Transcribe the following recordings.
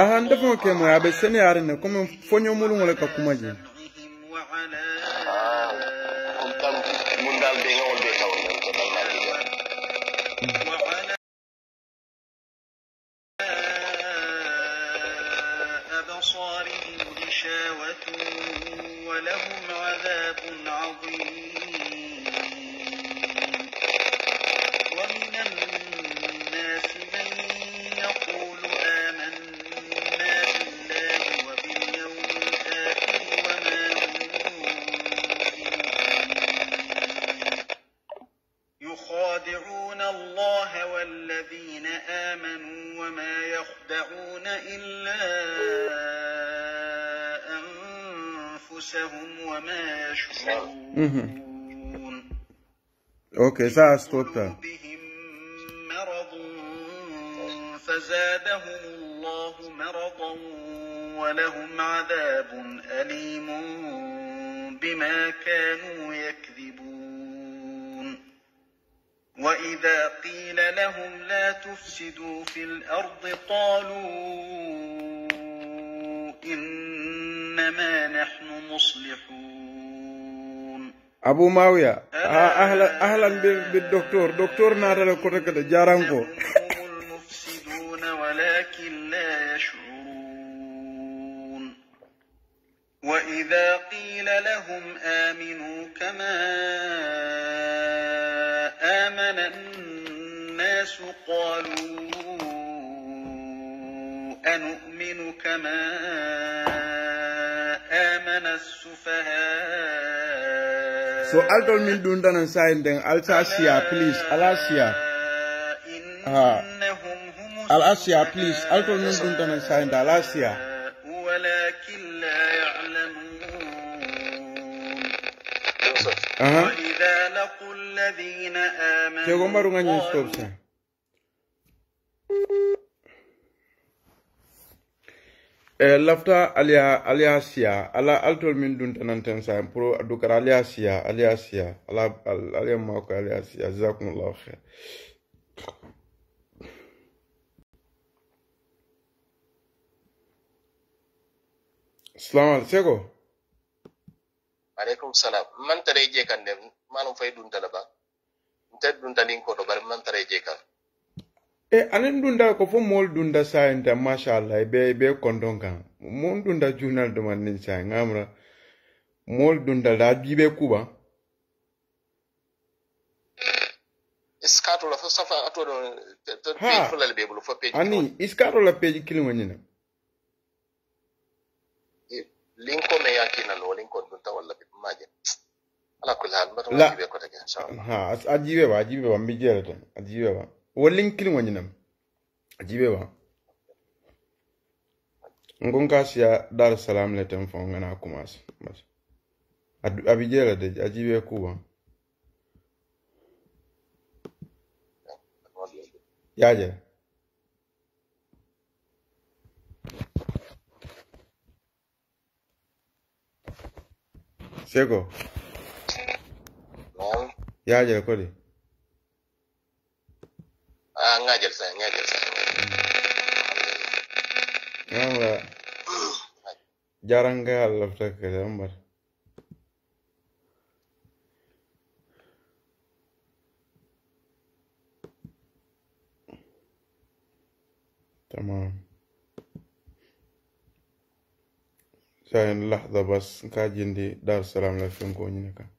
aha ndefo ke mo abe sene are ne kuma fonyo mulu ngole ka kuma je اوكي زاس مرض فزادهم الله مرضا ولهم عذاب أليم بما كانوا يكذبون وإذا قيل لهم لا تفسدوا في الأرض قالوا إنما نحن مصلحون أبو ماوية ah ahlan bi doktor doktor docteur docteur naatale koto jaranko so altol min ɗum ɗanan sayin nden alta please ala ha ala please altol min ɗum ɗanan sayin nde ala siya Uh -huh. وإذا لقوا الذين آمنوا كيف قمروا eh, lafta alia aliasia ala altol min dun tanan tan sa pro dukara aliya aliasia aliya ala alia ma ko aliya siya jazakumullahu khair salamu seko aleykum salam man tare je kan dem manum fay dun talaba ba nte dun talin ko do bar man tare je kan e eh, anin dunda ko fo moolu dunda sayinta machallah be be kondon kan moolu dunda junal domandin sayi ŋamura moolu dunda da jibe kuba iskatola fo safa ato ɗo page folal be bolo fo page ani iskatola page kiliŋo ñina eh, linko me yakina lo linkon dunta walla be maje ala kulli hal mbato jibe kotake inchallah ha a ba a ba mbi jeere ton a ba wolin kilin wanyinam jibe ba ngon kasiya dar salam salaam le tan fon ngana kumasi bas abijela de ajibe kuba yaje Seko. Yeah, yeah, Uh, ngajar saya, ngajar saya. Ya, Jarang gak Allah, tak ke gambar. Tamam. Saya lahza bas kajin di Dar Salam Lafim Kunyinika. kan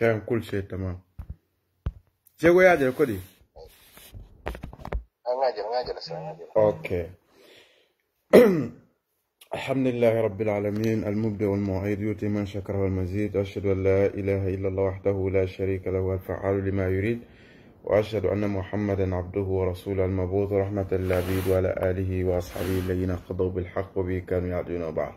تمام كل شيء تمام جاوا ياجل كودي ناجل ناجل ناجل اوكي الحمد لله رب العالمين المبدع والمعيد يؤتي من شكره المزيد أشهد أن لا إله إلا الله وحده لا شريك له الفعال لما يريد وأشهد أن محمدا عبده ورسوله المبعوث رحمة للعبيد وعلى آله وأصحابه الذين قضوا بالحق وبه كانوا يعدلون بعض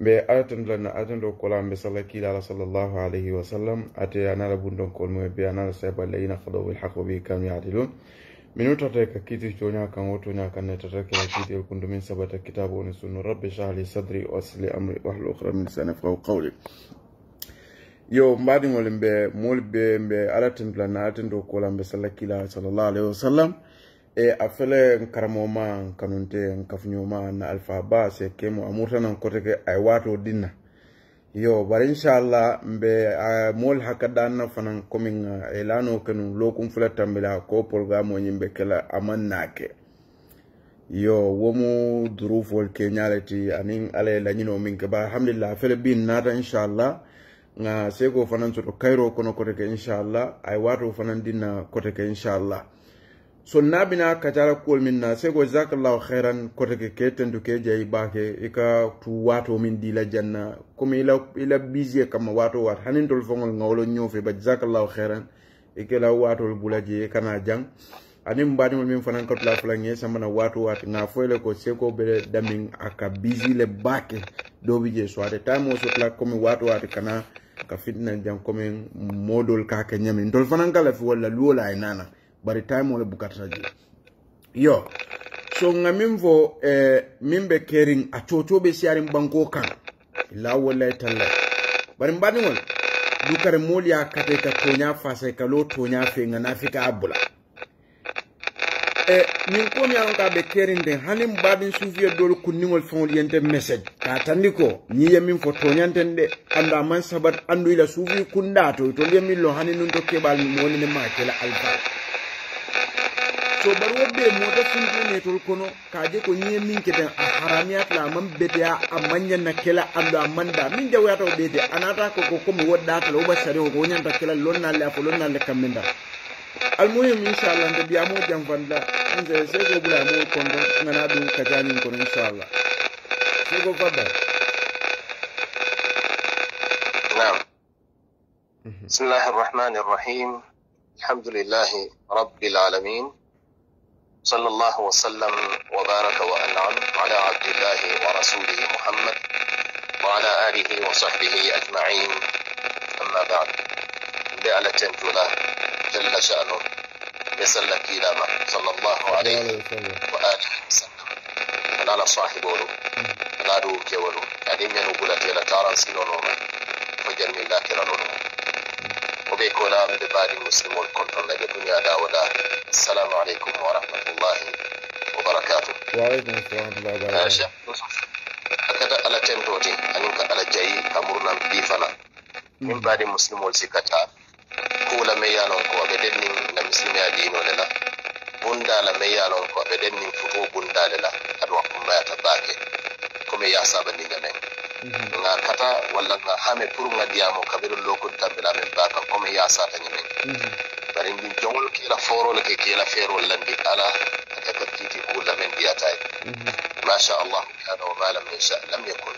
be ayatun lan aratun do kola be salaki kilala sallllahu alayhi wa sallam ate anala kol mum be anala sahaba alladina kadau bil haqq bi kam yadilun minuta tata ka kiti chonya kan woto nya kan ne ka kila kun kundu min sabata kitabu woni sunnu rabbi sahli sadri wasli amri wahlul ukhra min sana fa qawli yo mbadi ɓe molbe be ɓe lan lanna do kola be salaki kilala sallllahu alayhi wa sallam e a fele n karamoo ma n kanunte n kafuñoo ma na alpha ba se kemo a murtanan kote ke a ye waato dinna yo bari inchallah n be moolu hakkadanna fanan kominga e laano kenu lookun fula tambila ko porogamo ñiŋ be kela a maŋ naa ke yo womu durufolu keñaale ti aniŋ alla ye lañinoo miŋ ke bari alhamdulillah a fele biŋ naata inchallah nga seko fanan soto kayiro kono kote ke inchallah a ye waato fanan dinna kote ke inchallah so na bina katara kuwol min na seko jasakallahu hairan kote ke ke ke jayi bake i tu waato min dila janna comme ila ila bisie kamma waato waat hanin tol foŋol ŋawolo ñoofe ba jasakallahu hairan i la waatol bula je i kana jaŋ anin baadiŋol min fanaŋ ka tula fulaŋ ye sambana waato waati ŋa fo ko seko bele damiŋ a ka le baake doo je so ate tayimo sotula comme waato waati kana ka fitina jaŋ comme moodol ka ke ñamiŋ tol fanaŋ ka lafi walla luwo e bari time wala bukata yo so nga min eh, min be kering a cocoɓe siyarin banko kan la wallahi talla bari mbaɗigol dukare moolu ya ka toña fasa eh, ka lo toña fe nga na fika eh, min komi yaron ka ɓe kerinden hanin mbaɗin sufiye dol kunnigol fewol yente message ka tandi ko ñiye fo toñanten ɗe andu aman sabat andu ila sufi kunda to tol ye lo hanin nun to keɓal mi ma kela alfaa to bar wobbe mota sun ne tulkuno k'a je ko nye min ke dan haramiya la man bete ya nyen na kela ando da min je wata bete anata ko ko ko mu wadda ta lo basare ko nyen ta kela lonna la ko lonna la kaminda almuhim inshallah da biya mu dan vanda je sai go bula mu kondo ngana dun kajani ko inshallah sai go fadda بسم الله الرحمن الرحيم الحمد لله رب العالمين صلى الله وسلم وبارك وأنعم على عبد الله ورسوله محمد وعلى آله وصحبه أجمعين أما بعد بألة جلا جل شأنه يسلى كلاما صلى الله عليه وآله وسلم أنا صاحبه نادو كيولو أدين ينقل تيلا تارا سينونوما فجل الله كلا نونوما وبيكون ببالي المسلمون كنتم لدنيا لا ولا السلام عليكم ورحمة الله وبركاته وعليكم السلام ورحمة الله وبركاته kada ala tentoti anin ka ala jayi amurnan bi fana min hmm. baadi muslimol sikkata kuula me ko aɓe ɗen nin na misilme a dinole la bundala me ko aɓe ɗen nin foto bundale la aɗa wakkumbaya bake baake komi yasaɓa men nga kata walla nga hame pour nga diyamo kabiru loko tambila min ba kome ya sata ñimen bari ndin jongol kila forole ke kila ferol landi ala titi tartiti kulla men diyatay masha allah kana wa ma lam yasha lam yakun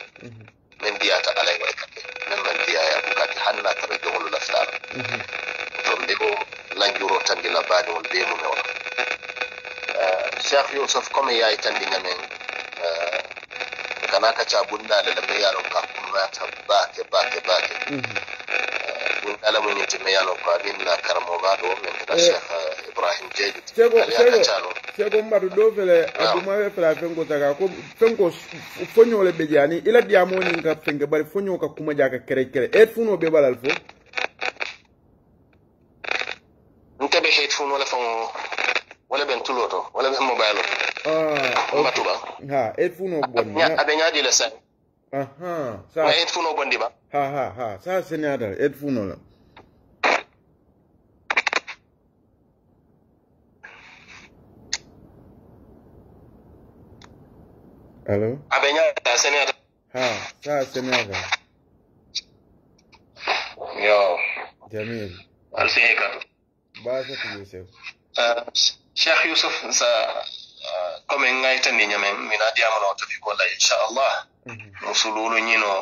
min diyata alay way kake min man diyaya ko kake hanna tara jongol laftar to mbego lanjuro tandi la bani wol be mu mewla cheikh yusuf ya yaay tandi ñamen kanaka cabunda le be yalo ka kuma ta bake bake bake mhm. eh, bun ala mun yiti me yalo ka din na karmo ga do men ta eh. sheikh eh, ibrahim jadid sego sego sego mbaru do fele aduma fe fela fengo daga ko fengo fonyo le be jani ila diamo ni ka fenge bari fonyo ka kuma jaka kere kere et funo be balal fo ntabe het la fon wala ben tuloto wala ben mobile ah okay. batuba ha et funo bonni abe nyaadi le sa aha sa ma et funo bondi ba ha ha ha sa se nyaada et funo la Hello? Abe nyaada se nyaada ha sa se yo jamil alfi hekatu ba sa tu yusuf uh, Sheikh Yusuf sa uh, comme en ŋaytandi ñamen mina diyamono o tafi kolla inchallah mm-hmm. musululu ñino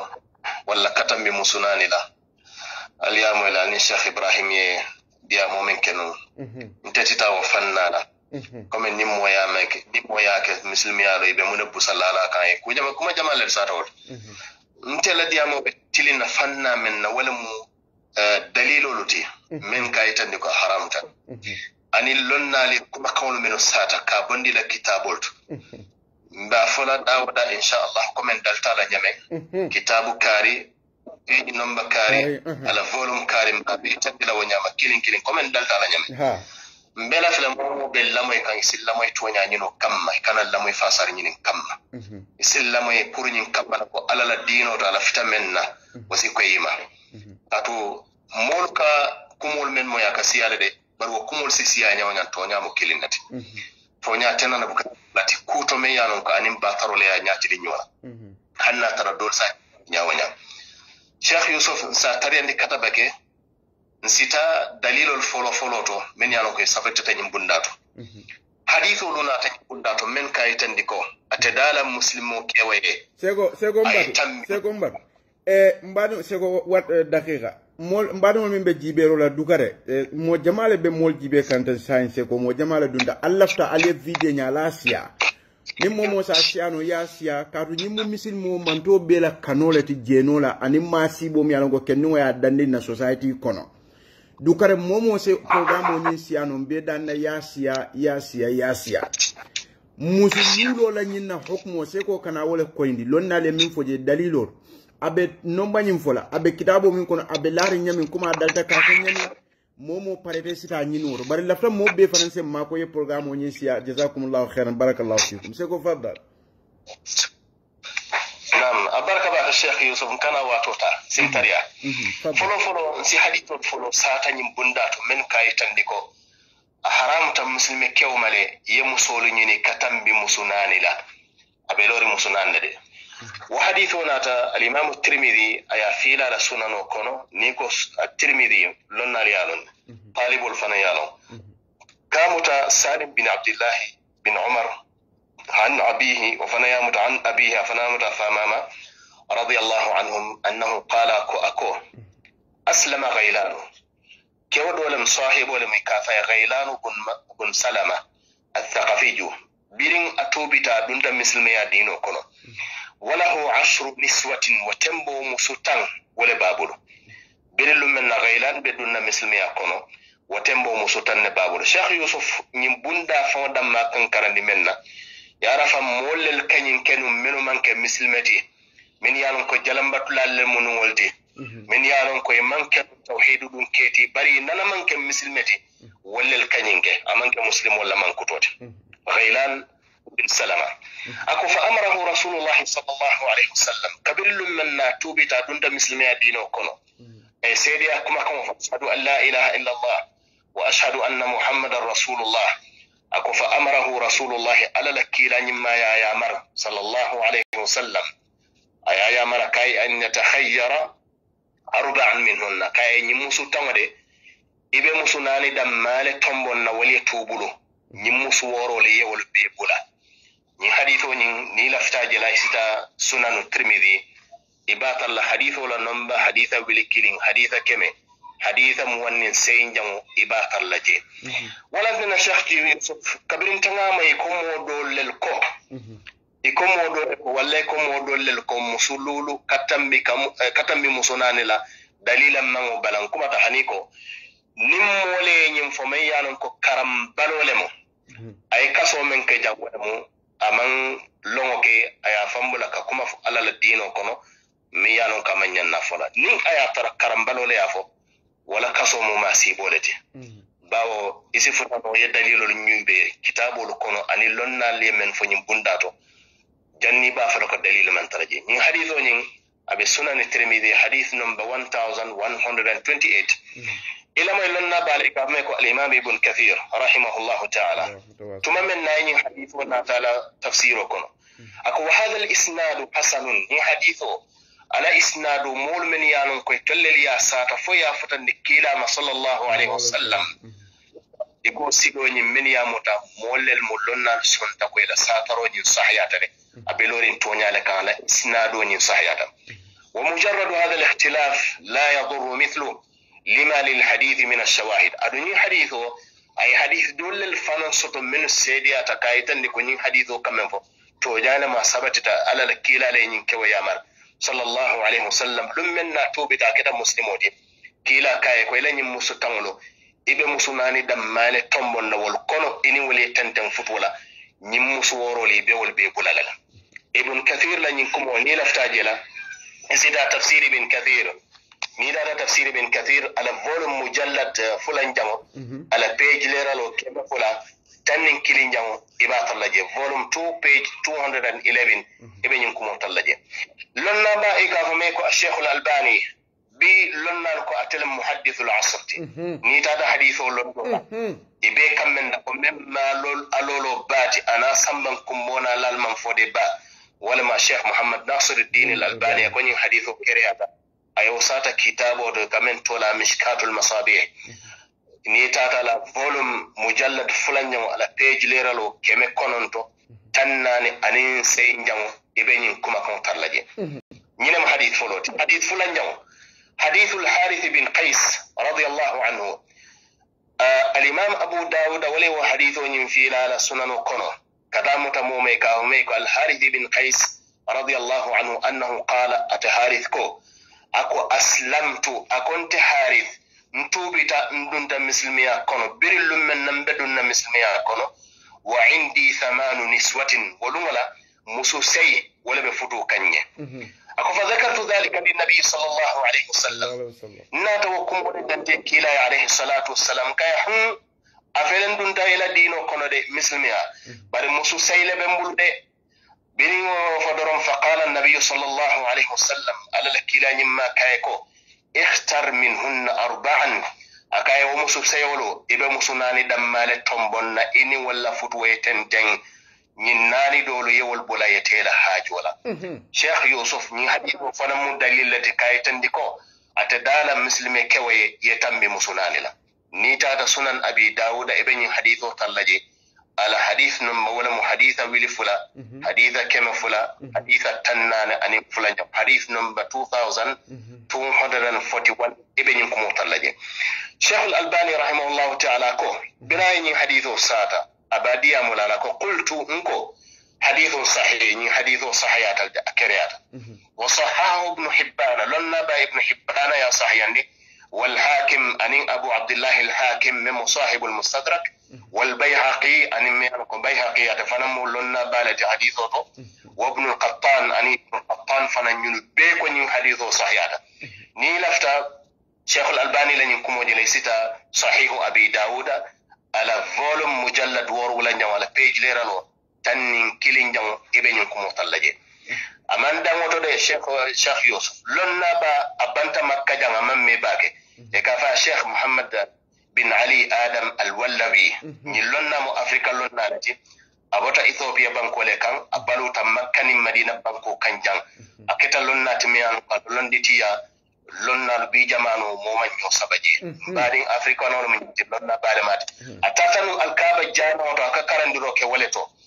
walla katambi musunani la aliyamo ila ni cheikh ibrahim ye diyamo men mm-hmm. mm-hmm. ke non ntetita wo fannala comme en nimmo yameke nimmo yake misilmiyalo ɓe mune busalala kan e kujama kuma jama led satawol ntela diyamo ɓe tilina fanna men na wala mu uh, dalilolu ti min kayitandi ko haram tan ani lonnaali kumakaŋolu minu saata ka bondi la kitaabol to mbe a fola daawoda inchallah komin dalta la ñameŋ kitaabu kaari peji nomba kaari ala volum kaari mbaɓe tandi la wo ñama kilin kilin komen dalta la ñameŋ mhm. mhm. mbe la fele moo be lamoy kaŋ isi lamoy tooña ñino kamma kana lamoy fasar ñinin kamma mhm. isi lamoy pour ñin kamma la ko ala la diino to ala fita men na wosi koyima kaatu moolu ka kumoolu men moya ka siyale de bari wo kumol si siya ñawñan toñamo kilin nati mhm. toña tenana buka lati kuto me yanon ko anin batarole ya ñacili ñola hanna tara dol sa ñawañan cheikh yusuf sa tariyandi kataba ke nsita dalilol folo folo to min yanon koye sabatita ñin bunda to mhm. hadithu lu naata ñin bunda to min muslimo kewaye sego mbatu sego mbatu e sego eh, wat eh, dakika mol mbaɗumol min ɓe jiiɓerola dugare e, mo jamale be mol jibe kanta science ko mo jamale dunda allafta aliye vidie ñala siya min mo sa siano ya sia karu kaatu mo misil mo manto be la kanole ti jenola ani masibo mi alango kennigo ya dande na society kono dukare mo se programme o ñin siyano mbe danna ya sia ya sia ya sia musu yulo la nyina hokmo se ko kana wala koindi lonnale min foje dalilor abe nomba ñim fola abe kitabo min kono abe laari ñamin kuma dalta ka ko ñami momo parete sita ñinoro bari lafta mo be français ma ko ye programme o ñi siya jazakumullahu khairan barakallahu fikum seko faddal nam abarka ba ka cheikh yusuf kana wato ta sin mhm. tariya mhm. folo folo si hadito folo sata ñim bunda to men kay tandiko a haramta muslimi kewmale ye musolu ñini katambi musunani la abe lori musunande de وحديث ناتا الإمام الترمذي أي فيلا رسولنا نوكونو نيكو الترمذي لنا ليالون طالب الفنيالون كامتا سالم بن عبد الله بن عمر عن أبيه وفنيامت عن أبيه فنامت فاماما رضي الله عنهم أنه قال أكو أكو أسلم غيلان كيود ولم صاحب ولم كافى غيلان بن سلمة الثقفي بيرين أتوبتا دون مسلمي دينو كنو walahu ashru niswatin wa tembo musu wole babulu birilu men na gaylan be dunna misilmiya kono wa tembo musu ne babulu cheikh yusuf ñin bunda faŋo damma kankarandi men menna yara fam mollel kañin kenum menu manke misilmeti min yalon ko jalambatulal le munuŋol ti min mhm. yalon koye manke tawhidu ɗum keeti bari nana manke misilmeti mhm. wollel kañinke amanke muslim walla mankutoti mhm. gaylan بن سلمة أكو فأمره رسول الله صلى الله عليه وسلم قبل من ناتوبي تادون دا مسلمي دينو كنو أي سيدي أكو كم أشهد أن لا إله إلا الله وأشهد أن محمد رسول الله أكو فأمره رسول الله على لكيلا نما يا يا مر صلى الله عليه وسلم أي يا مر كي أن يتخير أربع منهن كاي نموسو تمدي إبه مسو ناني دمالي تنبون ولي توبلو نموسو ورولي يولي بيبولا ni hadith ni ni i lafita la sita sunanu tirmidhi ibata la hadith wala nomba haditha wili kiliŋ haditha keme hadisa muwannin seyin ibata i be a tara la je mhm. walantina ji yusuf tanga mai ko mhm. modo lel ko i ko moo ko walla lel ko musululu katambi kam eh, katambi musunani la dalilan maŋo balan kuma ta haniko nim mole ye fo meŋ ko karam balolemo le mhm. kaso a meŋ ke jaŋo le aman lɔŋɔ ke a y'a fan ka kuma fɔ ala la diinɔ kɔnɔ mi y'a lɔn kama ɲanna fɔla ni a y'a tara karambalo le y'a fɔ wala kaso mu ma le te mm-hmm. bawo isi fota no ye dalilolu min be kitabolu kono ani lonnaalu le men fo ñin bunda to janni ba fala ko dalilu man tara je ñin haditho ñin aɓe sunani tirmidi hadith number 1128 mm mm-hmm. إلى ما لنا بالك أمك الإمام ابن كثير رحمه الله تعالى ثم من نين حديث تعالى تفسيركم أكو هذا الإسناد حسن هي حديثه على إسناد مول من يانم كي كل الياسات فيا فتن كيلا ما صلى الله عليه وسلم يكو سيدو ني من يا موتا مول المولون سن تقوي لا ساترو ني صحيات ري ابي على اسنادو ني صحيات ومجرد هذا الاختلاف لا يضر مثله lima lilhadithi min ashawahid aduñin hadith o ay hadith dollel fanan soto min seediyata kayitandi ko ñin hadith o kamen fo to sabatita alala kiilala ñin kewo yamar sallallahu alayhi wasallam ɗum men na tuɓita keta muslimo muslimoti kiila kaye ko ila ñin musu taŋolo iɓe musu nani dammane tombonnawol kono ini wole tenten futula ñin musu woroli bewol be bulalala ibn kathir la ñin kumo ni laftaje sida tafsir ibn kathir min ara tafsiri ibin kathir ala volume mujallad eh, fulanjamo mhm. ala page leral o keɓe fula tannin kili jamo iɓa e talla je volume t page 211 iɓe ñin kumo talla je lonnama i e ka fo mai ko a cheikhul albani bi lonnal ko atel muhaddithul asirte mhm. ni tata hadise o lonno iɓe mhm. e kamme da ko memma alolo baati ana samman kumbona lalman fode ba walama cheikh mouhammad nasiruddin l albani a koñin hadise o kereyata a yewsata kitabo de kamen tola mishkatu lmasabih mhm. ni tata la volume mujallad fulanjango ala peji leral o keme konon to mhm. tannani anin sey njango eɓeñin kuma kon tarlaje ñinem mhm. hadit foloti hadit fulanjango hadithu lharith bin kays radiallahu anhu ah, alimam abu dawuda wale wo hadith o ñin fiilala sunano kono kadamuta mumay kaw may ko alharith bin kays radiallahu anhu annahu qala ate harith ko ako aslamtu akonte harif ntuubita ndunta misilimiya kono biri lummen nan be dunna misilimiya kono wa indi thamanu niswatin wolungola muso sey wole be futu kanye mhm. ako fa dhakartu dhalika linnabiyi sall llahu alayhi wasallam nata wo kumbole dante kilay alayhi salatu wassalam kaya hum afelen dunta ila diino kono de misilimiya mhm. bari musu seyle be mbulu de beniŋo fo doron fa qala annabiyu sall llahu alayhi wasallam alla la ma kaye ko ihtar minhunna arbaan a kaye wo musu seyolo i be musu naani dammaale tombonna ini walla futuwoye tenteŋ ñiŋ naani doolu yewol bula yetee la haajo la mhm. cheikh yusuf ñiŋ hadiso fana mu dalil le ti kaye tendi ko ate daala misilime kewoye ye tambi musu naani la niŋ taata sunan abi dawuda i be ñiŋ hadiso talla je ala hadis nun ma wala mu hadisa wili fula mhm. hadisa keme fula mhm. hadisa tannane ani fula ñam hadis number 2241 ibe ñin ko mutalla je al albani rahimahullahu ta'ala ko mhm. binayi ñin hadiso sata abadiya mulala ko qultu nko حديث صحيح ني حديث صحيحات الكريات وصححه ابن حبان لن نبا ابن حبان يا صحيح والحاكم أن أبو عبد الله الحاكم من صاحب المستدرك والبيهقي أن ميانكم بيهقي أتفنم لنا بالة حديثه وابن القطان أن ابن القطان فنن بيكون حديثه صحيحة ني لفتا شيخ الألباني لن يكون وجلي ستا صحيح أبي داود على فولوم مجلد ور ولا نيو على بيج ليرانو تنين كيلين نيو إبن يكون مطلجين aman dangoto de chekh sheikh yusuf lonna ba abanta makka jan aman me bake e ka fa sheikh muhammad bin ali adam alwallabi mhm. ni lonna mo africa lonna nati abota ethiopia bankole kan a baluta makka ni madina banko kan jan a keta lonna timiyan ka londitiya lonnal bi jamanu moman ño sabaje mbaɗin afrique onono min lonna baɗe mate a tatanu alkaba janoto aka karandiro ke waleto to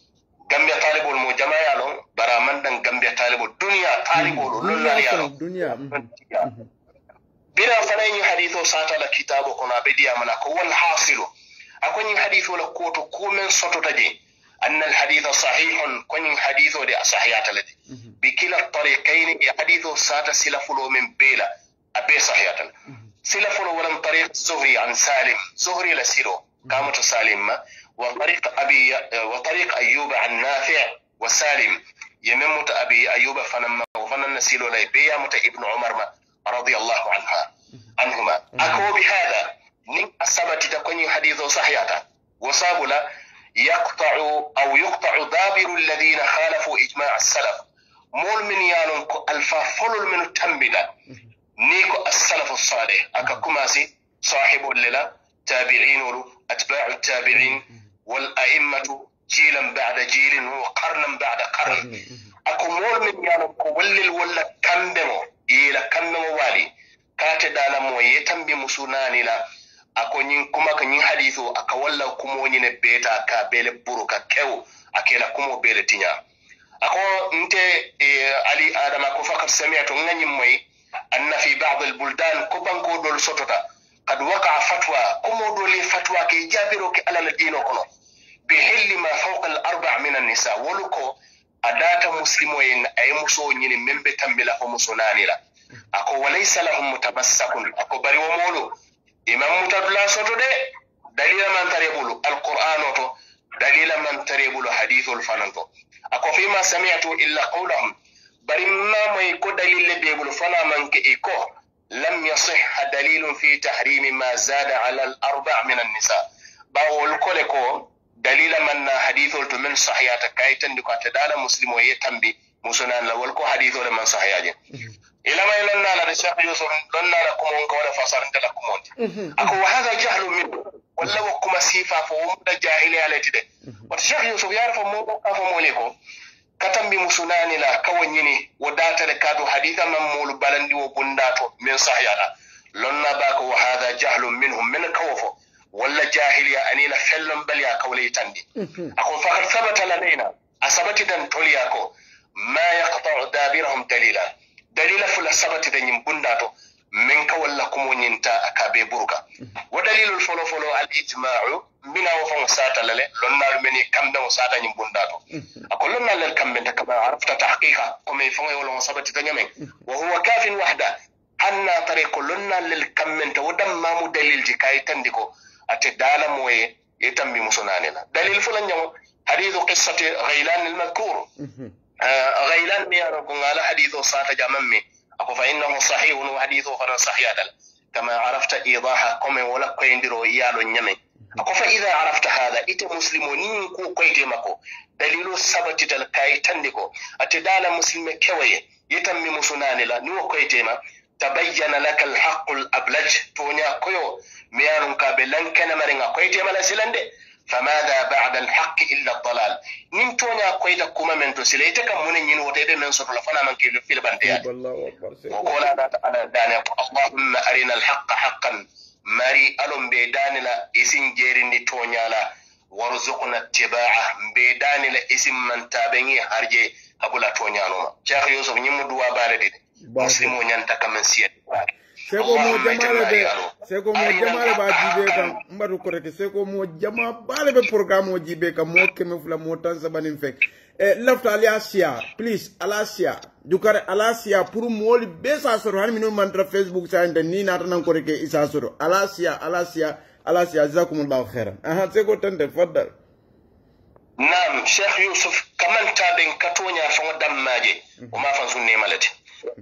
gambia taalibol mo jamaya lon bara manɗan gambia taalibol duniya taalibol o lollariya mhm. mhm. bira fana yin hadiso satala kitabo kono aɓe diyamana ko wal hasilo akoyin hadisola koto komen sotota je anna alhadisa sahihon koyin hadiso de a sahiyatalade mhm. bi kila tariqaine e hadiso sata silafulo min beela aɓe sahiyatala silafulo walan tariqe zohri an salim zohri la siro kamata salim ma وطريق أبي وطريق أيوب عن نافع وسالم يممت أبي أيوب فنما وفن نسيل لي مت ابن عمر رضي الله عنها عنهما أكو بهذا من اسبت تكون حديث صحيحا وصابلا يقطع أو يقطع دابر الذين خالفوا إجماع السلف مول من يالون ألفا فلول من تنبلا نيكو السلف الصالح أكا كماسي صاحب للا تابعين أتباع التابعين wal a'immatu jilan ba'da jilin wa qarnan ba'da qarn mhm. ako mormin yano ko wallil walla kandemo yela kandemo wali kate dala mo yetambi musunani la ako kuma ka nyin aka walla kumo ne beta ka bele buru ka kew akela kumo bele tinya ako nte e, ali adama ko fakat sami'tu nganyim moy anna fi ba'd al buldan ko banko dol sotota kad waka fatwa komoɗo le fatwa ke jabiroke alala dino kono be helli ma fawqa al arba min annisa wolu ko adata data muslimo en aye muso ñini men tambila fo muso nanira ako walaysa lahum mutabassakun ako bari wo molo imam mutadula soto de dalila man tare bulu alquran oto dalila man tare hadithul fananto ako fima sami'tu illa qawlahum bari mamoy ko dalille be bulu fana manke e ko lam yasiha dalilum fi tahrimi ma zada ala al arba min annisa ɓawol kole ko dalila manna hadihol to min sahyata kayitandi e ko atte ɗala muslim o yettanɓe musonanlawol ko hadihole man sahyaje mhm. ilamay lonnanade cheikh yusuf lonnana kumon ka waɗa fasarndela kumonde mhm. ako wahaga jahlu min walla wokkuma sifa fo womuɗa jahili aleti de mhm. wata cheikh yusuf yarfo mo ɓokka fo moni ko katambi musunani la kawo ñini wo datere kaadu haditha man molu balandi wo gundato min sahyata lonna bako wo hatha jahlum minhum min kawo fo walla jahiliya anina fellon baliya kawley tandi mhm. akon fakat sabata ladayna a sabati dan toliya ko ma yaktau dabirahum dalila dalila fula sabati da ñin bundato min ka walla ko moñinta ka be burga wo dalilol folo folo al ijmau mbina wo fango satalale lonnaɗu meni kamdeo sataañim bunda to ako lonnalel kamɓente kama arafta tahqiqa komi fangoy wolongo sabatita ñamen wo huwa kafin wahda hanna tare ko lonnalel kamɓente wo dammamu dalilji kayi tandi ko ate dala moye e tambi musonanela dalil fulanñamo hadiseu qissate gaylanel makour gaylan mhm. ah, mi arogo ngala hadise o sata jamanmi ako fa innahu sahihun wa hadithu fana sahihatal kama arafta idaha kome wala koyndiro yaalo nyame ako fa idha arafta hadha ite muslimo nin ku koytema mako dalilo sabatital kayi tandi ko ate dala muslime kewaye mi musunani la niwo koytema tabayyana laka alhaqu lablaj toña koyo miyanun ka be lankenamariŋa koytema la silande famada bada alhaq illa aldalal min toña koyta kuma men to sila ite kam mune ñinwoto eɓe men sotola fona manke filbanteyade o kolaɗata ala dane ko allahumma arina alhaqa haqqan mari alon mbe danila isin jerindi toñala warzukna ttibaa mbe danila isin mantaɓei harje habula toñanoma cheikh yusuf ñimmu duwa baledi muslim o ñanta kamen siyaɗe seko mo jama le be seko mo jama le ba jibe kan mbaru korete seko mo jama ba le be programme o jibe kan mo keme fula mo tan sabani fe e eh, lafta ali asia please alasia dukare alasia pour moli be sa soro hani minu mantra facebook sa ende ni na tan ko reke isa soro alasia alasia alasia jazakumullahu khairan aha seko tante faddal nam cheikh yusuf kamanta ben katonya fa wadam maje o mhm. ma fa sunne malati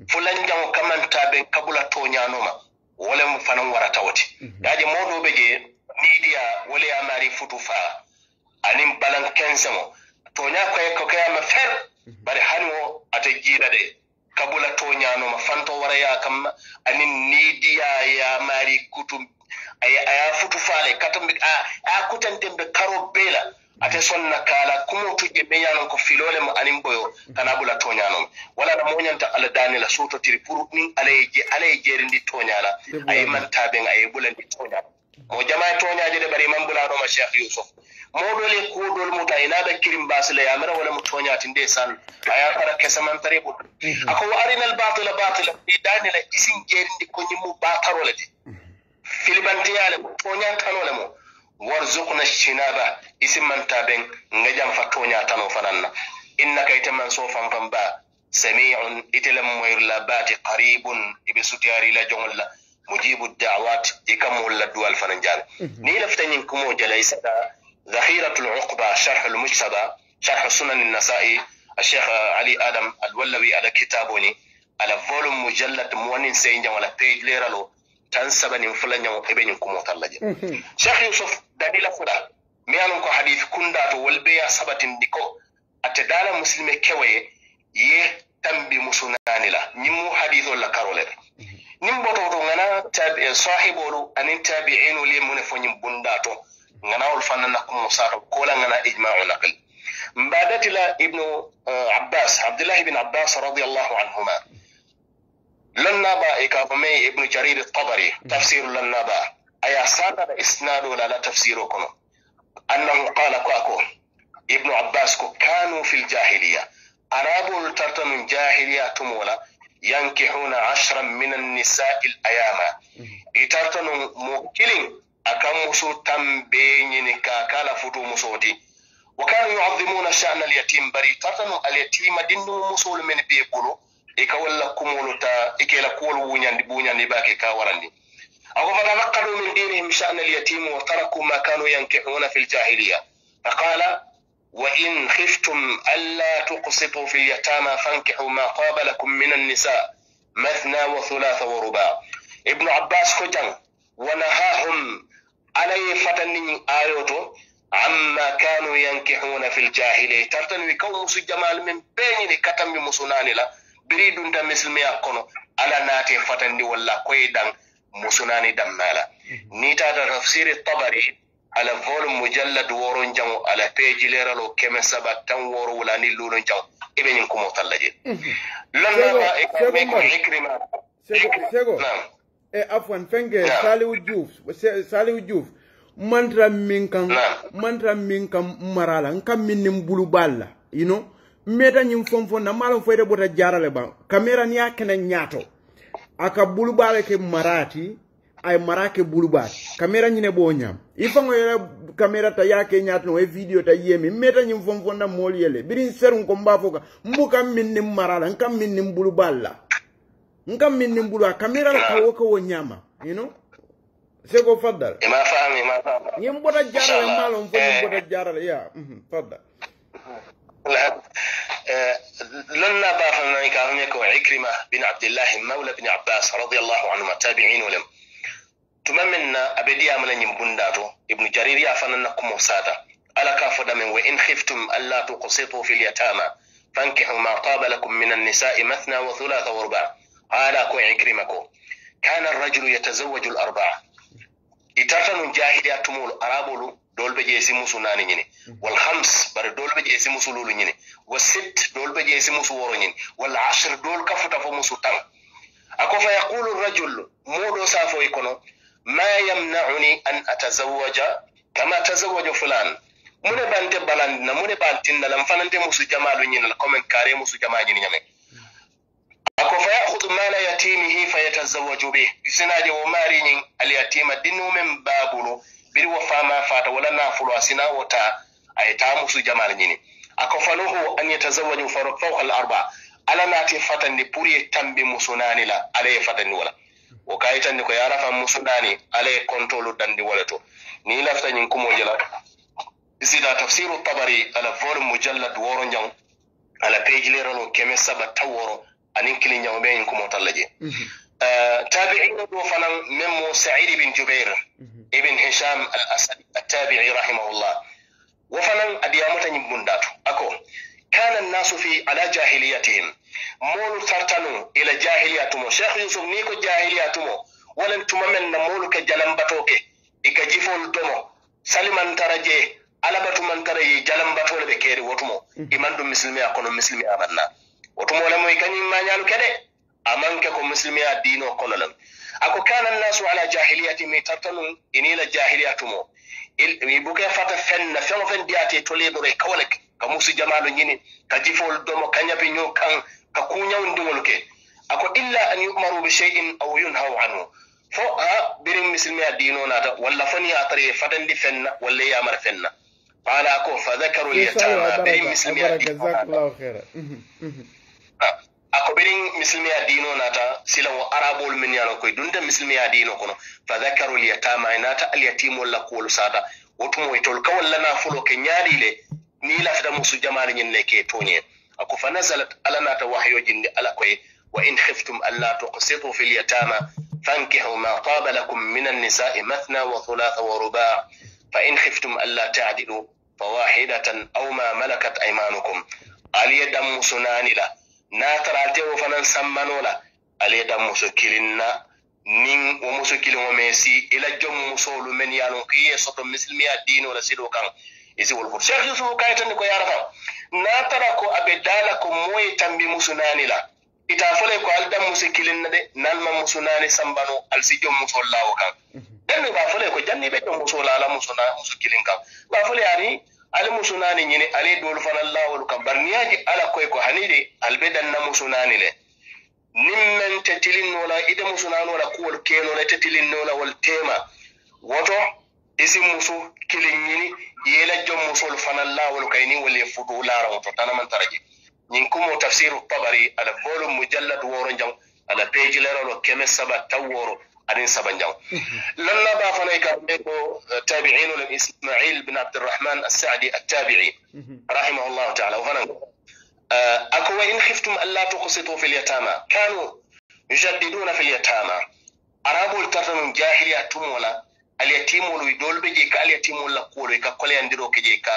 fulanjaŋo kamanta ben kabula to toñanoma wolem fanan warata wati mhm. yaje moɗo be je media wole ya mari futu fa anin balan kenseŋo ko kai ma fer mhm. bari hani wo ate jiiɗa de kabula toñanoma fanto ya kam anin media ya mari kutum aya futu le katambe a kutantembe karo bela ate fonna kala kumotu je be yanon ko filole mo anin boyo kana bula toñanon wala na moñanta ala dani la soto tiri pour nin ala je ala jerindi toñala ay mantabe ay bulandi toñala mo jama toñaje de bari man bulano ma cheikh yusuf moɗole kuɗol muta inaɗa kirim basila yamira wala mo toñati nde sal aya para kesamantare ɓut mhm. ako wo arinal batila batila ɗi danila isin jerindi koñimmu batarole de mhm. filibanteyale mo toñantanole mo warzuqna shinaba isin manta ben nga jam fatto ñatano fananna innaka ite man so fanfan ba samiun itelem moyirla bati qaribun ibe sutiyari la jongol la mujibu dawat i kamol la duwal fana jal ni lafita ñin kumo jala i sata dhahiratu luqba sharh lmujtaba sharh sunan nasai الشيخ علي آدم الولوي على كتابوني على فولوم مجلد موانين سينجا ولا بيج ليرالو tan sabanin fulañaŋo e ɓe ñiŋ kumotal la je cheikh mhm. yusuf dalila fula mi ye ko hadith kundato wol be ya sabatindi ko ate dala musilime kewoye ye tambi musunani la ñiŋ mu hadithol la karo le ñiŋ mhm. bototo ŋana eh, sahibolu aniŋ tabiinolu ye mu fo ñiŋ bundato ŋanawol fanna na kumo sato kola ŋana ijmau naqil mbadati la ibnu eh, abbas abdullahi ibn abbas radiallahu anhuma lannaba e ka fa mai ibnu jarir tabari mm. tafsiru lannaba aya sanada isnadol ala tafsiro kono annahu qala ko ako ibnu abbas ko kanu fi ljahiliya arabol tartanum jahiliya tumola yankihuna ashran min annisai l ayama mm. i tartanum mo kilin akan muso tambe ñini ka kala futu musoti wa kanu yuadimuna shana alyatim bari tartanum alyatima dindumu musolu men be bolo e ka walla kumolu ta e kela kuwol wuñandi ɓuñandi ɓake ka warandi ako fana nakka ɗo min ɗini misan alyatimu wa taraku ma kanu yankihuna fi ljahiliya fa qala wa in khiftum anla tuqsitu fi lyatama fankihu ma qaba lakum min annisa mathna wa thulatha wa ruba ibnu abbas ko jang wa nahahum alaye fatanni ayo to amma kanu yankihuna fi ljahiliya tartanmi kaw musu jamal min peñini katanmi musunani la biri dunta misilimiya kono ala naate fatandi walla koye dan musunani dammala mhm. ni ta da tafsiri tabari ala volume mujallad woron jango ala peji leralo keme saba tan woro wulani lunon jango ibe nin kumo tallaje mhm. lannaba e ko ikrima sego e afwan fenge salihu diouf salihu diouf mantra min kan mantra min kan marala n kan min nin bulubal la you know meta ñiŋ foŋ foŋ na malum foyde bota jarale ba kamera ni ye kene ñaato a ka ke marati ay marake mara kamera ñine boo ñaam i faŋo kamera ta yake nyato ke video ta yemi meta ñiŋ foŋ foŋ na mol yele birin biriŋ ko mbaa ka mbuka miŋ marala nkam la bulubala nkam niŋ bulubaal kamera ka woko wo nyama you know seko faddal ima faami ima faami ñiŋ bota jarale le maalon fo ñiŋ bota jara le eh. ya mhm, faddal mhm. نعم آه، لن نبا فنان كافنيك وعكرمة بن عبد الله مولى بن عباس رضي الله عنهما تابعين ولم تممنا أبدي أملا يمبنداتو ابن جرير يافنن كم ساتا ألا كافد من وإن خفتم ألا تقسطوا في اليتامى فانكحوا ما طاب لكم من النساء مثنى وثلاث ورباع على كو عكرمكو كان الرجل يتزوج الأربعة إترتن جاهدية تمول أرابولو دول بجيسي موسو ناني wal hams bare dool ɓe ƴeesi musu luulu ñini wa sit dool ɓe ƴeesi musu woro ñini walla asre dool kafuta fo musu tan ako fa yaqulu rajul muɗo saafoy e kono ma yamnauni an atazawaja kama tazawaja fulan mune bante balandina mune bantinnala m fanante musu jamalu ñinala commen kare musu jamaji ni ñame ako fa yahudu mala yatimihi fa yatazawaju be sinaje wo maari ñin al yatima dinnumen baabulu biri wo fama fata wala nafulo asina wo taa A yi ta musu jamal nyini akafaluhu an yatazawwaju fawqa al-arba ala nati fatan pour ye tambi musu musunani la ala ye fatandi wala ka yi tan kayitandi ko ya musu musudani ala ye dan dandi wala to ni lafta ñin kuma la sida tafsiru tabari ala vol mujallad woro ñaw ala lo keme saba ta woro anin kili ñaw ɓe ñin kumotalla je mhm. eh, tabiina ɗo fanan men mo bin ibin jubair mhm. ibin hisham al asadi attabii rahimahullah wofanan adiyamata yimbundatu ako kana annasu fi ala jahiliyatihim molu tartanu ila jahiliya tumo cheikh yusuf ni ko jahiliya tumo wolen tuma men na molu ke jalambatoke ika jifol domo salimantara je alabatumantara ye jalambatole ɓe keeri wotumo mm. iman ɗum misilmiya kono misilmiya manna wotumolemo i kañum mañalu keɗe amanke ko misilmiya dino kono lem ako kana annasu ala jahiliyatihim tartanu inila jahiliya tumo ibuke fata fenna fen fen diyate te tole kawo ka musu jamalo nyini ka jifol domo ka ñapi ño kan ka kuñawondiŋolu ke ako illa an yumaru bi shay'in aw yunhaw anhu fo a birin a dino nata walla fani a tare ye di fenna walla ya mar fenna qala ko fa dhakaru lyatama birin misilmiya na akobirin misilmiya dino nata silan wo arabol min yalon koy dunta misilmiya dino kono fa dhakaru liyatama nata alyatimol la kuwolu sata wotumo itol kawal lana fulo ke nyaali le ni lafita musu jamali ñin ne ke toñe ako fa nazalat ala nata wahyo jinde ala koye wa in khiftum alla tuqsitu fi lyatama fankihu ma taba lakum min annisai mathna wa thulatha wa ruba fa in khiftum alla tadilu fawahidatan aw ma malakat aymanukum aliye dam musunani la n'a taara a tɛ o la ale ye da muso kelen na ni o muso kiliŋo o si i la jɔn musoolu mɛn yaa lɔn k'i ye sɔtɔ misilimiya diinɛ la sidoo kan i si wolofu sheikh yusufu kayita ni ko yaara natara ko a dala ko mɔɔ ye tanbi muso naani la i t'a fɔla ye ko ali da muso kelen na dɛ n'ale ma naani sanbano ali si jɔn muso la o kan janni mhm. b'a fɔla ye ko janni i bɛ jɔn muso ala muso na muso kelen kan b'a fɔla ani ali muso naani ɲini ale ye doolu fana lawolu kan bari niŋ ye ala koy ko hani de ali be danna muso naani le niŋ meŋ te tilin noo la ite muso naanoo la kuwolu keenoo la ite tilin noo la wolu teema woto isi musu kiliŋ ñini i ye la jom musolu fana lawolu kayi niŋ wolu ye futuu laara woto tanaman tara je ñiŋ kumo tafsiru tabari ala boolu mujallad woro jaŋ ala peejilerolo keme saba taw woro aɗen saba jaw mhm. lallaba fana kamɓe ko eh, tabiinolen ismail bin abdirrahman asadi attabii mhm. rahimahullahu taala o fanan eh, ako wa in hiftum alla tokoseto fel yatama kanu jaddiduna fel yatama arabol tarta num jahilia tumola alyatimol wi dolɓe je ka alyatimol lakkuwolo e ka koleyandiro keje ka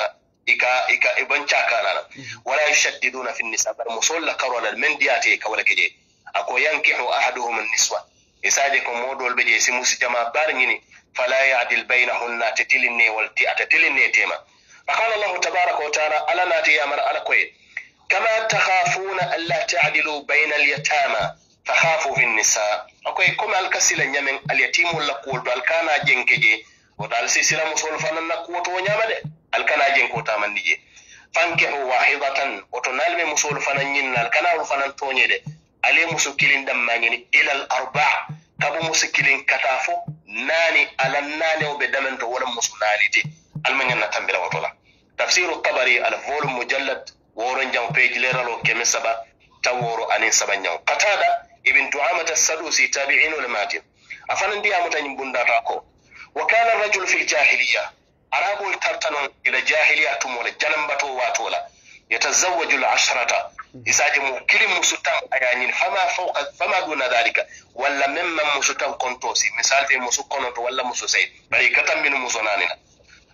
ika e ika e ban cakanana mhm. wala yushaddiduna fi nisa bar mosol lakaro alal men diyate ka wala keje ako yankihu ahaduhum niswa e saadi ko moodol ɓe ɗi e si musi jama barñini fala yadil baynahunna tetilinnewol ti ata telinneteema e fa qala llahu tabaraka wa taala ala naati yamar ala koye kama takhafuna an la taadilu bayna alyatama fahafu fi nnisa okoye comme alkasila ñamen alyatimol lakkuwol to alkana jenke je woto al sisila musol fanan nakkuwo to wo ñama de alkana jenke wotamandi je fankehu wahidatan woto nalme musol fanan ñinna alkanawol fanan tooñe de ale muso kelen dan mañini ilal arba kabu muso kelen kata fo naani ala naanio ɓe damen to wona muso naani te almaganna tambira watola tafsiru tabari al vol mujallad woron jan peji leral o keme saba tan woro anin saba ñaw katada ibin duamata sadusi tabiinole matin afanan ndiyamutañi bundata ko wa kana rajul fi ljahiliya araɓol tartanon ila jahiliya tumola janambato watola yatazawaju lasrata isajimu kilimu sutan ayañin fama fawqa fama duna dhalika walla memman musutan kontosi misalte musu kononto walla musu sey bari katan min musonanina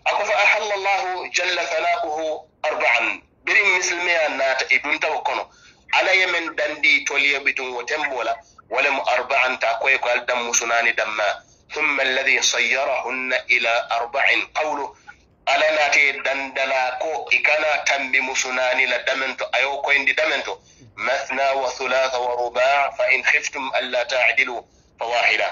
ako fa ahalla llahu jalla thanaquhu arba'an birin misilmeya naata e duntawo kono ala ye men dandi toliye bitun wo tembola walem arba'an ta koye ko al dam musunani damma thumma alladhi sayyarahunna ila arba'in qawluhu ala naate dandala ko i tambi musunani la damento ayo koyndi damento mathna wa thulatha wa ruba fa in khiftum alla taadilu fawahida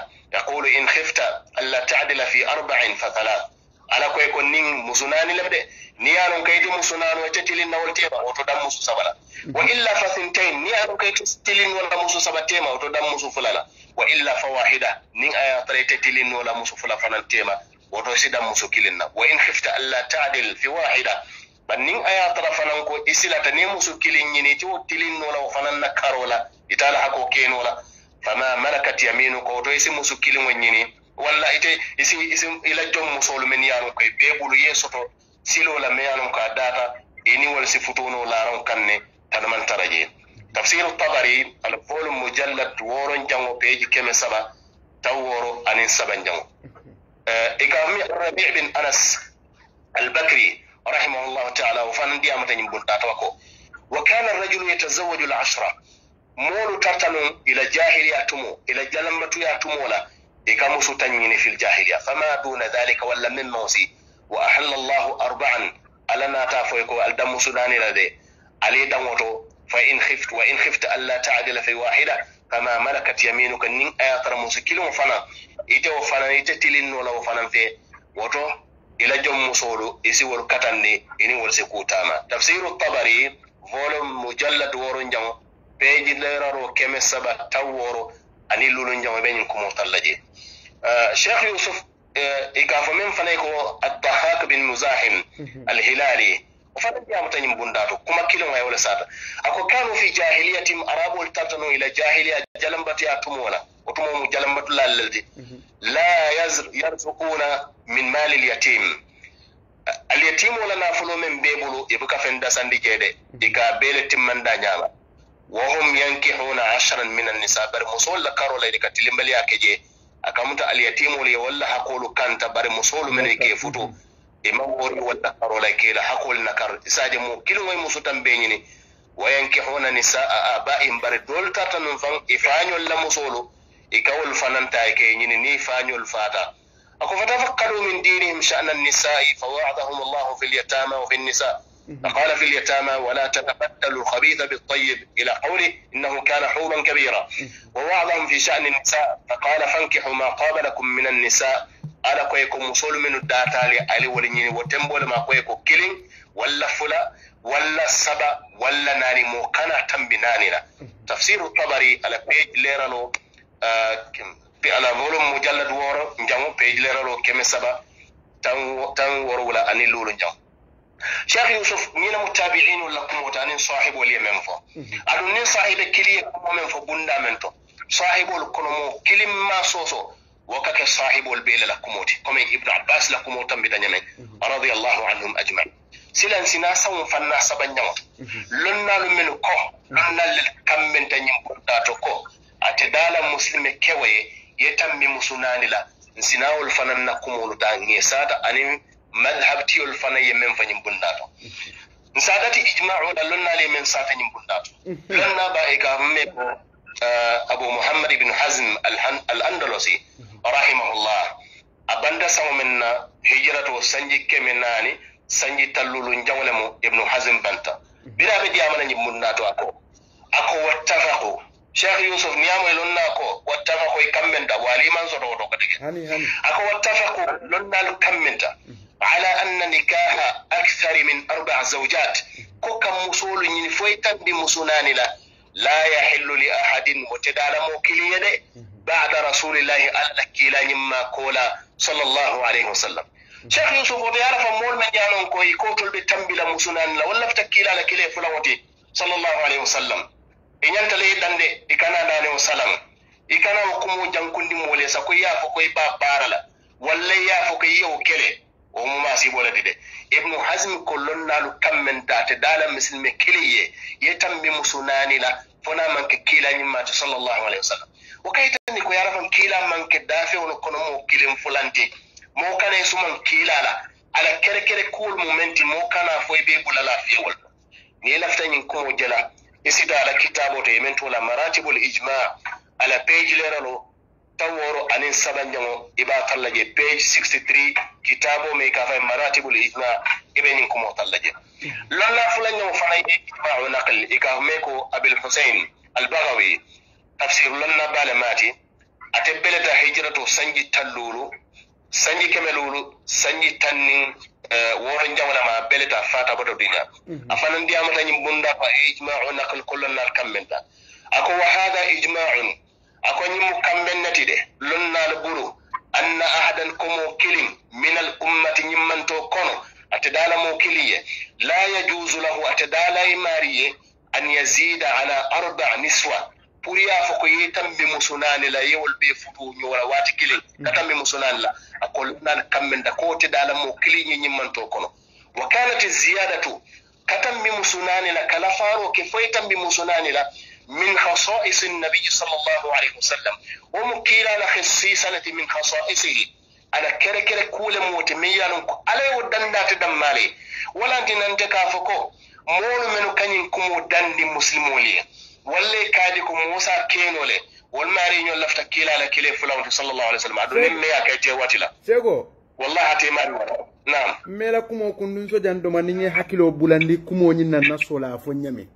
in khifta alla taadila fi arba'in fa thalath ala koye ko nin musunani lebde ni yanon kayti musunano e tetilin nawol tema oto dam musu sabala wa illa fa thintain ni yanon kayti tilin wala musu saba tema oto dam musu fulala wa illa fa wahida nin aya tare tetilin woto sida muso kilin wa in khifta alla ta'dil fi wahida bannin aya tara fanan ko isilata ni muso kilin nyini ti tilin no la fanan na karola itala hako keno la fama malakat yaminuka woto isi muso kilin wa walla ite isi isi ila jom musolu men yaron koy bebulu yesoto silo la me yaron ka data ini wal si futuno laron kanne tanman taraje تفسير الطبري الفول مجلد وورن جانو بيجي كم سبا تورو أنين سبا جانو إقامي الربيع بن أنس البكري رحمه الله تعالى وفان دي بن ينبون وكان الرجل يتزوج العشرة مولو ترتنو إلى جاهلية تمو إلى جلمة تمو لا إقام ستنين في الجاهلية فما دون ذلك ولا من نوسي وأحل الله أربعا ألنا تافويكو الدم سوداني لدي علي دموتو فإن خفت وإن خفت ألا تعدل في واحدة فما ملكت يمينك نين آيات رموسي كلهم فنا ite o fana ite tilin la o fana fe woto ila jom musolu isi wol katandi ini wol se kutama tafsiru tabari volume mujallad woro jam peji leraro keme saba taw woro ani lulu jam e be nyin kumo tallaje sheikh euh, yusuf euh, ikafo men fana ko ad bin muzahim mhm. alhilali hilali fana jam tanyin bundato kuma kilon ayola sata ako kanu fi jahiliyatim arabul tatanu ila jahiliya jalambati atumona otumo jalambatulal leldi la yarzuquna min mali lyatim alyatimo la nafolo men be bolo e buka fen dasandi jede e ka bele timmanda ñama wahum yankihuna ashran min nisa bari musol la karola e ka tilimbali ya keje akamuta alyatimol ye walla hakolu kanta bari musolu men e ke futu e mawori walla karola kela hakol nakar isaje mo kilimoye musu tan be ñini wa yankihuna nisaa abaihim bari dol tarta num fan e fañol la musolu ikawol fananta ke ñini ni fañol fata ako fatafakkaru min dinihim sha'na nisai fawa'adahum allahu mhm. mhm. fi lyatama wa nisa فقال في اليتامى ولا تتبدلوا الخبيث بالطيب الى قوله انه كان حوبا كبيرا ووعظهم في شان النساء فقال فانكحوا ما قابلكم لكم من النساء على كويكم مسول من الداتا لالي ولنين وتمبول ما كويكو كيلين ولا فلا ولا سبا ولا ناني مو كان تفسير الطبري على بيج ليرانو pi ala volum mujallad woro njango page leralo keme saba tan tan woro wala ani lulu njango cheikh yusuf ñina mu tabi'in wala kumota anin sahibo liye men fo aɗum nin sahibe kiliye komo men fo bunda men to sahibol kono mo kilim ma soso wokkake sahibol beele la kumoti comme ibnu abbas la kumo tan mbiɗa ñanayi radiallahu anhum ajmain silan sina sawum fanna saba ñama lonnalu men ko lonnallel kammen ta ñim bonɗa to ko ate dala muslime kewaye ye tammi musunani la nsinawol fanaŋ na kumolu ta ŋe sata aniŋ madhabtiyol fana ye meŋ fa ñiŋ bundato nsadati ijmau la lonnaali ye sata ñiŋ bundato mhm. lonna ba e ka me ko eh, abu muhammad ibnu hazm al andalusi mhm. rahimahullah abanda banda men na hijirato sanji keme sanji tallulu njaŋo ibn ibnu hazm banta mhm. bira be amana ñiŋ bundato ako ko wattafaqu شيخ يوسف نيامو لنا كو واتفقوا يكمن دا واليمان زرو دوك دي هاني هاني اكو واتفقوا لنا الكمن دا على ان نكاح اكثر من اربع زوجات كو كم مسول ني فويتا بي مسوناني لا لا يحل لاحد متدال موكلي دي بعد رسول الله الله كيلا نيما كولا صلى الله عليه وسلم شيخ يوسف ودي عرف مول من يالون كو يكوتل بي تمبي لا مسوناني لا ولا فتكيلا لكلي فلوتي صلى الله عليه وسلم e ñantale ye ɗande ɗi kana nane o salan i kana o kumo jankundi mole sa ko ya fo ko i ba baara la walla ya fo ko yewo kele o muma sibolati de ibnu hasmi ko lonnalu kammen date dala misilme kili ye ye tan tammi musunani la fona manke kilañimmate sallllahu alayhi wa sallam wo kayitani ko yarafan kiila manke dafewono kono mo kilen fulante moo kana e suman kiila la ala kere kere kuwol mumenti moo kana fo be ɓe ɓula lafiyewol ni laftañin kumo jela isida ala kitaboto e men tola maratibul ijma ala page leralo tan woro anin sabanjaŋo i tallaje talla je page 63 kitabo me ka fay maratibul ijma i nin ñiŋ kumo talla je lolla fulanjaŋo fana ye ijmau nakl i ka me ko abil husain albagawi tafsir lonna bale maati ate beleta hijrato sanji tallulu sanji kemel lulu sanji tannin eh, woron jamana ma beleta fata boto dunya mhm. afanan diyamata ñin bunda fa ijma'u nakal kullon nal a ako wa hada ijma'un ako ñimmu kamben nati de lonnal buru anna ahadan komo kilin minal ummati ñimmanto kono ate dala mo kiliye la yajuzu lahu atadala dala an yazida ala arba niswa pour y'a fo ko ye tambe musunani la yewol be futu ñowla waati kilin mm. ka tambe musunani la akol nan kammenda ko te dala mo kili ñi ñimmanto kono wa kanat ziyadatu katambi musunani la kala faro ke foy tambi musunani la min khasa'is an-nabiy sallallahu alayhi wasallam wa mukila la khassisanati min khasa'isihi ala kere kere kule mote me yalon ko alay wo dandate dammale wala ntinante ka fo ko moolu menu kañin kumo dandi muslimoli walle kaadi ko musa kenole wol maari ñol lafta kiilala kile fulanto sallallahu alaihi wasallam aɗum nen neya kay tewati la sego wallahi ate maari wala nam mela kumo kundun sojan doma ni ge hakkilo bulandi kumoñin nanna sola fo ñame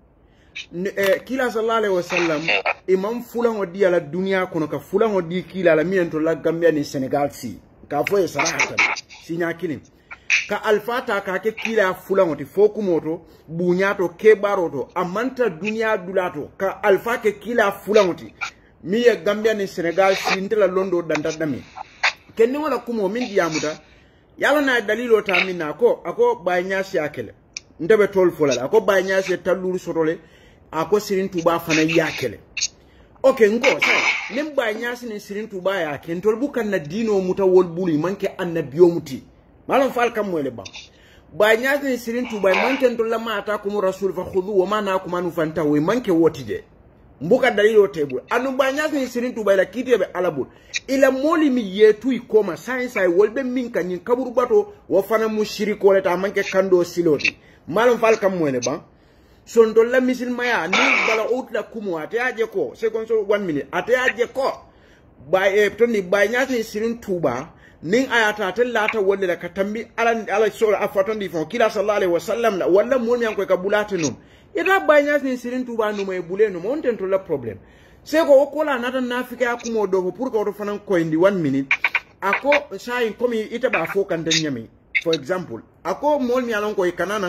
eh, kila sallallahu alaihi wasallam imam fulango di ala duniya kono ka fulango di kila la miyen to la gambia ni senegal si ka fo e sarahatan siña kilin ka alfata ka ke kila fulaŋo ti fo kumo to buuñaa to keebaaroo to a ka alfa ke kila fulaŋo ti miŋ ye gambiya niŋ senegal sinte la londoo danta dami kenniŋo la kumo miŋ diyaamuta ye a la naŋ ye daliloo na ko a ko baayiñaasi a kele nte be toolu fo la le a ko sirin tubaa fanaŋ ye a kele ok nko sayi niŋ baayiñaasi niŋ sirin tubaa ye a ke na diinoo muta wolu bulu i annabiyo muti malam fal kam moyle bam ba nyaati ni sirin tu tuubay manken to lama atakum rasul fa hudu wa mana manakum anu fantahu manke de mbuka dalilo tebu anu ba nyaati ni sirin tu tuubay la kiti be alabu ila moli mi yetu yetuy koma sai sai wolbe min kan ñin kaburu bato wa fana mu sirikole ta manke kando siloti malam fal kam moyle bam misil maya ni bala outla kumu ate aje ko second so one minute ate aje ko ba e toni ba nyaati ni sirin tuuba nin ayata tan lata wonde la katambi alan ala sura afatan di fon kila sallallahu alaihi wasallam la walla mon yan ko ka bulata num ita banyas sirin tuba num e bule problem se ko ko la nata nafika akumo do pour ko to fanan ko indi 1 minute ako sai komi ita ba fo kan den nyami for example ako mol mi alon ko kanana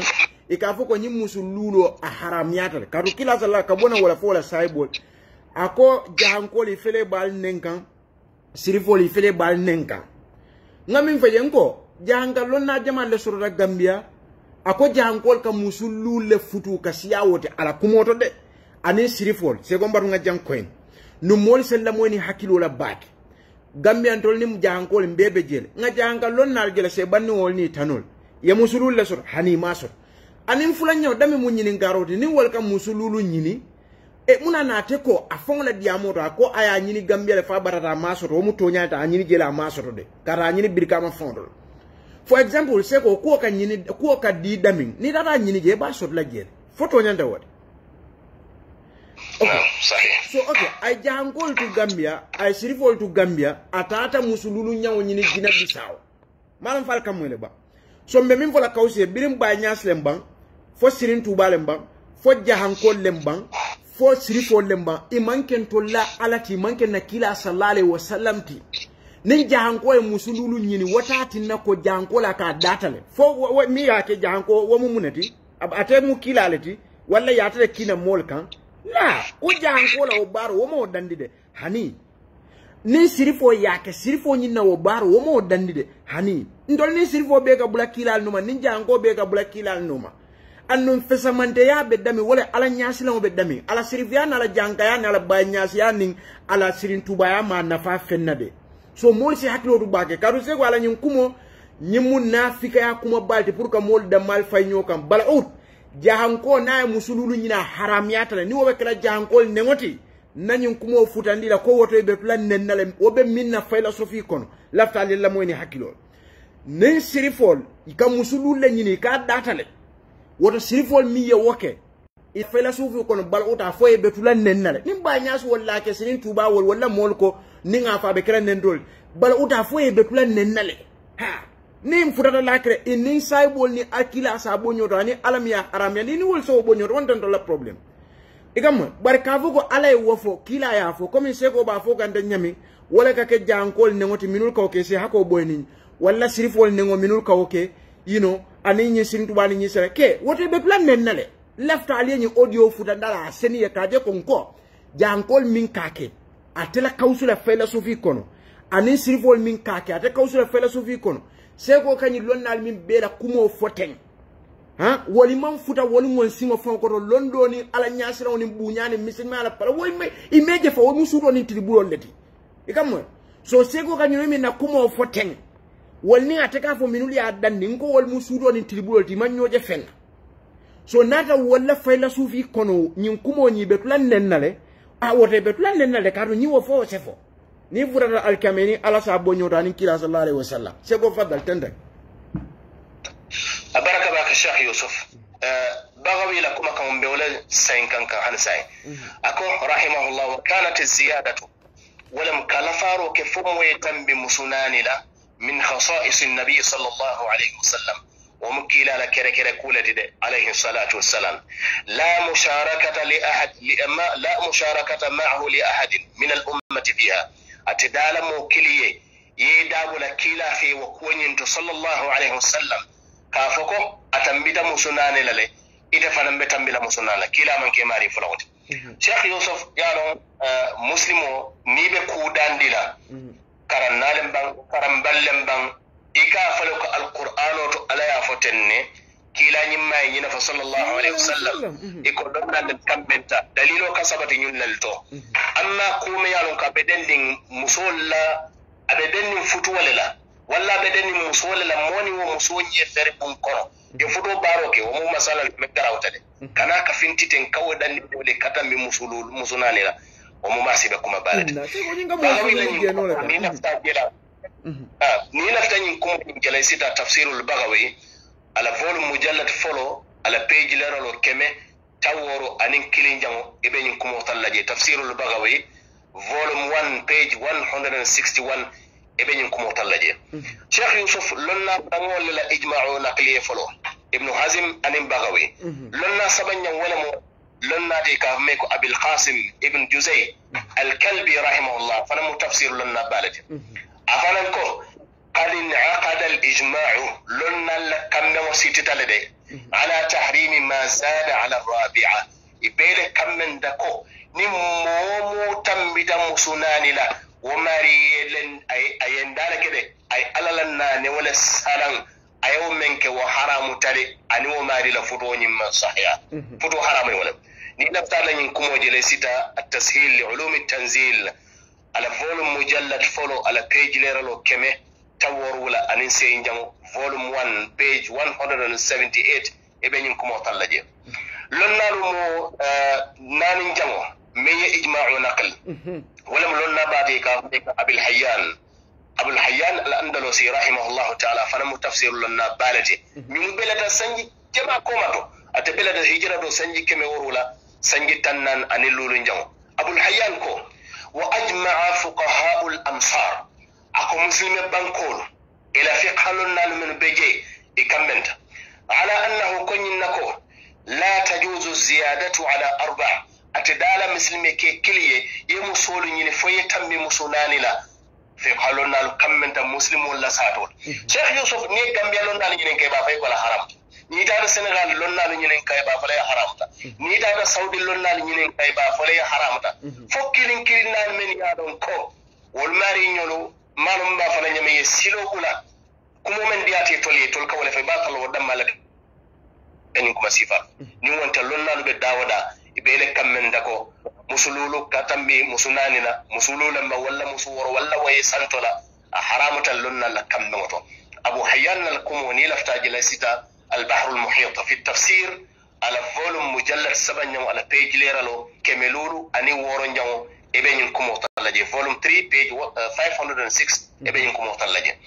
e fo ko nyi musululo a haramiyata ka to kila sallallahu ka bona wala fo la saibol ako jahankoli fele bal nenkan sirifoli fele bal nenkan ngamin fayen ko jangalon na jama le surata gambia ako jankol ka musullu le futu ka siyawote ala kumoto de anin sirifol segon batu nga jankoen nu mol sella moni hakilo la baki gambian tol nim jankol mbebe jele nga jangalon na jele se banni wol ni tanol ya musullu le sur hani masur anin fulanyo dami mu nyini ngaroti ni wol ka musullu nyini e muna nate ko afon fɔŋ la diyamoto a ko aya nyini ɲini le fa barata a ma sɔrɔ o mu toɲata a ɲini jele a de kara a ɲini birikama fɔŋ dɔ for example se ko ko ka nyini ko ka di damin ni data a ɲini je b'a sɔrɔ la jele fo toɲata wadi okay. Ah, so okay ay jangol to gambia ay sirifol to gambia atata tata musululu ñawo nyini gina bisaw malam fal kam moyle ba so mbe min fola kawse birim ba ñas lem ban fo sirin tuba lem ban fo jahankol lem ban fo sirifo lemba i manken tolla ala ti manken na kila sallallahu alaihi wasallam ti nin jahanko e musululu nyini watati na ko jahanko la ka datale fo mi ya ke jahanko wo mu munati ate mu kila alati walla ya tare kina mol kan la o jahanko la o baro wo mo dandide hani nin sirifo yake sirifo nyinna wo baro wo mo dandide hani ndol nin sirifo be ka bula kila numa nin jahanko be ka bula kila numa annun fesamanteya be dami wale ala ñasilaŋo be dami ala sirifiya ni ala jankaya ni ala bayañasiya nin ala sirintubaya ma nafa fenna so moolu si hakkilotu baake kaatu se ala ñiŋ kumo ñiŋ mu nafikaya kuma balti pour que moolu dammaali fayñoo kaŋ jahanko na ye musululu ñina haramiyata le ni wo be kela na ñiŋ kumo futandi la ko woto be tula nenna le wo be miŋ na fayila ni sirifol i musululu le ñini i woto sirifol mi ye woke ifela sufu kono bal uta fo e betula nennale nim ba nyas walla ke sinin tuba wol walla mol ko ninga fa be kala nendol bal uta fo e betula nennale ha nim futata lakre inin sai bol ni akila sa bonyo do ani alam ya haram ya ni wol so bonyo don don la problem igam bar ka fo ko ala e wofo kila ya fo comme se ko ba fo ganda nyami wala ka ke jankol ne ngoti minul ko ke se hako boyni walla sirifol ne ngo minul ko ke you know ani nyi sintu bani nyi sere ke wote be plan men nale left ali nyi audio futa ndala seni ya kaje konko jankol min kake atela kausu la philosophy kono ani sirfol min kake atela kausu la philosophy kono seko kanyi lonnal min bela kumo foten ha woli man futa woli mon singo fon ko londo ni ala nyasira woni bunyani misilma ala pala woy me imeje fa wo musudo ni tribulo leti ikamwe so seko kanyi min na kumo foten walni ateka fo minuli adanni ngo wal musudo ni tribulol ti manyoje fen so nata wala fayla sufi kono ni kumo nyi betulan nennale a wote betulan nennale karu ni wo fo sefo ni vura al kameni ala sa bonyota ni kila sallallahu alaihi wasallam se go fadal tende baraka baka shekh yusuf بغوي لكم كم بولا سين كان كان سين أكو رحمه الله وكانت الزيادة ولم كلفارو كفوم ويتم بمسنان له min hasaisi nabii sallallahu alayhi wasallam womo kiilala kere kere kuuleti de alayhi salatu wassalam la musharakata li ahad li, ma, la musharakata maahu li ahadin min al ummati fiha ate dala mo kiliye ye dabula kiila fe wo kuwoñinto sallallahu alayhi wasallam ka fo ko atambita musunane lale ite fanan be tambila musunala kiila man yusuf yalon eh, karannalen ban karamballen ban i ka fale ko alqur'ano to ala ya foten ne kiilañimma e ñinafa sallllahu alayhi wa sallam e ko ɗonnande kamɓenta dalilo ka sabati ñunnal to amma mm-hmm. kumeyalon ka ɓe ɗenndin musol la aɓe ɗenndin futuwole la walla aɓe ɗenndin musole la moni wo musoñi fere ɓum kono e futo baroke wo mu masalal me garawta de mm-hmm. kana ka fintiten kawo ɗanniɗole katambi musulul musunanira omumaasiba ku mabaala mm, nina fitañin kumoñinjala mhm. ah, sita tafsirul bagawi ala volum mujallat folo ala peji leralo keme taworo anin kilin jango ibe ñin kumo tallaje tafsirul bagawi volume 1 page 161 ebe ñin tallaje cheikh yusuf lonna bangolle la ijma'u naqliye folo ibnu hazim anin bagawi mhm. lonna sabañan wala لنادي كافميكو أبي القاسم ابن جزي الكلبي رحمه الله فنمو تفسير لنا بالك أفنكو قد انعقد الإجماع لنا لكم وسيت تلدي على تحريم ما زاد على الرابعة إبيل كم من دكو نمومو تمدا مسنان لا وماري لن أي أيندال كده أي ألالنا نولا سلام أيو منك وحرام تلي أنو ماري لفروين من صحيح فرو حرام ولا ni lafta la ñin kumo je le sita at-tashil li ulumi tanzil ala volume mujallad folo ala page leralo keme tawor wala anin sey jang volume 1 page 178 e be ñin kumo tan la je lonnalu mo nanin jango meye ijma'u naql wala mo lonna baade ka abil hayyan أبو الحيان الأندلسي رحمه الله تعالى فنم تفسير لنا بالتي من بلد سنجي كما كوماتو أتبلد هجرة سنجي كما ورولا sanji tannan ani lulun jamu abul hayyan ko wa ajma'a fuqaha'ul amsar ako muslime bankolu ila fiqhalun nan min beje ikamenta ala annahu konyinna ko la tajuzu ziyadatu ala arba atidala dala muslime ke kiliye ye musulun ñini fo tammi musulani la fiqhalun nalu kamenta muslimol la satol mhm. cheikh yusuf ne gambiyalon dal ñinen ke ba fay ko la haram niidaano sénégal lonnaalu ñinen kay baa fole haramta mm-hmm. niidaano saudi lonnaalu ñinen kay baa fole haramta mm-hmm. fof kilin kirinnaan men yaaɗon ko wolmaari ñolu maalum mbaa fole ñameye silo ula kumo men ndiyaati tolye tol ka wole fay baa kalla woɗɗam maalla kañum kuma sifa mm-hmm. nin wonte lonnaaluɓe daawoɗa ɓe ele kam men dako musululu katambi musunaanina musululemba walla musuworo walla waye santola a haramutan lonnalla kamɓe ngo to abou hayyannal kumo ni laftaaji lay sita البحر المحيط في التفسير على فولوم مجلد سبعين على بيج ليرالو كملولو اني وورو نيو ابن كومو تلاجي فولوم 3 بيج 506 ابن كومو تلاجي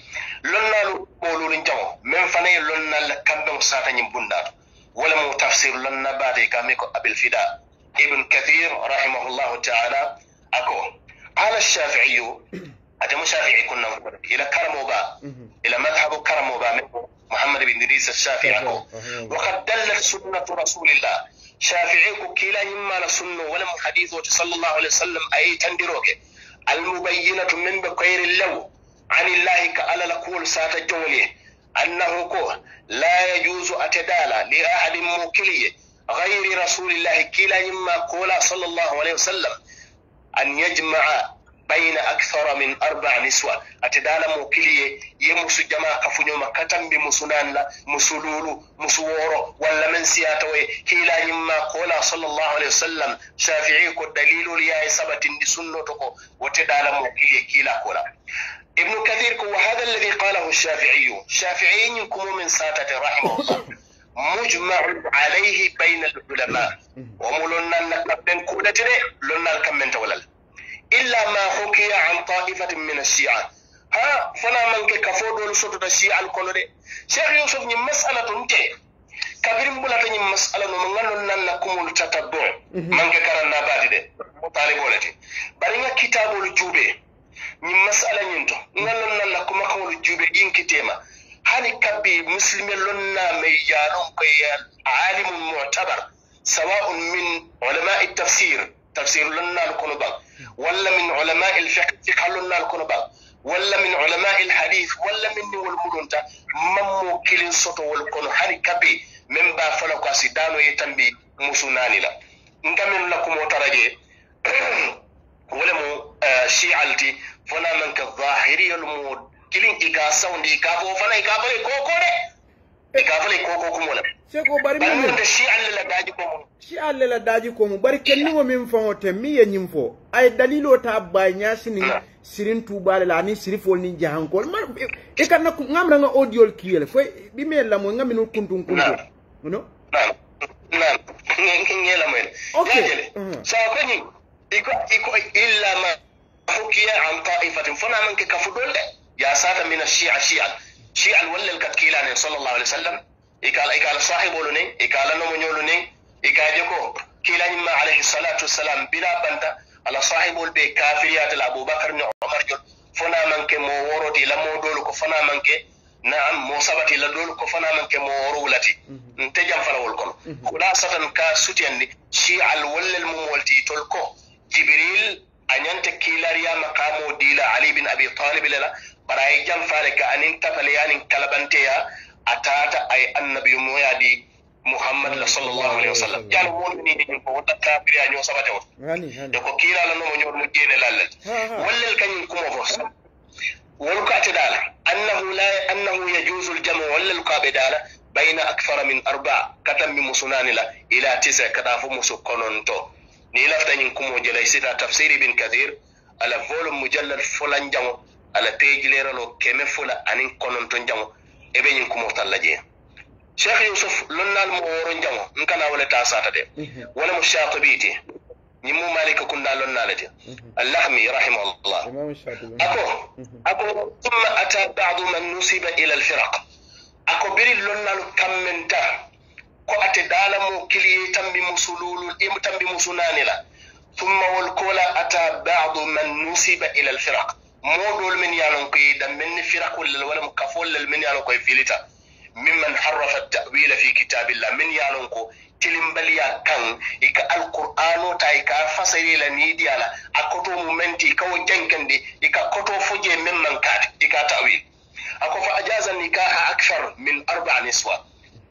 لونالو بولو نيو من فني لونال كامبو ساتا نيم بوندات ولا مو تفسير لنا بعد كاميكو ابي الفداء ابن كثير رحمه الله تعالى اكو قال الشافعي هذا مو شافعي كنا الى كرموبا الى مذهب كرموبا منه محمد بن إدريس الشافعي وقد دلت سنة رسول الله شافعيك كلا يما لسنة ولم حديث صلى الله عليه وسلم أي تندروك المبينة من بقير اللو عن الله كألا لكول ساتا جولي أنه كو لا يجوز أتدالا لأحد موكلي غير رسول الله كلا يما كولا صلى الله عليه وسلم أن يجمع بين أكثر من أربع نسوة أتدالا موكلية يمسو جماعة كفنو مكتم بمسنان مسلولو مسوورو ولا من سياتوي كيلا يما قولا صلى الله عليه وسلم شافعي كو دليل ليا سبت دي سنوتكو وتدالا موكلية كيلا قولا ابن كثير كو هذا الذي قاله الشافعي شافعين كم من ساتة رحمه مجمع عليه بين العلماء ومولونا نكبن كودتنا لنا الكمنت ولا illa ma hokiya an taifatin min ashia ha fana manke kafo dolu sotota shia alkolo de cheikh yusuf ñim masala tonte kabirim bulata ñim masala nomo ŋannon nanna kumolu tatabbo mhm. manke karanna baadi de talibolati bariŋa kitabolu juube ñim masala ñin to ŋannon nanna kumakaŋolu juube inkitema hani kabbi musilime lonnamay yanon koye alimu mo tabar sawaun min ulamai tafsir tafsir lonnanu kono baŋ ولا من علماء الفقه تقالون نالكون بال ولا من علماء الحديث ولا مني والمدونتا ممو كلين صوتو والكون هاني كبي من با فلو كاسي دانو يتنبي موسوناني لا نكمل لكم وترجي ولمو آه فنا منك الظاهري المود كلين إيكا سوندي إيكا فو فلا إيكا بلي كوكو دي e ka fale ko ko kumola se ko bari min bari kenni mo min mi ye nyim fo ay dalilo ta ba nyasi ni sirin tubale la ni sirifol ni jahankol ma e kan kiyele fo bi me la mo ngamino kuntun kuntun no ngela mwene okay sawa kwenye iko ma hukiya an ta'ifatin fana man ke kafudol ya sata mina shi'a shi'a shi alwallal kat kilanen sallallahu alaihi wasallam ikala ikala sahibolu ne ikala nomoñolu ne ikaje ko kilañimma alayhi salatu wassalam bila banta ala sahibol ɓe kafiriyatala aboubacar ne omar jol fona manke mo woroti mo dolu ko fona manke naam mo sabati la dolu ko fona manke mo rowlati mhm. nte jam falawol kono mhm. kuɗa satan ka sutiyandi si al wallel mum wolti tol ko jibril anyanta kilariya makamu dila ali bin abi talib lala baraye jam fare ka anin tafale kalbante ya atata ay annabi ya di muhammad la sallallahu alaihi wasallam jan woni ni ni ko wata kafiri anyo sabata wa da ko kila la no mo nyor mu jene lalal wallal kanyum kuma fos wal ka ta dala annahu la annahu yajuzu al jamu wallal ka be dala bayna akthara min arba katam bi musunanila ila tisa kadafu musukononto نيلاتا ينكمو جلاي سيدا تفسير بن كثير على فولم مجلل فلان جامو على بيج ليرالو كيم فولا انين كونون تون جامو ايبي ينكمو تالاجي شيخ يوسف لون نال مو ورون جامو نكانا ولا تاساتا دي ولا مشاطبي دي نيمو مالك كون دال لون نال دي اللحمي رحمه الله اكو اكو ثم اتى بعض من نسب الى الفرق اكو بيري لون كم من تا ko ate dalamu kili tambi musululu im tambi musunanila thumma wal kola ata ba'du man nusiba ila al firaq modol min yalon ko dam men firaq wala wala kafol lal min yalon ko filita mimman harrafa at-ta'wila fi kitabillah min yalon ko tilimbaliya kan ika alqur'ano ta ika fasari la ni diala akoto momenti ka ika koto fuje mimman kat ika ta'wil akofa fa ajaza nikaha akthar min arba'a niswa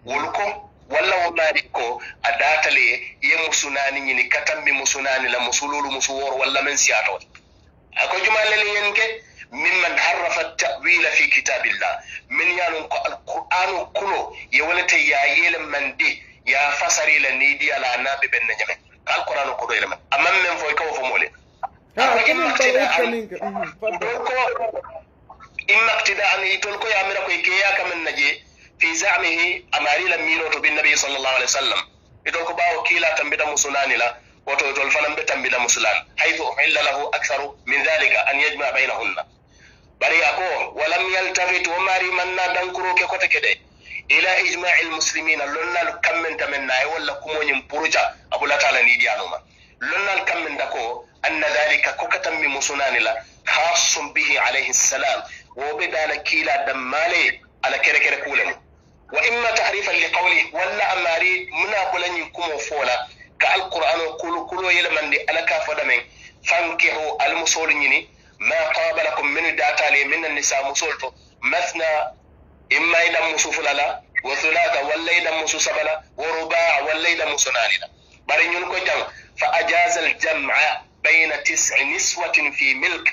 wulkum walla wo maari ko a daatale ye musunaani ñini katam mi musunaani la musululu musu woor walla men siyaatoo a ko jumalele yen ke mimman harrafa tawila fi kitabillah min yaalon ko alqur'anu kulo ye ya yaayele man di ya fasari la ni ala naaɓe ɓenne na ñamen ka alqur'anu koɗoyle man amman men foy kawo fo moole ko immaktida an itol ko yamira koye keya kamen na jee fi zamihi amarila miro to bin nabi sallallahu alaihi wasallam ido ko bawo kila tambita musulani la wato tol fanan be tambita musulan haythu uhilla lahu aktharu min dhalika an yajma bainahunna bari ako walam yaltafit wa mari manna dankuro ke kote kede ila ijma'i almuslimina lonnal kammenta men nayi e walla kumoñin puruca abulatala ni diyanuma lonnal kammenta ko anna dhalika kokatanmi musunani la khassun bihi alayhi salam woɓe dana kiila dammale ala kere kere kuulemu wa imma tahrifan li qawli walla amari muna kulanyi kumo fola ka alqur'ano kulu kulu yelmandi alaka foda men fankihu almusol nyini ma qaba lakum min datali min an-nisa musol to mathna imma ida musufulala wa thulatha walla ida musabala wa ruba' walla ida musunalila bari ñun ko jang fa ajaza al-jam'a bayna tis'i niswatin fi milk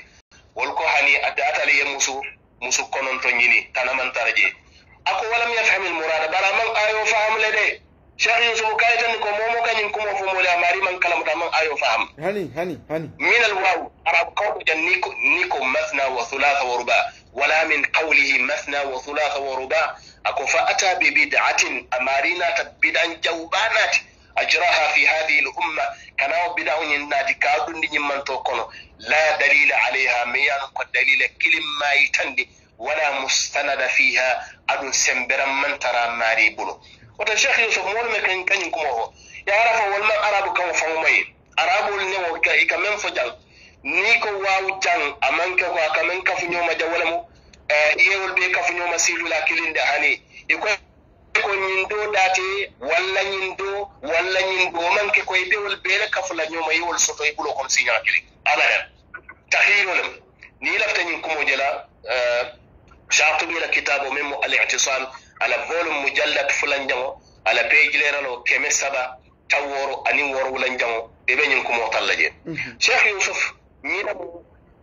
wal ko hani adatali musu musu kononto nyini tanamantaraje ako walam yafhamil murada bara man ayo faham le de cheikh yusuf kayta ko momo kanyin kumo fo mo la mari man kalam man ayo faham hani hani hani min al waw arab qawl janni ko niko masna wa thulatha wa ruba wala min qawlihi masna wa thulatha wa ruba ako fa ata bi bid'atin amarina ta bid'an jawbanati ajraha fi hadhihi al umma kana o bid'a on yinnati ka dundi nyimman to kono la dalila alayha miyan ko dalila kilim mai tandi wala mustanada fiha aɗum semberan mantara maari bolo woto cheikh yusuf moolu me ken kañum kuma o yara fo wolma arabu kan fanmoye arabol newo i ka men fo jang ni ko waw jang amanke ko aka men kafuñoma ja wala mo iyewol ɓe kafuñoma silula kilinde hani i koy ko ñin do date walla ñin do walla ñin do manke koye ɓewol ɓeele kafula ñoma yewol soto e ɓulo comme signal kili ala ɗen tahirolem ni lafta ñin kumojela shatugira kitabo min mo ala volume mujallad fulan jango ala page lerano keme saba taw woro anin woro wulan jango e ɓe ñin kumo talla je cheikh mhm. yusuf ñinam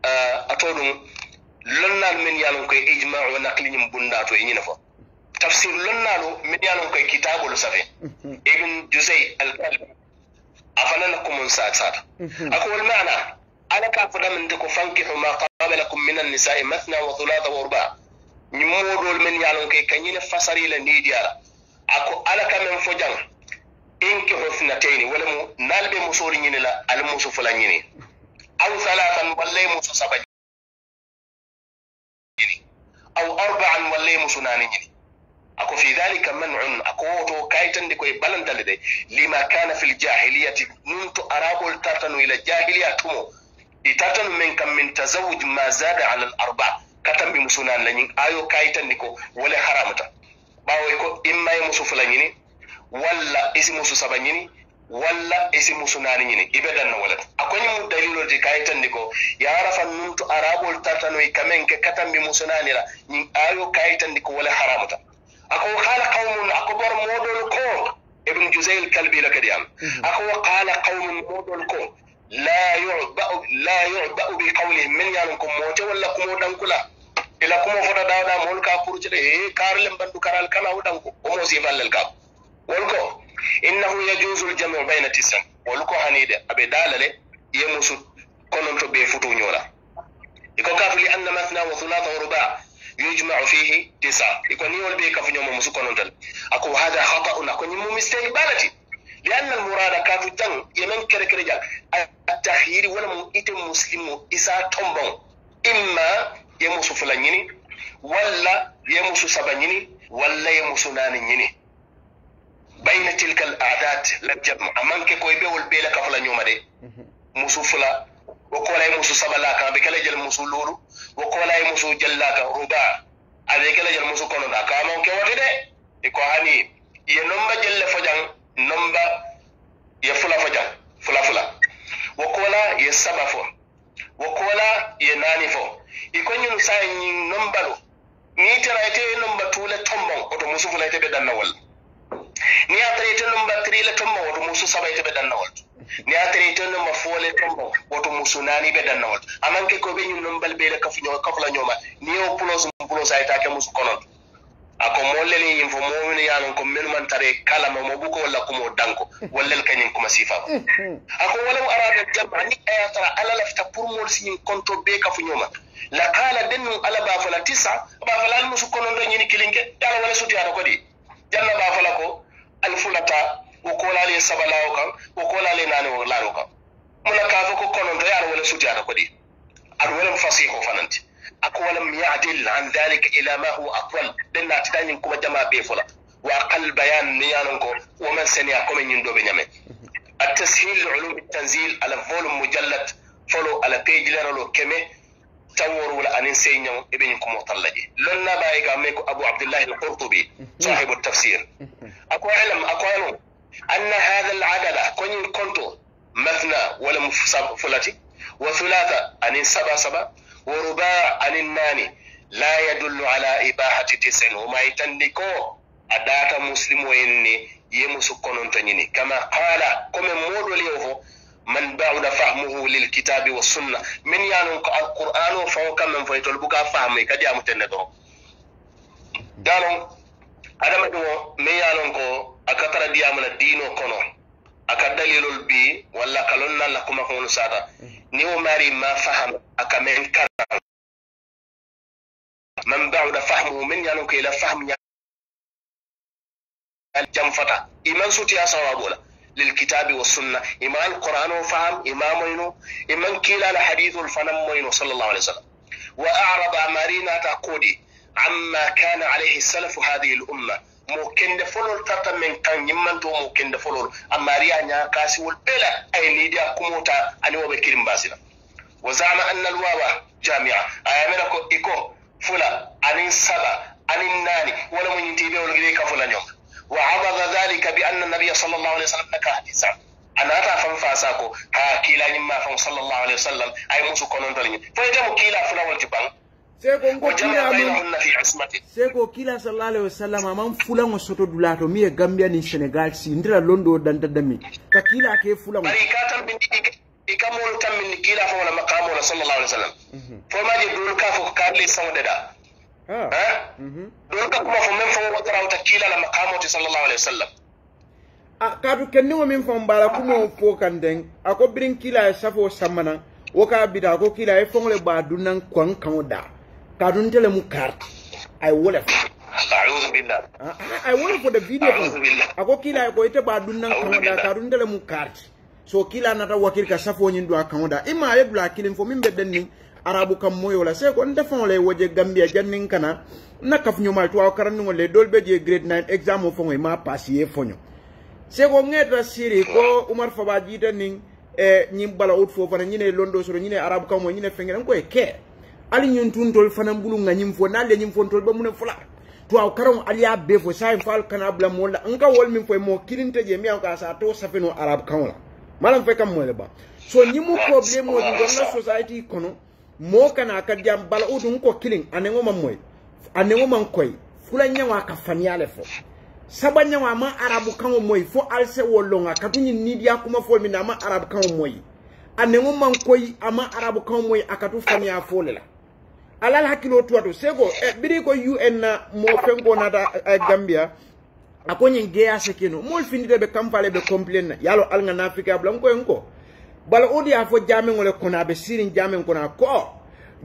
eh, a to ɗum lonnal men yalon koye ijmau nakliñum bundato e ñina tafsir lonnaalo min yalon koye kitabolu safe mhm. ibn jusey alkalbi afanana sa sat sata mhm. akowol mana ala ka foɗaminde ko fankihu ma qabalakum min annisai mathna wa thulatha wa urbaa ñimmoɗol men yalon kay kañine fasarila ndidiyara ako ala ka men fo jang inki hosnatayni wala mo nalɓe musori ñini la ala musu fula ñini aw salatan wallay musu saba aw arbaan wallay musu nani ñini ako fi dhalika manun ako woto kayitande koye balantale de lima kana fi ljahiliyati nun to arabol tartanu ila jahiliya tumo ɗi tartanu men kam min tazawuj ma zada ala l arba katam i musu nan lañin ayo kayitandi ko wala haramta ɓawo ko imma e musu fula ñini walla isi musu saba ñini walla isi musu naani ñini iɓe danna walat akoñi mu dalilol ti kayitandi ko yarafan num to arabol kamen ke katambi musu naanira ñin ayo kayitandi ko wala haramta ako kala qawmun ako bor moɗol ko ibnu jusail kalbi la kadi am mhm. ako qala qawmun moɗol ko la yuba'u bi qawlihi min yanonko moote walla kumo ɗankula ila kumo fota ɗawɗa mo wolka purtire e eh, karalen bandu karal kala o ɗanko omo sifallel kam wolko innahu yajuse l jamiu bayna tisan wolko haniɗe aɓe dalale yemusu konon to ɓe futu ñola iko kaf li anna mathna wa hulata wa ruba yujmau fihi tisa iko niwol ɓe kafuñomo musu konontal ako hada hata un ako ñimmu mistake ɓalati لأن المراد كافو جن يمن كره كره جن التخيير ولا إتم مسلم إسا تنبون إما يمسو فلانيني ولا يمسو سبانيني ولا يمسو نانيني بين تلك الأعداد لجمع أمان كوي بيول بيلا كفلا نيوما دي مسو فلا وكولا يمسو سبلاكا بكلا جل مسو لورو وكولا يمسو جلاكا رباع أبي كلا جل مسو كونو ناكا أمان كوي دي إكو هاني ينمبا جل فجان nomba ye fulafoja fulafula wo kola ye saba fo wo kola ye nani fo iko ñin sa ñin nombalu ni tara ite ye nomba tuule tombon oto musufula ite ɓe dannawol ni a tara ite nomba trile tombon oto musu saba ite ɓe dannawol ni a tara ite nomba foole tombon oto musu nani ɓe dannawol amanke ko ɓe ñin nombal ɓeyde kafula ñoma ni yo pulos pulos a itake musu konon ako molle ni yin fo momin yanon ko menu man tare kalama mo buko walla mo danko wallel kañin kuma sifa ako walam arabe e jamba ni aya e tara ala lafta pour si siñin konto be fu nyoma la kala den ala ba fala tisa ba fala al musu kono do ñini kilinke dala wala suti ara ko di janna ba fala ko al fulata wo la le sabala o kan wo la le nani o ro kan muna ka fa ko kono do yara wala suti ara ko di ar wala fasihu fananti أقوى لم يعدل عن ذلك إلى ما هو أطول لأن أتدان كم جماعة بيفلا وأقل بيان نيانكو ومن سنيا كومين يندو بنيامين التسهيل العلوم التنزيل على فولوم مجلد فولو على بيج لرلو كمي تور ولا أن ابن كم وطلجي لنا بايك أميكو أبو عبد الله القرطبي صاحب التفسير أكو علم أقول أن هذا العدد كن كنتو مثنى ولا مفصل فلاتي وثلاثة أن سبا سبا ورباع عن الناني لا يدل على إباحة تسع وما يتندكو أداتا مسلم وإني يمس كنون كما قال كم مود اليوم من بعد فهمه للكتاب والسنة من يعني القرآن فوق من فيتول بكا فهمي كدي أمتندرو دارون أدمتو من يعني أكثر ديامنا دينو كنون akadalilol bi walla kalon nalla kuma kono sada ni o mari ma faham akamen kala man bauda fahmu min yanu ke la fahm nya al jamfata iman suti asawa bola lil kitabi was sunna iman qur'ano faham imamaino iman kila al hadithul fanam moino sallallahu alaihi wasallam wa a'rada marina taqudi amma kana alayhi salafu hadhihi al ummah mo kende folol tarta men kan yimmanto mo kende folol amma riya ña kasiwol bela ay liidiya kumota ani woɓe kirimbasila wa zama anna alwawa jamia ayamira ko iko fula anin saba anin nani wala mo ñintiɓe wologide ka fula ñom wa abada dhalika bi anna nabiya sallallahu alaihi wasallam naka hadisa anata fan fasa ko ha kilañimma fan sallallahu alaihi wasallam ay musu konontolñi fo itemo kiila fulawol ti bang sai ko kila man sai kila sallallahu alaihi wasallam man fulan wasoto dulato mi gambia ni senegal si ndira londo dan dadami ka kila ke fulan bari ka tan bin di kamol tam min kila fa wala maqamo la sallallahu alaihi wasallam mhm. fo ma je dul ka fo ka le sawde da ha mhm. dul ka kuma fo men fo wata rawta kila la maqamo wa sallallahu alaihi wasallam a kadu kenni wo min fon bala kuma fo kan den ako birin kila safo sammana wo ka bida ko kila e fongole ba dunan kwan da kadun tele mu kar ai wala a'udhu billah ai ah, ah, wala for the video ako kila ko ite ba dun nan kan da kadun tele mu kar so kila nata wakil ka safo nyin do kan da ima ye dula kilin fo min bedden ni arabu kam moyo la se ko nda fon le woje gambia jannin kana na kaf nyoma to akaran ngol le dolbe je grade 9 exam fo ma passer fo nyo se ko ngeta siri ko umar faba jita ning e eh, nyimbala out fo fana nyine londo soro nyine arabu kam mo nyine fengere ko e ke ali ñun tuntol fana bulu nga ñim na le ñim fo tol ba mun fula to aw karam ali ya be fo sai e fal kana bla mola la nka wol min fo e mo kirinte je mi an ka sa to safeno arab kan la malam fe kam mo le ba so nyimu problem mo di gonna society kono mo kana ka jam bal o dun ko killing anengo mam moy anengo man koy fula nyawa ka faniale fo saba nyawa ma arab kan moy fo alse wolonga katunyi nidia kuma fo mi na ma arab kan moy anengo man koy ama arab kan moy akatu fania fo le la alal hakkilo tuwato seko e eh, biri ko un na mo fenko nata eh, gambia a ko ñin geya sekino mool findite ɓe kamfale ɓe complain na yalo alga afrika blan koyen ko bala odi a fo jamengole kona be sirin jamen kona a ko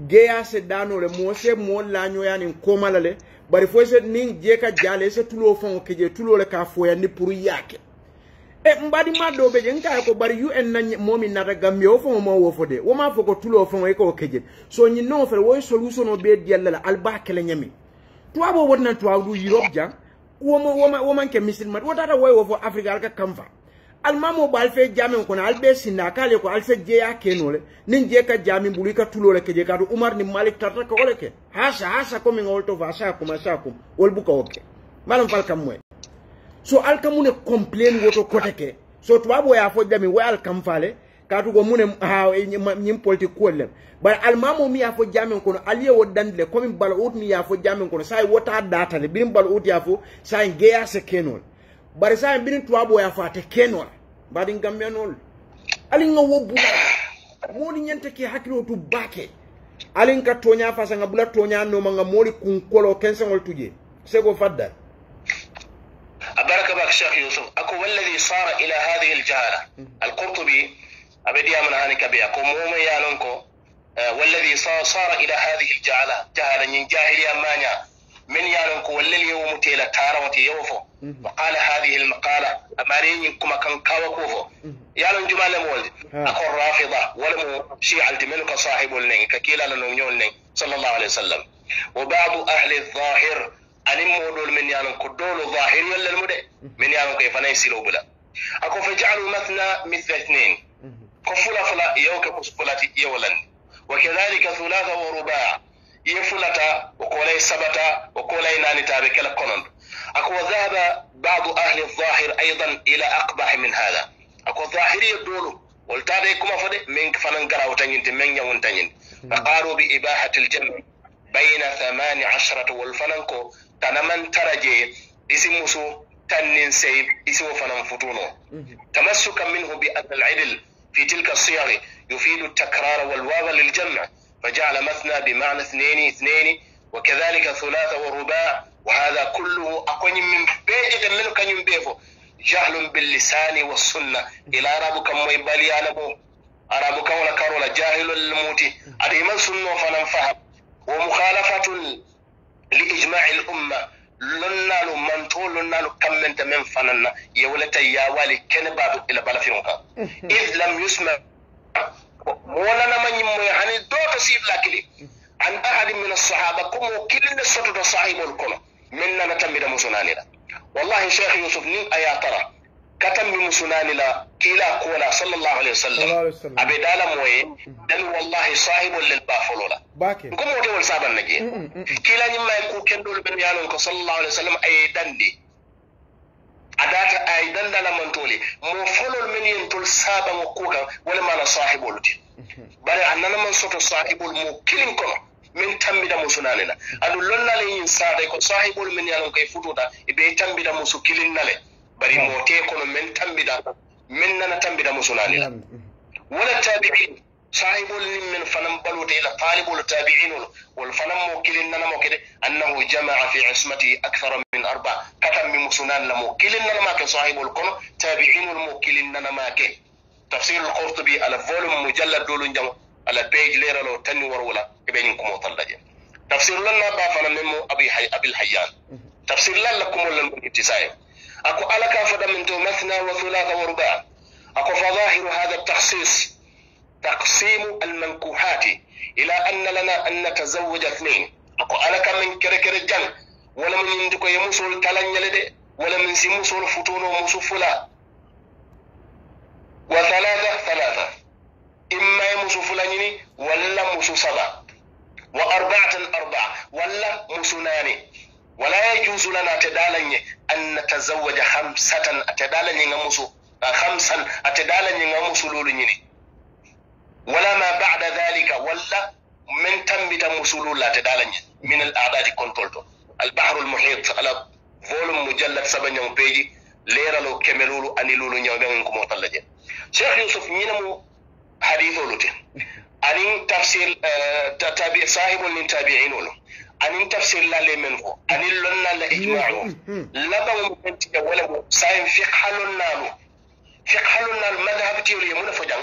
geya se danole mo se mo lañoyanin komala le bari fo se nin jeka jale se tulo je tulo tulole ka ni pour yake e eh, mbaɗi maɗɗo ɓe ƴen kaya ko bari un na momin nata gambia o fomo ma wofo de woma fo ko tulo fon e ko kejen so ñinnowo fere woye solution o ɓe diyallala alba kele ñami tuwabo wotna tuwawdu europe jang womo woma womanke misilmat wotata woye wofo afrique alka kamfa almamo ba alfe jamen kono albe sinna kale ko alfe jeya kenole nin je ka jamin bulu ka tulole ke je ka umar ni malik tarta ko ole ke hasa hasa ko min olto va sa kuma sa kum ol buka oke malam fal kam so mune complain woto kote ke so tubabu ya fo jami we alkam fale katu ko mune ha nyim politique kolem bar almamo mi ya fo jami kono aliye wodandle komi bal out mi ya fo jami kono sai wota data le birim bal out ya fo sai geya se kenol bar sai birin tubabu ya fo ate kenol badin gambenol ali nga wobbu moni nyante ke hakilo tu bake alin ka tonya fasa nga bula tonya no manga mori kunkolo kensengol tuje sego fadda بارك باك شيخ يوسف أكو والذي صار إلى هذه الجهالة القرطبي أبدي من هانك بيكو مو ميالونكو والذي صار, صار إلى هذه الجهالة جهالة من جاهلية مانيا من يالونكو والذي يوم تيلا تارا يوفو وقال هذه المقالة أمارين كما كان كاوكوفو يالون جمال مولد أكو الرافضة ولم شيعة التمنك صاحب النين ككيلا لنوم صلى الله عليه وسلم وبعض أهل الظاهر anin moɗol men yanon ko dolo zahir wallal muɗe min yanon koye fanayi silo bula ako fa jaalu mathna mithla ithnain ko fula fula yewke ko fulati yewolandi wa kadhalika thulatha wa rubaa ye fulata o kolay sabata o kolay nanitaɓe kela konondo ako wa dhahaba badu ahli zahir aidan ila aqbahi min hada ako zahiriye dolo woltaɗa e kuma fo de min fanan garawo tañinte min ñawun tañinde fa qalu bi ibahati ljammi bayna thamani asharata wol fanan ko tanaman taraje isi musu tannin sai isi wafanan futuno mhm. tamassukan minhu bi al-'idl fi tilka siyar yufidu فجعل مثنى بمعنى اثنين اثنين وكذلك ثلاثة ورباع وهذا كله أقوني من بيجة من كان ينبيفو جهل باللسان والسنة إلى ربك ميبالي أنا بو أرابك ولا كارولا جاهل الموتي أدي من سنة فنفهم ومخالفة لإجماع الأمة لنا لنالو منتو لو كمنت من فننا يولت يا والي كن بابو إلى بلا في بلفينوكا إذ لم يسمع مولانا من يمي يعني عن الدور تسيب لكلي عن أحد من الصحابة كم وكل السطر صاحب الكل مننا نتمد مسناننا والله شيخ يوسف نيم أيا ترى katam mi musunani la kila kola sallallahu alaihi wasallam abe dala moye dan wallahi sahibul lil bafolola ko mo de wol saban nage mm, mm, mm. kila nyim may ku ken dol ben yalon ko sallallahu alaihi wasallam ay dandi adata ay dandala man toli mo folol men yen tol saban ko kan wala mala sahibul ti mm-hmm. bare annana man soto sahibul mo kilin kono min tambida musu nale la adu lonnale yin sada ko sahibul men yalon kay e fututa e be tambida musu kilin nale bari moote kono min tambida min nana tambida musulani la wala tabi'in sahibol nin min fanan balude ila talibul tabi'inul wal fanan mo kilin nana mo kede annahu jama'a fi ismati akthar min arba katam mi musunan la mo kilin nana ma ke sahibul kono tabi'inul mo kilin nana ma ke tafsir al-qurtubi ala volume mujallad dolun jam ala page lera lo tanni warwala e be nin ko tallaje tafsir lan na ba fanan min mo abi hay abil hayyan tafsir lan la kumul lan ittisa'i أكو ألك فدا من تو مثنى وثلاث ورباع أكو فظاهر هذا التخصيص تقسيم المنكوحات إلى أن لنا أن نتزوج اثنين أكو ألك من كركر الجن ولا من يندك يمسول تلن يلدي ولا من سيمسول فتون ومسفلا وثلاثة ثلاثة إما يمسفلا يني ولا مسو سبع وأربعة أربعة ولا مسناني wala yajusulana a teɗalanye an natazawaja hamsatan a teɗalanyenga musu hamsan a teɗalanyenga musululu ñini wala ma bada dalika walla min tambita musululla a teɗalanye min al adadi control to albahru lmuhit ala volum mujallat saba ñaw peeji leralo kemelulu anilulu ñawɓeen kumotalla je cheikh yusuf ñinamu hadiholu te anin tafsir eh, tabi sahibul nin tabiinolu anin tafsir le men ko anin lonna hmm, hmm, hmm. la ijma'u ba mo tanti da wala mo sayin fiqhalun nalu fiqhalun nalu madhhab ti yole mun fojan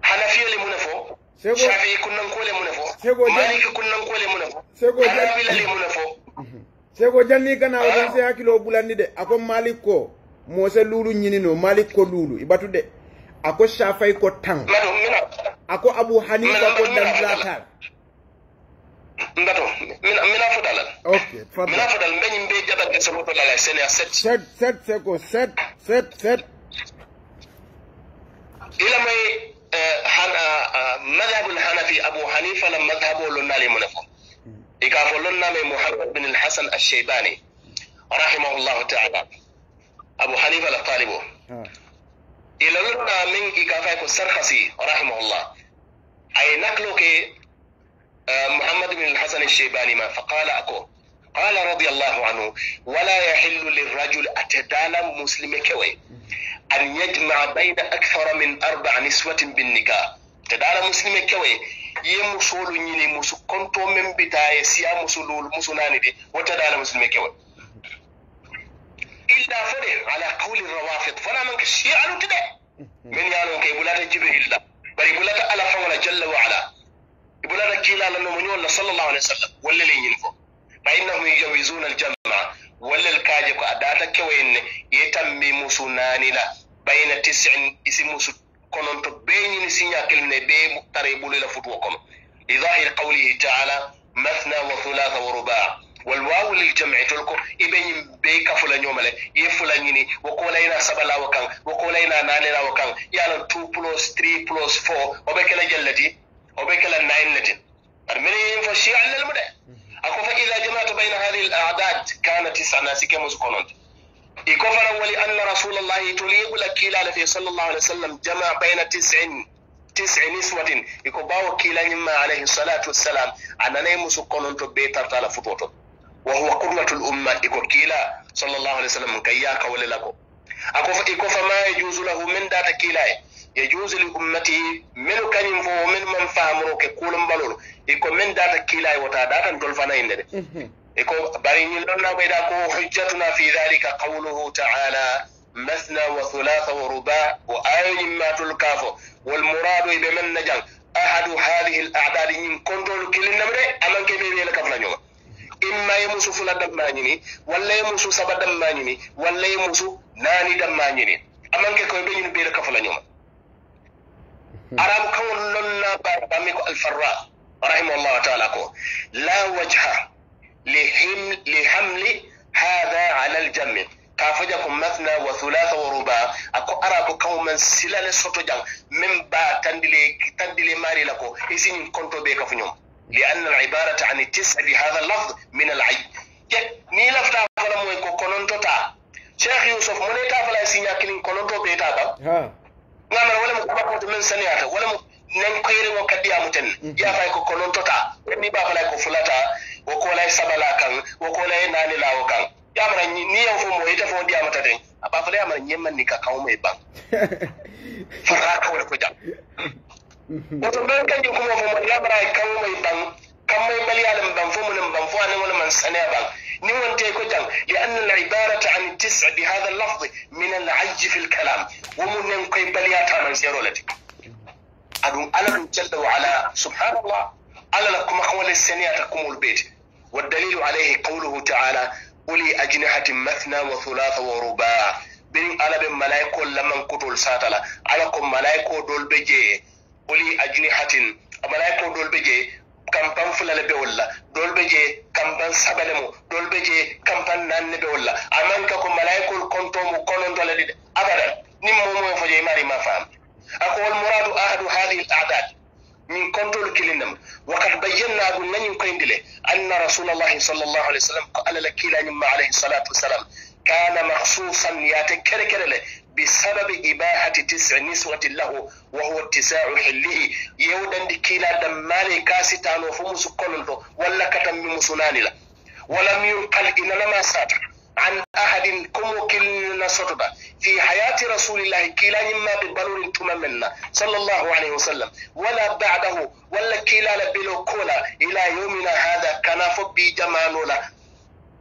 hanafi le mun fo shafi ko le mun fo maliki kunnan kole mun fo hanafi le mun fo sego janni kana o tan se hakkilo bulani de ako malik ko mose lulu ñinino malik ko lulu ibatu de ako shafay ko tan ako abu hanifa ko zakar ndato mina fotalal ok fata mina fotal mbeñi mbe jaɓatde somo tolala sene a sept sept sept c'est ko sept sept sept ilamay madhabu lhanafi abu hanifa lam madhabu o lonnali mune fo i ka fo lonnamay mouhammad bin alhasan alcheybani rahimahullahu taala abu hanifa la talibo ila lonna min i ka fay ko sarhasi rahimahullah ay naklo ke محمد بن الحسن الشيباني ما فقال أكو anhu رضي الله عنه ولا a للرجل أتدالا مسلم كوي أن يجمع بين أكثر من أربع نسوة بالنكاح تدالا مسلم كوي ye musolu ñini musu konto men bita ye siya musulul musunani de wata dala musulme kewal illa fode ala qawli rawafid fana man ka shi'anu tide min yalon kay bulata jibril la bari bulata ala fawla jalla wa ala يقول لك كيلا لأنه منيون صلى الله عليه وسلم ولا لين ينفو فإنهم يجوزون الجمع ولا الكاجك أداتك وين يتم مسناني لا بين تسع اسم كنت بين سنيا كلمة بي مقترب إلى فتوكم لظاهر قوله تعالى مثنى وثلاث ورباع والواو للجمع تلكو إبن بيك فلان يوم له يفلان يني وقولينا سبعة وكان وقولينا نانينا وكان يعني 2 plus 3 plus 4 وبكلا جلتي oɓe kala nayinneten aɗa mbeɗa yeyin fo chiallel mu ɗe mhm. ako fa ida jamaatu bayna hadihi l adad kanati sanasikemus kononde i kofara wali anna rasulallahi tuliibula kiilale fe sall llahu alih w sallam jama bayna tisin tisi niswatin iko bawo kiilañimma alayhi salatu wassalam a nanay musu kononto be tartala futo ton wa huwa kurnatu l umma iko kiila sall llahu alih w sallam kay yaa kawlela ko ako fa i kofa maye juusu lahu min data kiilaye e juusili ummati min kañum fof min man faamoro ke kuulo mbalol iko min data kiila e wota datan dolfanayinde de mhm. eko bari ñin ɗonna ɓeyda ko hujjatuna fi dalika qawluhu taala masna wa hulaha wa ruba o ayoñin matol kaafo wol mouraado ɓe men na jang ahadu hadihi l adadi ñin contrôle kilinnam de amanke ɓeɓeele kafla ñoga imma ye musu fula dammañini walla ye musu saba dammañini walla ye musu naani dammañini amanke koye ɓe ñin ɓeele kafla ñoma أرام كون لنا ko الفراء رحمه الله تعالى كو لا وجه لهم لحمل هذا على الجمع كافجكم مثنى وثلاثة ورباع اكو ارابو كو من سلال سوتو جان من با تندلي تندلي ماري لكو اسين كونتو بي كفنيوم لان العباره عن التسع بهذا اللفظ من العيب ni lafta fala moy ko konon tota cheikh yusuf mo ne ta fala sinya kilin konon to be ba ngamara wala mo kubakoto min saniyata walamo nankoyere wo kaddiyamu ten mm-hmm. yafay ko ko noon tota ni babalay ko fulata woko walay sabala kan woko walay nani lawo kan yamara ni yew fo mo yita fo ndiyamata den a babalay yamara ñemmanni ka kawmo e ban farakawole ko jam mm-hmm. oto ɓen kanjum kumo fo mo yamara kawmo e ban كم مليال بنفو من بنفو أنا ولا من سنة بان نيوان تيكو جان لأن العبارة عن التسع بهذا اللفظ من العج في الكلام ومن ينقي بلياتا من سيرولتي أدون ألا جل وعلا سبحان الله ألا لكم أخوال السنة تقوم البيت والدليل عليه قوله تعالى أولي أجنحة مثنى وثلاث ورباع بين ألا بن ملايكو لمن كتول ساتلا ألا كم ملايكو دول بجي أولي أجنحة ملايكو دول بجي kam ban fulale be wolla dol be je kam ban sabale mo dol be je kam ban nanne be wolla aman ka ko malaikul konto mo konon dole dide abadan nim mo mo fo je mari ma fam ako wal muradu ahadu hadhihi al a'dad min kontol kilinam wa qad bayyana gu nanin ko indile anna rasulullah sallallahu alaihi wasallam qala kilani nimma alaihi salatu wasalam kana makhsusan ya takkere kerele bisababi ibahati tisi niswati lahu wahuwa tisau hillihi yewɗandi kiilaɗan maani kasitano fo musukkolol to walla katanmi musunanila walam yunkal inanama sata an ahadin komo kilnina sotoɗa fi hayati rasulillahi kiilañimmaɓe balorin tuma men na sall llahu alayhi wa sallam wala badahu walla kiilala belo koola ila yawmina hada kana fo bi jamanola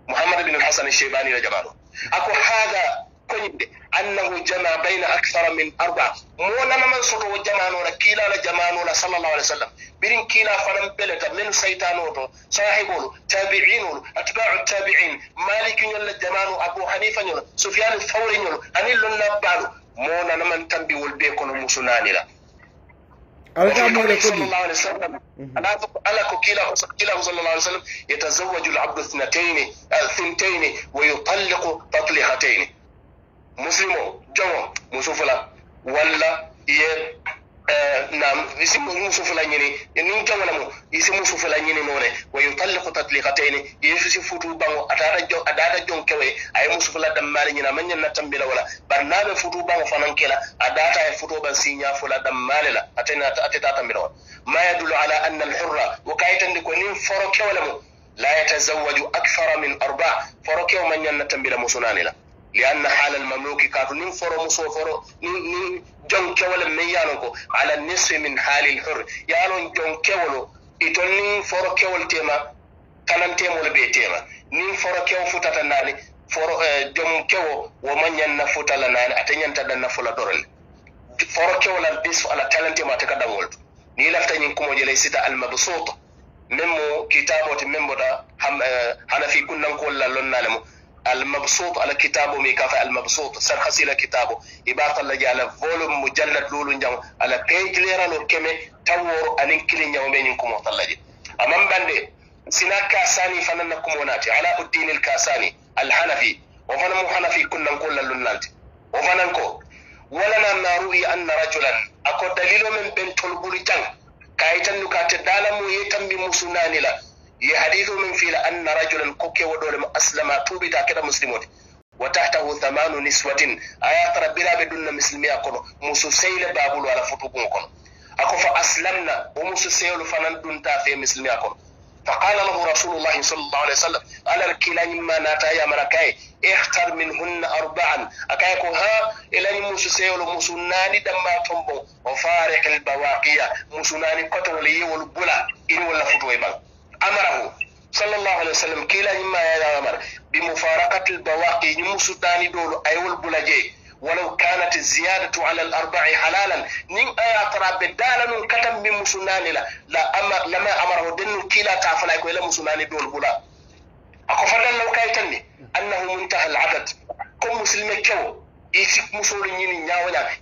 muhammad bin alhasan alshaybani la jamano ako hada كيد طيب، أنه جمع بين أكثر من أربعة مولا ما من سلو جمعنا كيلا لجمعنا صلى الله عليه وسلم برين كيلا فرم بلتا من سيطان وطو صاحب تابعين أتباع التابعين مالك يلا الجمعنا أبو حنيفة يلا سفيان الثوري يلا أني اللون نبالو مولا ما من تنبي والبيكون المسنان لا يتزوج العبد اثنتين آه، اثنتين ويطلق تطليهتين muslimo jongo muso fula walla نعم اسم يوسف لانيني نين جوانا اسم يوسف لانيني نونة ويطلق تطليقتين يوسف فوتو بانو أدادا جو أدادا جون كوي أي يوسف لا دمالي نينا من ينا تنبيلا ولا برنامه فوتو بانو فنان كلا أدادا فوتو بان سينيا فولا دمالي لا أتنا أتتا تنبيلا ما يدل على أن الحرة وكايتن دي كونين فرو كوانا لا يتزوج أكثر من أربع فرو كوانا من ينا تنبيلا مسوناني لا لأن حال المملوك كاتو نين فرو مسو فرو نين نين جون كول من يالونكو على النصف من حال الحر يالون جون كولو إتون نين فرو كول تيما كلام تيمول بي تيما نين فرو كول فتاتا نالي foro eh, jom kewo wo manyan na futa la nani ata nyanta dan na fula doron foro kewo la bis ala talente ma taka dangol ni lafta nyin kumo jele sita al mabsuta memmo kitabo ti memmo da hanafi kunnan lon nalemo المبسوط على كتابه ميكافة المبسوط سرخسي على كتابه إباطة لجي على فولوم مجلد لولو نجاو على بيج ليرا لكمي تور أنين كلين يوم بين ينكم وطلجي أمام بندي سنا كاساني فننكم وناتي على الدين الكاساني الحنفي وفنا مو حنفي كنا نقول للنانتي وفنا نقول ولنا ما رؤي أن رجلا أكو دليل من بنت البولي جان كايتن نكاتي دالا مو يتم بمسناني لك يحديث من فيل أن رجلا كوكي ودول أسلم توبي تاكدا مسلمون وتحته ثمان نسوة آيات ربنا بدون مسلمي أكون موسو سيل بابول ولا فتوكم أكون أكو فأسلمنا وموسو سيل فنان دون تافي مسلمي أكون فقال له رسول الله صلى الله عليه وسلم على الكلان ما ناتايا مركاي اختر منهن أربعا أكايكو ها إلى موسو سيل موسو ناني دما تنبو وفارق البواقية موسو ناني قتل لي والبلا إن ولا فتوى بان امره صلى الله عليه وسلم كلا مما امر بمفارقه البواقي نمسو داني دول ايول بلجي ولو كانت الزيادة على الأربع حلالا نين أترى بدالا كتم من كتم لا لا أمر لما أمره دن كلا تعفلا يكو إلا مسناني دول بلا أكفرنا لو كايتني أنه منتهى العدد كم مسلم كو يسيك مسولين نيني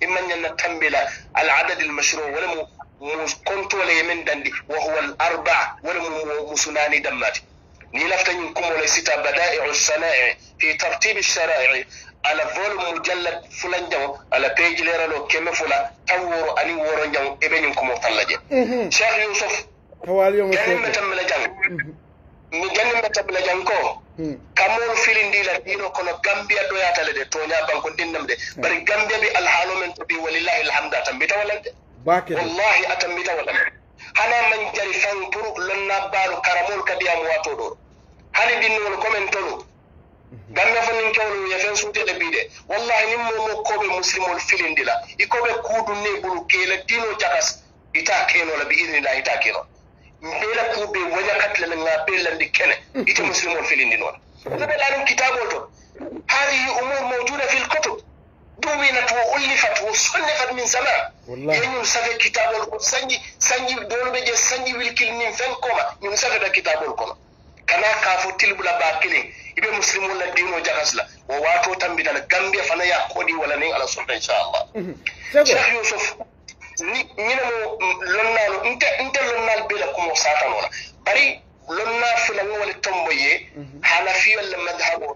إما نينا تنبلا العدد المشروع ولمو mu kontole ye min dandi wa huwa al arba wala mu musunani dammati ni lafta ñin kumole sita badai'u sanai fi tartibi sharai ala vol mujallad fulan jaw ala page leralo keme fula taw woro ani woro jaw e be ñin kumo tallaje cheikh yusuf ganimbe tambila jang mi ganimbe tambila jang ko kamol filindi la dino kono gambia doyatale de toña banko ndinnam de bari gambia bi alhaalo men to walillahi alhamdu atan mbita walande bakir wallahi atammita wala hana man jari fan pour lonna baalu karamol kadi am wato do hani wol komen tolo gambe fo nin kewlu ye fen suutele biide wallahi nin momo koɓe muslimol filindi la i koɓe kuudunne bulu keela dino jakas ita kenola bi la ita keno mbela kuɓe wañakatlele ga be landi kene ite muslimol filindi noon noɓe laɗum kitabol to hadihi umur mawjuda fil l kutub duminat wo ullifat wo sonnifat min sama yeñum safe kitabol ko sanji sanji dolɓe je sanji wilkil nin fen koma ñum safeta kitabol kono kana ka fo tilbula ba kelen iɓe muslimol la dino jakasla wo wato tambitala gambia fana ya koɗi wala nin ala solta inchallah mhm. cheikh yusuf ni ñinemo lonnalo nte nte lonnal bela kumo satanona bari lonna fulanŋo wala tombo ye mhm. hanafiyol le madhabo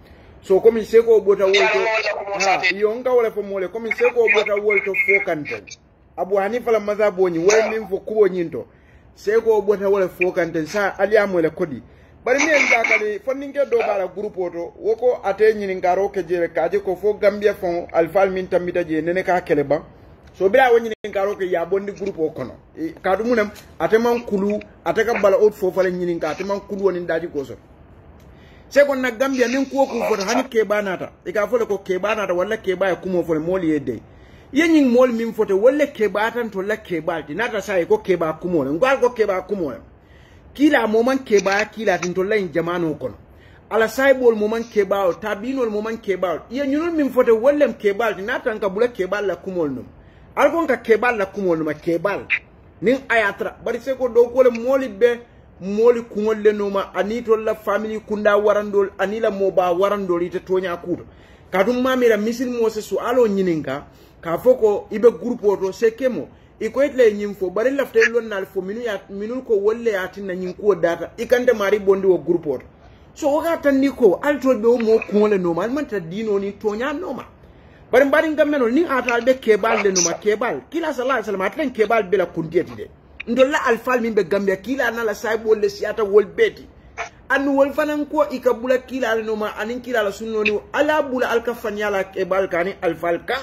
so komin seko bota wolto ha ah, yo ngawle fo mole komin seko bota wolto fo kanten abu hanifa la madhabu woni way min fo kubo nyinto seko bota wole fo kanten sa aliamu le kodi bari mien dakali fonninke do bara groupe oto woko ate ñiningaro ke jere kaje ko fo gambia fon alfal min tambita je nene ka kele ba so bila wo ñiningaro ke ya bondi groupe o kono e, kadu munem ate man kulu ate ka bala ot fo fala ñininga ate man kulu woni daji goso sai na gambia nin ko ku fodo hani ke banata e ka fodo ko ke banata wala ke baye kumo fodo mol yedde yenyin mol min fodo wala ke ba tan to la ke ba ti nata sai ko ke ba kumo ne ngal ko ke ba kumo ne kila moman ke ba kila tin to lain jamano kono ala bol moman ke ba o tabinol moman ke ba ye yenyun min fodo wala ke ba nata ka bula ke ba la kumo ne algon ka ke ba la kumo ne ma ke ba nin ayatra bari sai ko do ko le molibe moolu kuŋol noma ani tol la famili kunda warandol ani la moba warandol ite toña kuuto katum mamira misilimo se alo ñininka ka fo ko i be groupe woto se kemo i ko itla ye ñiŋ fo bari lafita lon naal fo minu ya minul ko wolle ye tinna ñiŋ kuwo data i kanta maari bondi wo groupe woto so wo ka tandi ko ali tol be wo moo kuŋo le noma ali manta diino ni tonya noma bari mbari nka menol niŋ ata ali be keebaal le noma keebaal kila salaa sallam ate teŋ keebaal be la kuntiyeti de la alfal min be gambia kila na la saabi wolle siata wol beeti annu wol fanan ko i ka bula kiilala noma anin kiilala sunnoni ala bula alka fanyala keɓal ka ani alfal kan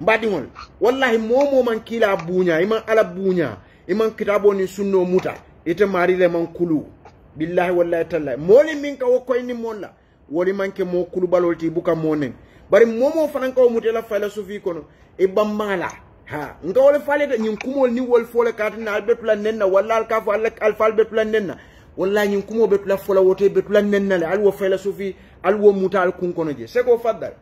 mbaɗiŋol wallahi momo man kiila buuña iman ala buuña ima kitabo ni sunno muta ite marile man kulu billahi wallahi tallahi mooli min ka wo koyni mon woli manke mo kulubalol ti buka mo bari momo fanan ka mutela fayla kono e bammaŋa ha nga wala wole faleta ñin kumol ni wol fole katina bepp la nenna wala al kafo al fal bepp la nenna wala ñing kumo betula fola wote betulan nenna le al wo fela sufi al wo muta al kunkono je seko faddal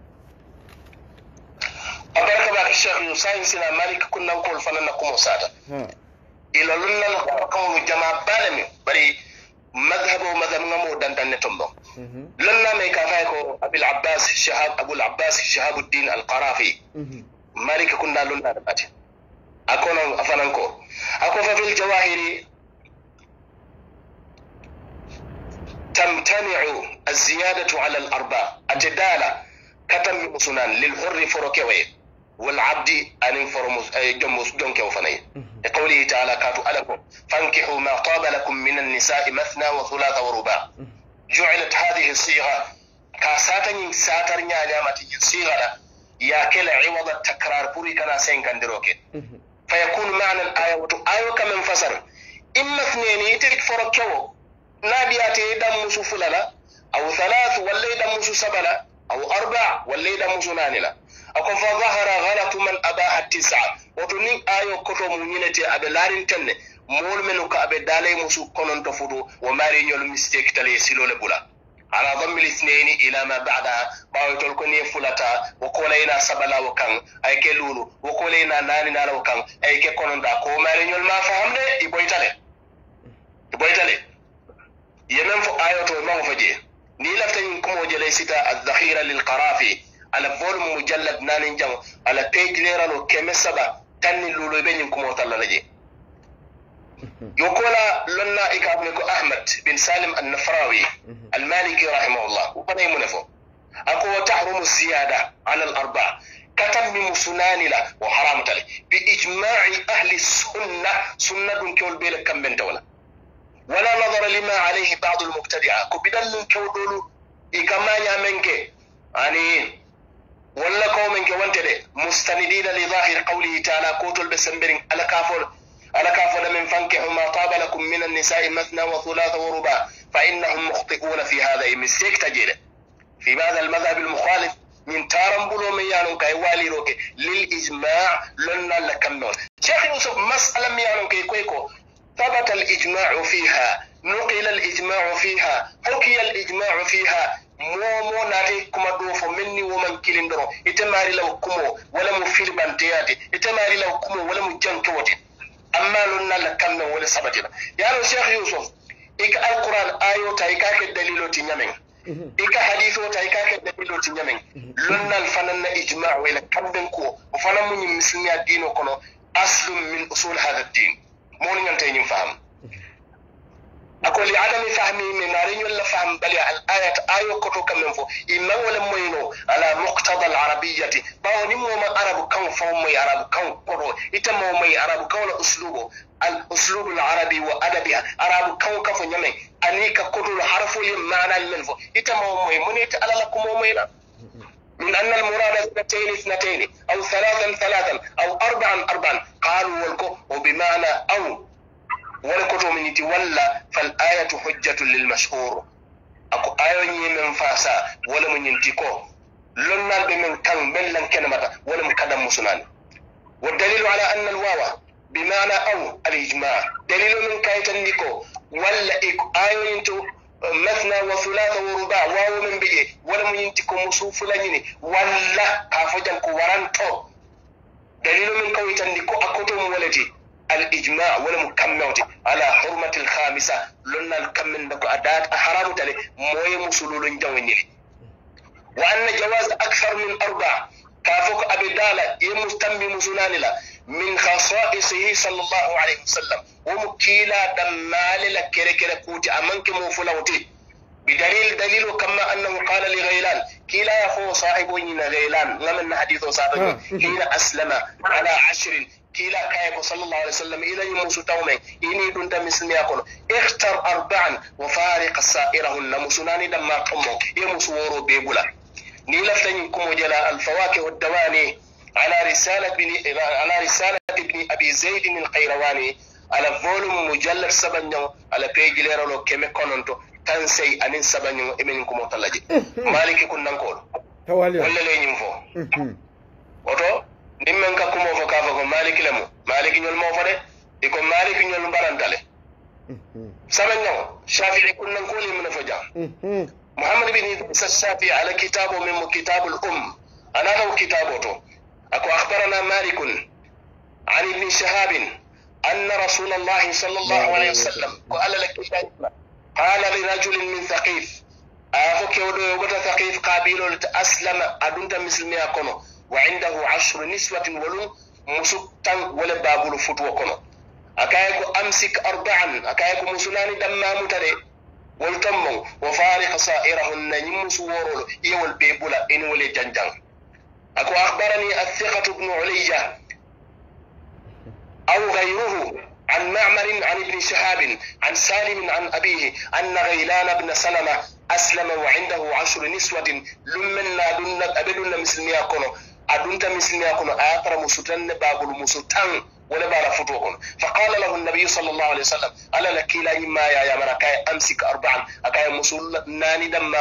abaraka baki cheikh yusain sila malik kunnan kol fana na kumo sata ila lunna na kamulu jama balami bari madhhabu madhhabu ngamo dantan ne tombon lunna me ka fay ko abul abbas shahab abul abbas shahabuddin al qarafi malika kundalunnaɗe ɓate akono afanan ko ako fafil jawahiri tamtaniu alziyadatu ala al arba ate dala katammi sunan lil hurri foro kewaye wal abdi anin foro jonkewo fanaye e qawlihi taala katu ala ko fankihu ma taba lakum min annisai mathna wa thulatha wa ruba juilat hadihi siga ka satañin satar ñañamati siga ɗa yakela iwada takrar pour kala sen gandiroke mhm. fa yakunu mana ayawatu ayo kamen fasar immat neni ite foro kewo nabiyate damusu fulana aw thalath walla damusu sabala aw arba walla damusu nanila ako fa zahara ghalatu man abaha tisa woto ni ayo koto mu nyinete abe larin tenne molmenu ka abe dalay musu kononto fudu wo mari nyol mistake tale silole bula ala dhammil isnaini ila ma ba'da bawitol ko ne fulata wo kola ina sabala wa kan ay ke lulu wo kola ina nani nala wo kan ay ke kononda ko mari nyol ma fahamde i boytale i boytale yemen fo ayoto ma fo je ni lafta yin kumo je lay sita al zakhira lil qarafi ala volume mujallad nanin jam ala page leralo keme saba tanni lulu be nyin kumo talla je يقول لنا إكابنكو أحمد بن سالم النفراوي المالكي رحمه الله وبني منفو أقوى تحرم الزيادة على الأربعة كتم مسنان لا وحرام تلي بإجماع أهل السنة سنة كيول بيلك كم من دولة ولا نظر لما عليه بعض المبتدعة كبدل كودولو يا منك يعني ولا كومنك وانت مستندين لظاهر قوله تعالى كوتل بسمبرين على كافر ألك كافل من فانكحوا ما طاب لكم من النساء مثنى وثلاث ورباع فإنهم مخطئون في هذا المسيك إيه، تجيل في هذا المذهب المخالف من تارم بلو من يالون كاي والي روكي للإجماع لنا لكمنون شيخ يوسف مسألة من كي كويكو ثبت الإجماع فيها نقل الإجماع فيها حكي الإجماع فيها momo naate kuma ɗo fo min ni woman kilindoro ite maari law kumo wala mo firbanteyaate ite maari law kumo amma lon nalla kammen woni sabatina yaano sheikh yusuf ika alquran ayo ta ika ke dalilo ti ñamen mhm. ika hadiso ta ika ke dalilo ti ñamen lonnal mhm. fanan na ijma wayla kamben ko fanan fana muñin misilmiya diino kono aslum min usul hada ddin mowoni ñanta e ñin akol adami fahmi mi mari ñol la faham bali al ayat ayo koto kam men fo imman wala moyno ala muqtada al arabiyyati bawo ni mo ma arabu kan fo mo arabu kan koto ita mo mo arabu kan la uslubo al uslubu al arabi wa adabi arabu kan ka fo nyame ani ka koto al harfu li ma'na men fo ita mo mo mun ita ala la ko mo mo la من أن المراد اثنتين اثنتين أو ثلاثا ثلاثا أو أربعا أربعا قالوا والكو وبمعنى أو woni koto min iti walla fal ayatu hujjatu lil mashhur ako ni men fasa wala mo ñinti ko be men tan ɓen lan kenemata wala mo kadam musulani wa dalilu ala anna al wawa bimana aw al ijma dalilu min men ni ko walla e ni to masna wa thulatha wa ruba wawo min bije wala mo ñinti ko mo suufulañini walla ka fojan ko waranto dalilu men ni ko akoto mo waleti الاجماع ولا مكمل على حرمه الخامسه لنا الكمن بكو ادات احرام تلي موي مسلول جوني وان جواز اكثر من أربعة كافوك ابي دالا يمستمي إيه مسلاني لا من خصائصه صلى الله عليه وسلم ومكيلا دمال لكيري كيري كوتي امنك موفلاوتي بدليل دليل كما انه قال لغيلان كلا يخو صاحب غيلان لمن حديث صاحبه حين اسلم على عشر كلا كايكو صلى الله عليه وسلم إلى يموس تومي إني دون تمسلم يكون اختر أربعا وفارق سائرهن مسناني دما قمو يموس ورو بيقولا نيلا تنكم جلا الفواكه الدواني على رسالة بن على رسالة ابن أبي زيد القيرواني على فولوم مجلد سبنيو على بيج ليرولو كيمي كونونتو تنسي أنين سبنيو إمين كمو أمم. مالك كنن كولو ولا لين فو oto nin men kakkumo fo kafa ko maliki lemo maliki ñol mo fo de iko maliki ñol barantale mhm. saben ñawo shafii kunnankoni mina fo jam mhm. muhammad bin isa shafii ala kitabo min mo kitabul um ana taw kitabo to ako akhbarana malikun an ibni shahabin anna rasul llahi sal llahu alayhi wa sallam ko allah la kitaima qala lirajulin min thaqif a fo kewɗo yogota thaqif qabilol ta aslama adunta muslimi a kono وعنده عشر نسوة ولو مسكتا ولا بابل فتوى كنا أكايكو أمسك أربعا أكايكو مسلاني دمام متري والتمو وفارق سائره يمس ورول يول بيبولا إن ولي جنجان أكو أخبرني الثقة ابن علي أو غيره عن معمر عن ابن شهاب عن سالم عن أبيه أن غيلان بن سلمة أسلم وعنده عشر نسوة لمن لا دون أبد مسلمي كونه أدنت مثل يكون آخر مسوتن بابل مسوتن ولا بارا فتوهن فقال له النبي صلى الله عليه وسلم ألا لك لا إما يا يا من أكاي أمسك أربعا أكاي مسول ناني دم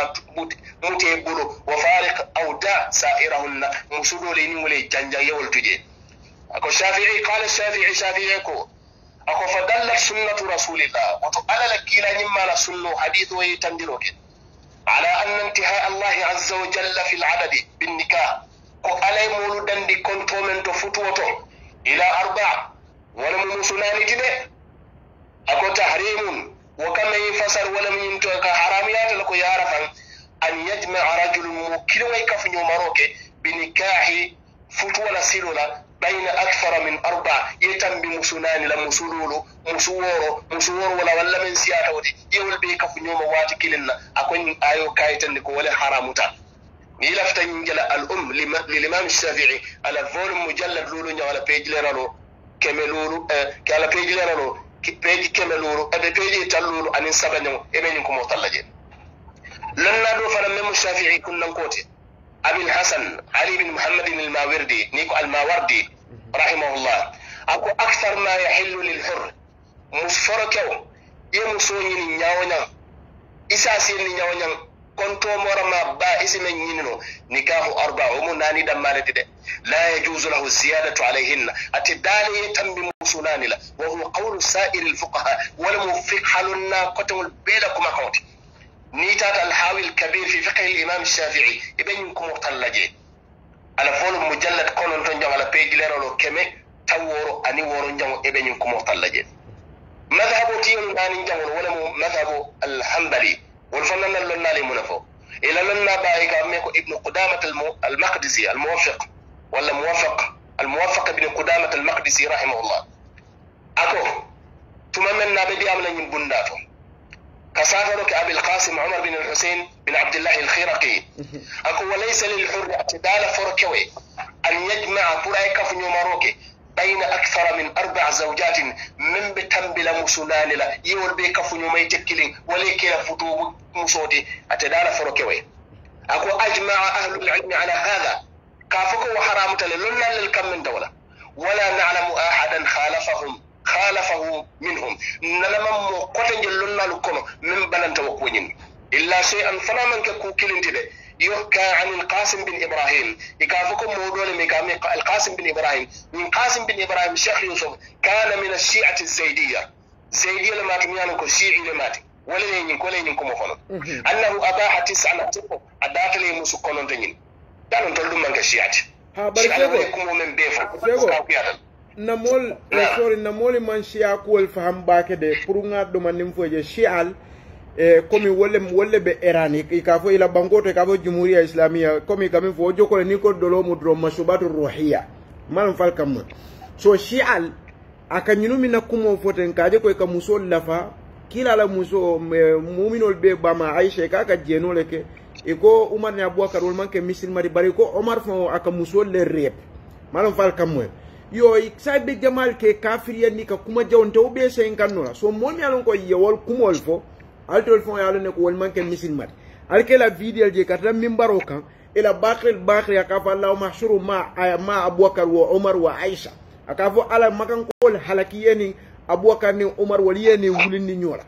موتي بلو وفارق أو دا سائرهن مسول ليني ولي جنجي والتجي أكو الشافعي قال الشافعي شافعي أكو أكو فدلت سنة رسول الله وتو ألا لك لا إما لسنة حديث ويتندروك على أن انتهاء الله عز وجل في العدد بالنكاح ko alay lu dandi konto men to futuwo to ila arba wala mu musunaniti de ako tahrimun wa kama yi wala mu yinto ka haram ta ko yara an yajmaa rajulun mu ay kafu ñomaro ke binikahi la silola baina akfara min arba yatam tambi musunani la musululu musuworo musuworo wala wala men siyata wati yewul be kafu ma wati kilinna akon ayo kayitande ko wala haramuta ni lafta njala al um lilimam shafi'i ala volume mujallad lulu nya wala page leralo keme lulu ke ala page leralo page keme lulu abe page tan lulu anin sabanyo e men ko motallaje lan na do fara mem shafi'i kunnan kote abul hasan ali bin muhammad al mawardi ni ko al mawardi rahimahullah ako akthar ma yahillu lil hurr musfarakaw ye musonyi ni nyawonya isa sin ni nyawonya kontomorama ba isime ñinino nikahu arbaumu nani dammaleti de la yajuzu lahu ziyadatu alayhinna ate daale ye tambi musunani la wa huwa qawlu sa'iri lfuqaha walamu fiqhalunna kotegol beela kuma kawte ni tata alhawi lkabir fi fiqhi limam shafii eɓeñin kumortalla je ala folo mujallad konon ton jam ala peejilerolo keme taw woro ani woro jango eɓeñin kumortalla je madhabo tiyonu nanin jangol walamu madhabo alhambali والفن لنا لي منافو إلى لنا بايك أميكو ابن قدامة المقدسي الموفق ولا موفق الموفق ابن قدامة المقدسي رحمه الله أكو ثم من نابدي أمنا ينبندافو كسافرك أبي القاسم عمر بن الحسين بن عبد الله الخيرقي أكو وليس للحر اعتدال فركوي أن يجمع فرأيك في نيوماروكي bayna akthara min arba zawjatin min ɓe tambila musulalila yewol ɓe kafuñumay tekkilin wala kela futu musoti ate dara foro kewe ako ajmaa ahlulilmi ala hada ka fo ko wo haramutale lonnallel kammin dawla wala nalamu ahadan khalafahum khalafahu minhum nanaman mo kote jel lonnalu kono min bananta wo kuñin illa sai an fana manke ku kilintide يحكى عن القاسم بن إبراهيم يكافكم موضوع القاسم بن إبراهيم من قاسم بن إبراهيم الشيخ يوسف كان من الشيعة الزيدية زيدية لما تميانك الشيعي لما تي ولا ينين ولا ينين كم أنه أباح تسعة نتبو أدات لي موسو قلون تنين دانون تلدم منك الشيعة ha bari fego fego namol sorry namol man shi'a kuwal faham bake de pour nga do man nim foje shi'al e komi wolle wolle ɓe erani ka fo ila bangoto ka fo jumhuria islamia komi kamin fo o jokole ni ko dolomu dro mashubatu ruhiya malam fal kamma so shi'al aka ñinumi kumo foten kaje koye ka musol lafa kilala muso muminol be bama aisha ka aka jeenole ke iko umar ne aboubacar wol manke mari bari ko omar fo aka musol le rep malam fal kammoe yo saɓe jamal ke kafiriyandi ka kuma jawnte o ɓe sen kannola so momi alon ko yewol kumol fo altol fon ya ne ko wol manke mat alke la videl je katra mimbaro kan ila e bakil bakri akafa law mahshuru ma ma abubakar wa umar wa aisha akafo ala makan kol yeni abubakar ni umar waliyeni wulini nyola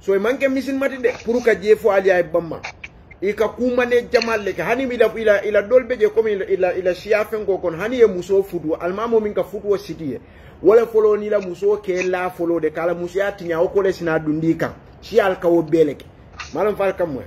so e manke misilmati de pour ka je fo ali ay bamma i e ka kumane jamal le hani ila ila ila dolbe je comme ila ila, ila shiya fengo kon hani e muso futu almamo min ka wa sidiye wala folo ni la muso ke la folo de kala musiya tinya o kole sina dundika kan si al ka wo beleke malam fal kam mo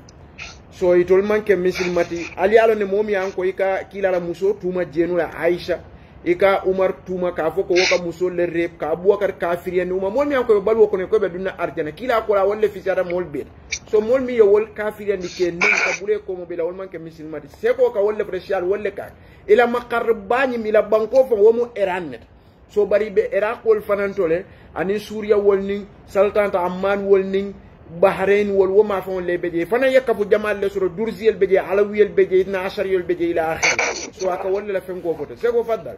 so itol manke misilmati ali alo ne momi anko ika kilala muso tuma jenula aisha ika umar tuma k'a fo ko ka muso le rep ka abubakar kafiriyani uma moolu miŋ ko yo baluwo kono ko be dunna arjana kila kola wolle le fisiyata mol be so moolu miŋ ye wolu kafiriyandi ke niŋ ka bule ko mo be la manke misil mati se ko ka wolle pre fota wolle ka ila maqarbani baa ila banko fo wo mu eran neta so bari ɓe iraq wol fanantole anin suria wol nin saltanta amman wol bahrain wol woma fewon le ɓe ƴeyi fana yekka fo jamal le soro dursiyel ɓe ƴeyi alawiyel ɓe ƴeyi na asariyel ɓe ila ahiri so aka wollela fenko fote sego faddal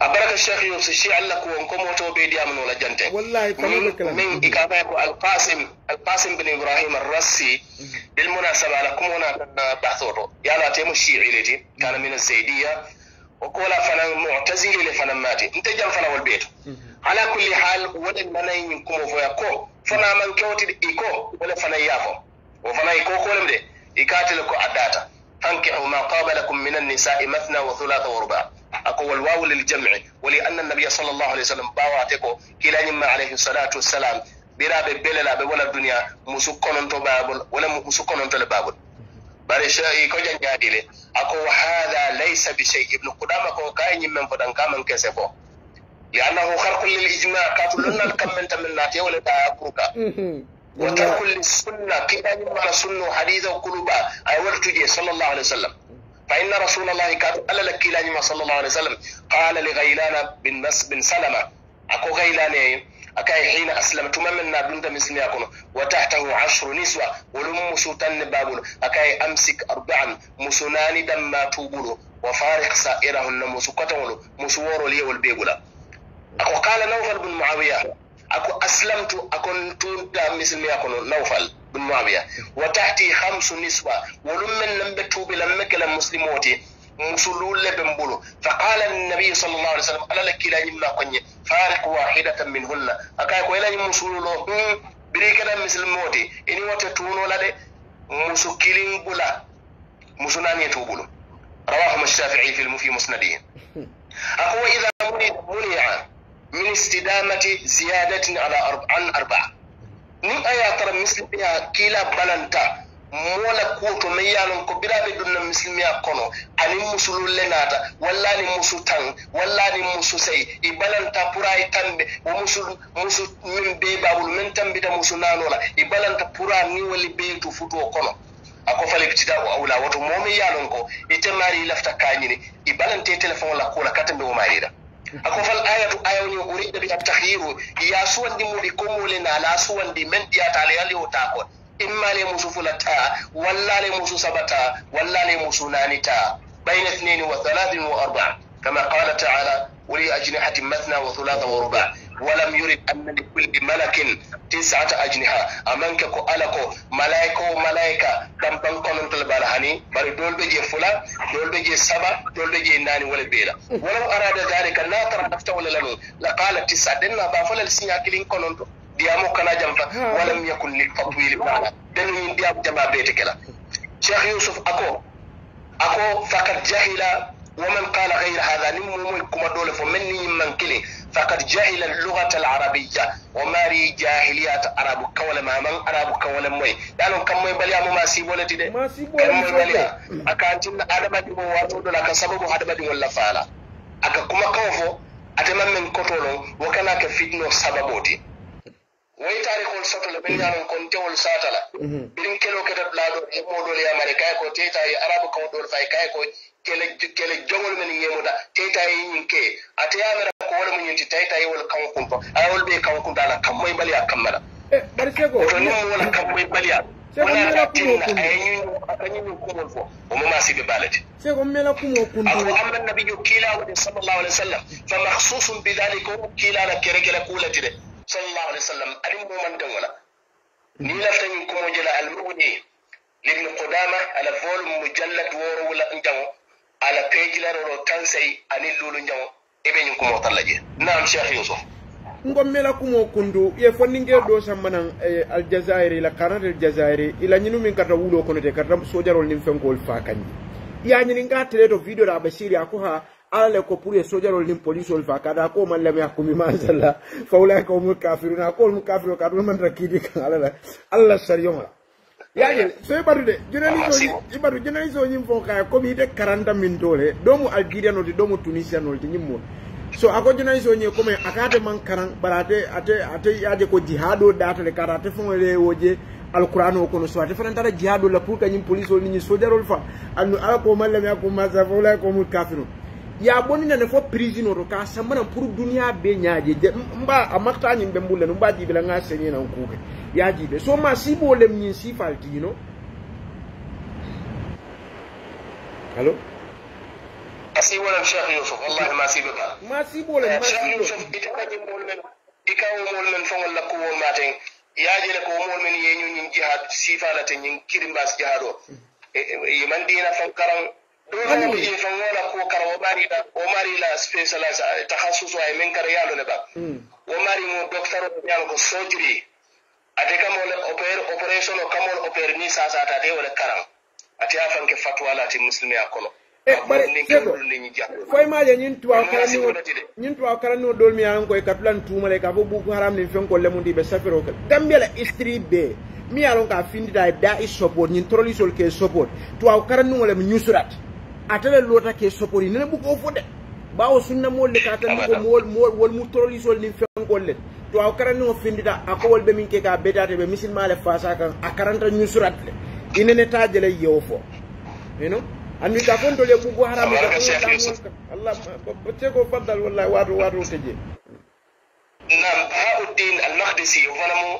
a baraka cheikh yusuf si allah ko wonko moto ɓe diyamanola jante wallahi min ikafay ko al qasim bin ibrahim arrassi bil munasaba ala kumona tan bahsoto yala temo shiileti kana min zeydiya وكولا فنا معتزل لفنا ماتي انت جام فنا والبيت على كل حال ولا مناي ينكم فيكو فنا من كوت ايكو ولا فنا يافو وفنا ايكو كولم دي يكاتلكو اداتا فانكحوا ما طاب لكم من النساء مثنى وثلاث ورباع أقوى الواو للجمع ولأن النبي صلى الله عليه وسلم باواتكو كلا نما عليه الصلاة والسلام بلا بلا ولا الدنيا مسكن تبابل ولا مسكن تلبابل y ko janjaɗile ako wa hada laysa bi shay Ibn qudama ko men fodan kam kamen kese fo li annahu harkul lil ijma katu lonnal kammen tamen te wala ta akuka mm-hmm. wa tarkulli sunna ma sunnu hadise Kuluba ay waqtu je sallallahu alaihi sallam fa inna rasulallahi katu allah la kiilañima sallllahu alih wa sallam qala li ghailana bin salama ako gaylane akai hina aslam tuma min na dunta misilmiya kono wa tahtahu ashru niswa wolum musu tanni babulo akai amsik arba'an musu damma tubulo wa farik sa'irahunna musu kotanwolo musu liya wal begula ako kala nawfal bun muawiya ako aslamtu akon tunta misilmiya kono nawfal bun muawiya wa tahti khamsu niswa wolum men lambe tuubi lamme kela muslimoti musulul le ben bulu fa qala annabi sallallahu alaihi wasallam ala lakila nyimna konye farik wahidatan minhunna akay ko ila musululo hmm birikana muslimoti ini wote tuno la de musu kilin bula musu nani to bulu rawahu ash fi mufi musnadih akwa idha muni'a min istidamati ziyadatin ala arba'a ni aya tara misliha kila balanta mola kuwoto min yanon ko biraɓe ɗum no kono ani musulu lenata walla ni musu tan walla ni musu sey i balanta pura e tanɓe wo musu musu min be babulu min tambita musu nanola i balanta pura ni wali beetu futuo kono ako falibtida o awla woto momin yanon ko ite maari lafta kañini i balante téléphone la kula katambe wo maarira ako fal ayatu ayawni urida bi at tahyiru iya suwandi muɗi komole nala suwandi men ɗiyata ala yali o imma le musu fulata walla le musu sabata walla le musu nanita bayna ithnain wa thalathin wa arba' kama qala ta'ala wali ajnihatin mathna wa thulatha wa ruba' ولم يرد أن لكل ملك تسعة أجنحة أمانك كألك ألكو ملائكة وملائكة دم بنكون تلبال هني بري دول بجي فلا دول بجي سبا دول بجي ناني ولا بيلا ولو أراد ذلك لا ترى نفته ولا لنو لقال تسعة دنا بافلا لسنيا كلين كونون diyamo kana jamfa walam yakun lil fadwil bana den ni diyam jama bete kala cheikh yusuf ako ako fakat jahila ومن قال غير هذا نمو كما دول فمني من كلي فقد جهل اللغة العربية وماري جاهليات عرب كولا ما من عرب كولا موي يعني كم موي بليا ما سيبولة دي ما سيبولة بليا أكانتنا أدبا دي وواتو دولا كسبب أدبا دي ولا فعلا أكا كما كوفو أتمنى من كتولو وكان أكا فتنو سببوتي ni tarikol sotola ɓen yanon kon tewol satala ɓirin mm-hmm. kelo ketat laɗo e moɗol yamare kay ko teyta e arabe kawɗol fay kay ko kele kele jogol men yemuda teyta e ñin e e e ke a teyamera ko wala mu ñinti teyta e wol kankunto ayawol ɓe kankunto ala kammoye baliya kammala eh, bari sego to ni wala kammoye baliya wonata tinna kumol fo omo masiɓe balete sego mela kumo kuntuo amma nabiyu kilawoɗe sallllahu alih w sallam fa mahsusum bidalika o kiilala kere kela kuulati sallallahu alaihi wasallam adim mo man dawala ni la tan ko mo jela al mughni ibn qudama ala volume mujallad woro wala njaw ala page la ro kansay ani lulu njaw e be ko mo talaje naam cheikh yusuf ngom mela kumo kundu ye fonninge do sammanan e aljazairi la kanatel jazairi ila ñinu min kata wulo kono te kata sojarol nin fenkol fa kanji ya ñini nga to video da bashiri ako ha ale ko pour les soldats nin polisol fa kada ko man lam yahkumi ma anzalla fa ulaika humul kafirun ko humul kafirun ka dum man rakidi kan ala la alla shariyon la yaye so e ɓatu de journaliste i ɓatu journaliste o ñim fo kaya comme ide karanta min tole ɗomo algirianolti ɗomo tunisieanolti ñimmo so ako journaliste o ñe comme akate man karan bara ate ate yaje ko jihaɗo datale kata ate fonle woje alquran o kono so ate fanantara jihaɗo la pour kañum police ol niñi sojarol fa andu ala ko mallami ako masa fo lay komul kafirun ya boni na fo prison ro ka samana pour dunia be nyaaje je mba amakta nyi be mbulle mba di bila nga senye na nkuke ya jibe so ma si bo lem nyi si falti you know hello asi wala cheikh yusuf wallahi ma si baka ma si bo lem eh, ma si yusuf itaka ni mol men ikawo mol men fo wala ko wo maten yaaje le ko mol men ye nyu nyi jihad sifalate nyi kirimbas jihado hmm. eh, eh, e man dina fon karang ɗoɗo kuje fan wona ko kara o ɓarila o marila spécialise tahasus o ay min kara yalone ɓa o mari mo docteur o ñano ko sojuri ate kamol opére opération o kamol opére ni sasata ate wole karan ate a fanke fatwala ate muslimi a kono foymaje ñin tuwaw karanniwo ɗol mi yan koye katulan tumala ka fo buku haram nin fenkolle mum ɗi ɓe safero kal gambiyala istri be mi yalon ka findita e da i support ñin trolisol ke support tuwaw karanniwole mi ñusurat atele lota ke sopori nene buko fode bawo sunna mol le katan ko mol mol wol mu troli sol ni fenkol le to aw karani o findita ako wol be min ke ka bedate be misil male fasa kan akaranta nyu surat le inene tajele yewo fo you know andi ka kon dole bugo haram ka Allah bacce ko faddal wallahi wato wato teje nam hauddin al-maqdisi wala mo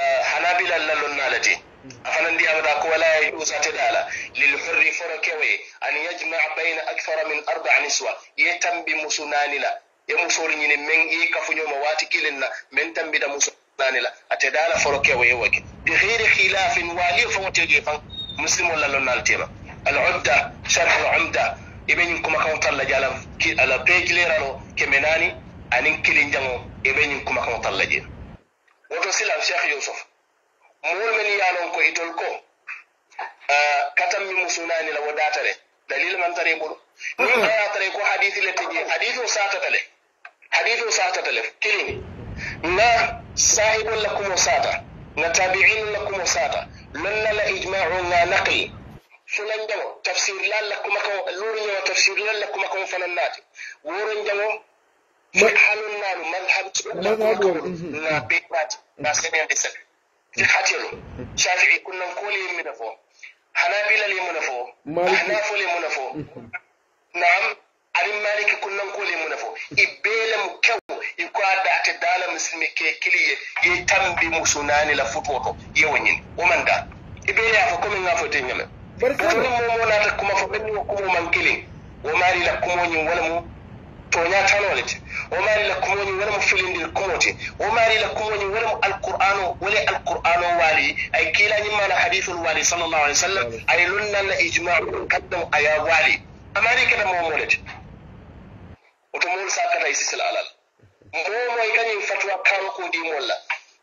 eh, hanabila lallon nalaje أفنان دي أمداك ولا يجوز تدالا للحر فركوي أن يجمع بين أكثر من أربع نسوة يتم بمسنان لا يمسور نين من إيكاف نيوم واتكلنا من تم بدا مسنان لا أتدالا فركوي وكي بغير خلاف والي فوتيجي فان مسلم ولا لنال تيما العدة شرح العمدة إبن كما كان تلا جالا على بيج ليرانو كمناني أنين كلين جمو إبن كما كان تلا جين وتوصل الشيخ يوسف moolu men ye a lon ko itol ko katam mi musulani la wo datare dalil man tare bulu ni aya tare ko hadithi le tije hadithu satata le hadithu satata le kilin na sahibun lakum sata na tabi'in lakum sata lalla la ijma'u na naqli fulan jango tafsir lal lakum ko luri yo tafsir lal lakum ko fanan nati woron jango مرحل النار مذهب لا بيبات لا سمين دي سبب fitatiro shafi'i e, kunnan kuli min fo hanabila li mun fo hanafu li mun fo na'am arin maliki kunnan kuli mun fo ibele e mu e kyau iko da ta dala muslimi ke kiliye ye tambi musunani la futoto ye wonyin o manda ibele ya fa komi nga fo tenyame bar ko mo mo na ta kuma fo ben ko mo man kilin o mari la kuma nyin wala mu To toña tanolete o mari la kumoñi wolemo filindir komote o mari la kumoñi wolemo wani o wole wali, o waali ay kiilañimmana hadithul wali sallallahu alaihi wasallam sallam lunna la ijma kaddam aya wali amari keta to oto sa sakkata e sisel alal fatwa kan ko di molla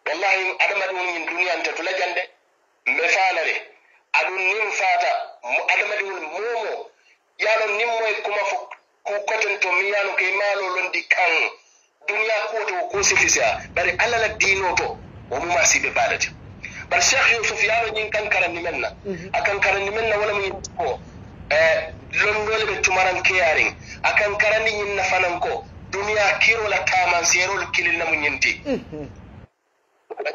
wallahi adamadi won min ta tula jande mbe fanare adun nin fata adamadi momo yalon nin moy kuma fo ko koton to mi yano ke malo londi kan duniya ko to ko sifisa bari alla la dino to o mu masibe balati bar cheikh yusuf yano nyin kan karanni menna mhm. akan karanni menna wala mu ko eh londole be tumaran keyarin akan karanni nyin na ko duniya kiro la taman serol kilil na mu nyinti mhm.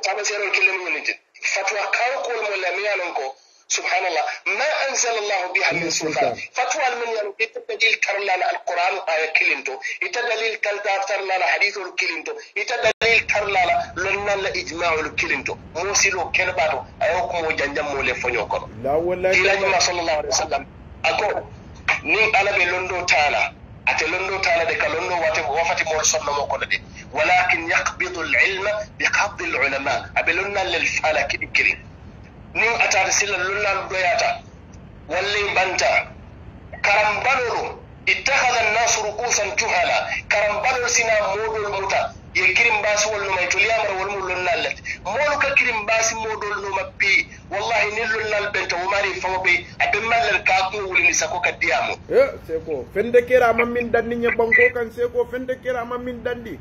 taman serol kilil mu nyinti fatwa kaw ko mo la mi yano ko سبحان الله ما أنزل الله بها من سلطان فتوى المنيان يتدليل كرلان القرآن آية كلينتو يتدليل كرلان حديث آية كلينتو يتدليل كرلان لنا الإجماع كلينتو موسيلو كنبادو أيوكم وجنجم مولي فنيوكم لا ولا إلا صلى الله عليه وسلم أكو ني أنا بلندو تعالى ate londo tala de ka londo wate wafati mol sonno mo kono de walakin yaqbidu al ilma biqabdi al lil fala kidi niŋ atata sila lullaalu doyaata walleŋ banta karambalolu ittakhada nasu rukusan juhala karambalolu sina moodolu muta ye kirimbaasiwolu to itolu yamara wolu mu lonnaal lati moolu ka kirimbaasi moodolu noma pi wallahi ni lonnaal benta womaari faŋo be a be maŋ lati kaa kuŋo wulini sako ka diyaamu eh, seko fende kera ama min dandi kan seko fende kera ama min dandi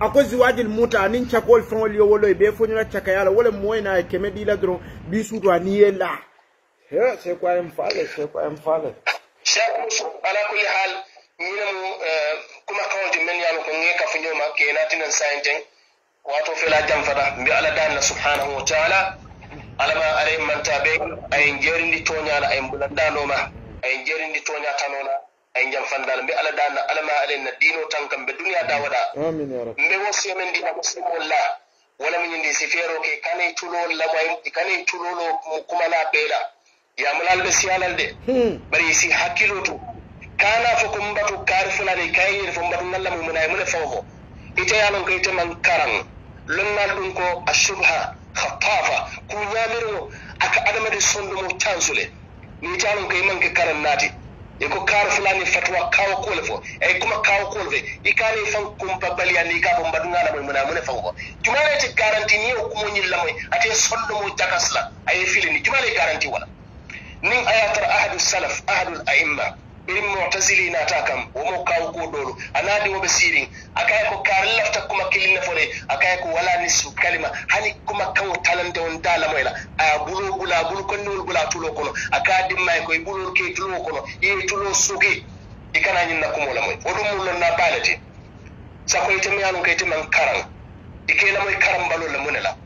ako ziwajil muta anin cakol fon yo wolo be foñola cakayala wala moy na keme dila doron bi suto ani ye la he se quoi en fale c'est quoi en fale ala kulli hal minemu eh, kuma di men yalo ko ŋe kafu ma ke natinan sayinten wato fela janfata mbi ala danna subhanahu wa taala alama alaye mantaɓe ayen jerindi ma ayen bulandanoma ayen jerindi kanona. ay jam fandal mbe ala dana ala ma alen na dino tan kam be duniya da wada amin ya rabbi mbe wasiya men di muslimu la wala min ndi sifero ke kane chulo la moy kane chulo lo kuma la bela ya mulal be siyalal de hmm. bari si hakkilotu kana fo ko mbatu kar fulani kayir fo mbatu ngalla mu munay mun fawho ite yalon ko ite man karan lonnal dum ko ashubha khatafa ku nyamiro aka adama de sondo mo chansule ni talon ko man ke karan nati e ko kaaro fulani fatuwa kawo kole fo e kuma kawo kole fe i kane fan kumpa baliyandi i ka fo mbadungana moy muna mune fan ko jumala te garanti ni o kumo ñilla moy ate sollo mo jakasla aye filini jumala e garanti wala nin ayatara ahadu salaf ahadu aimma irin mu'tazili na ta kam wo mo kaw ko dolo anadi wo be sirin akay ko kar lafta kuma kilina fore akay ko wala ni su kalima hani kuma kaw talande on dala moyla a bulo bula bulu ko nol bula tulo kono akadi may ko bulo ke tulo kono e tulo sugi kana nyin na kumola moy o dum mun na balati ko ite mi ke kayte man karan ikela moy karam balol la munela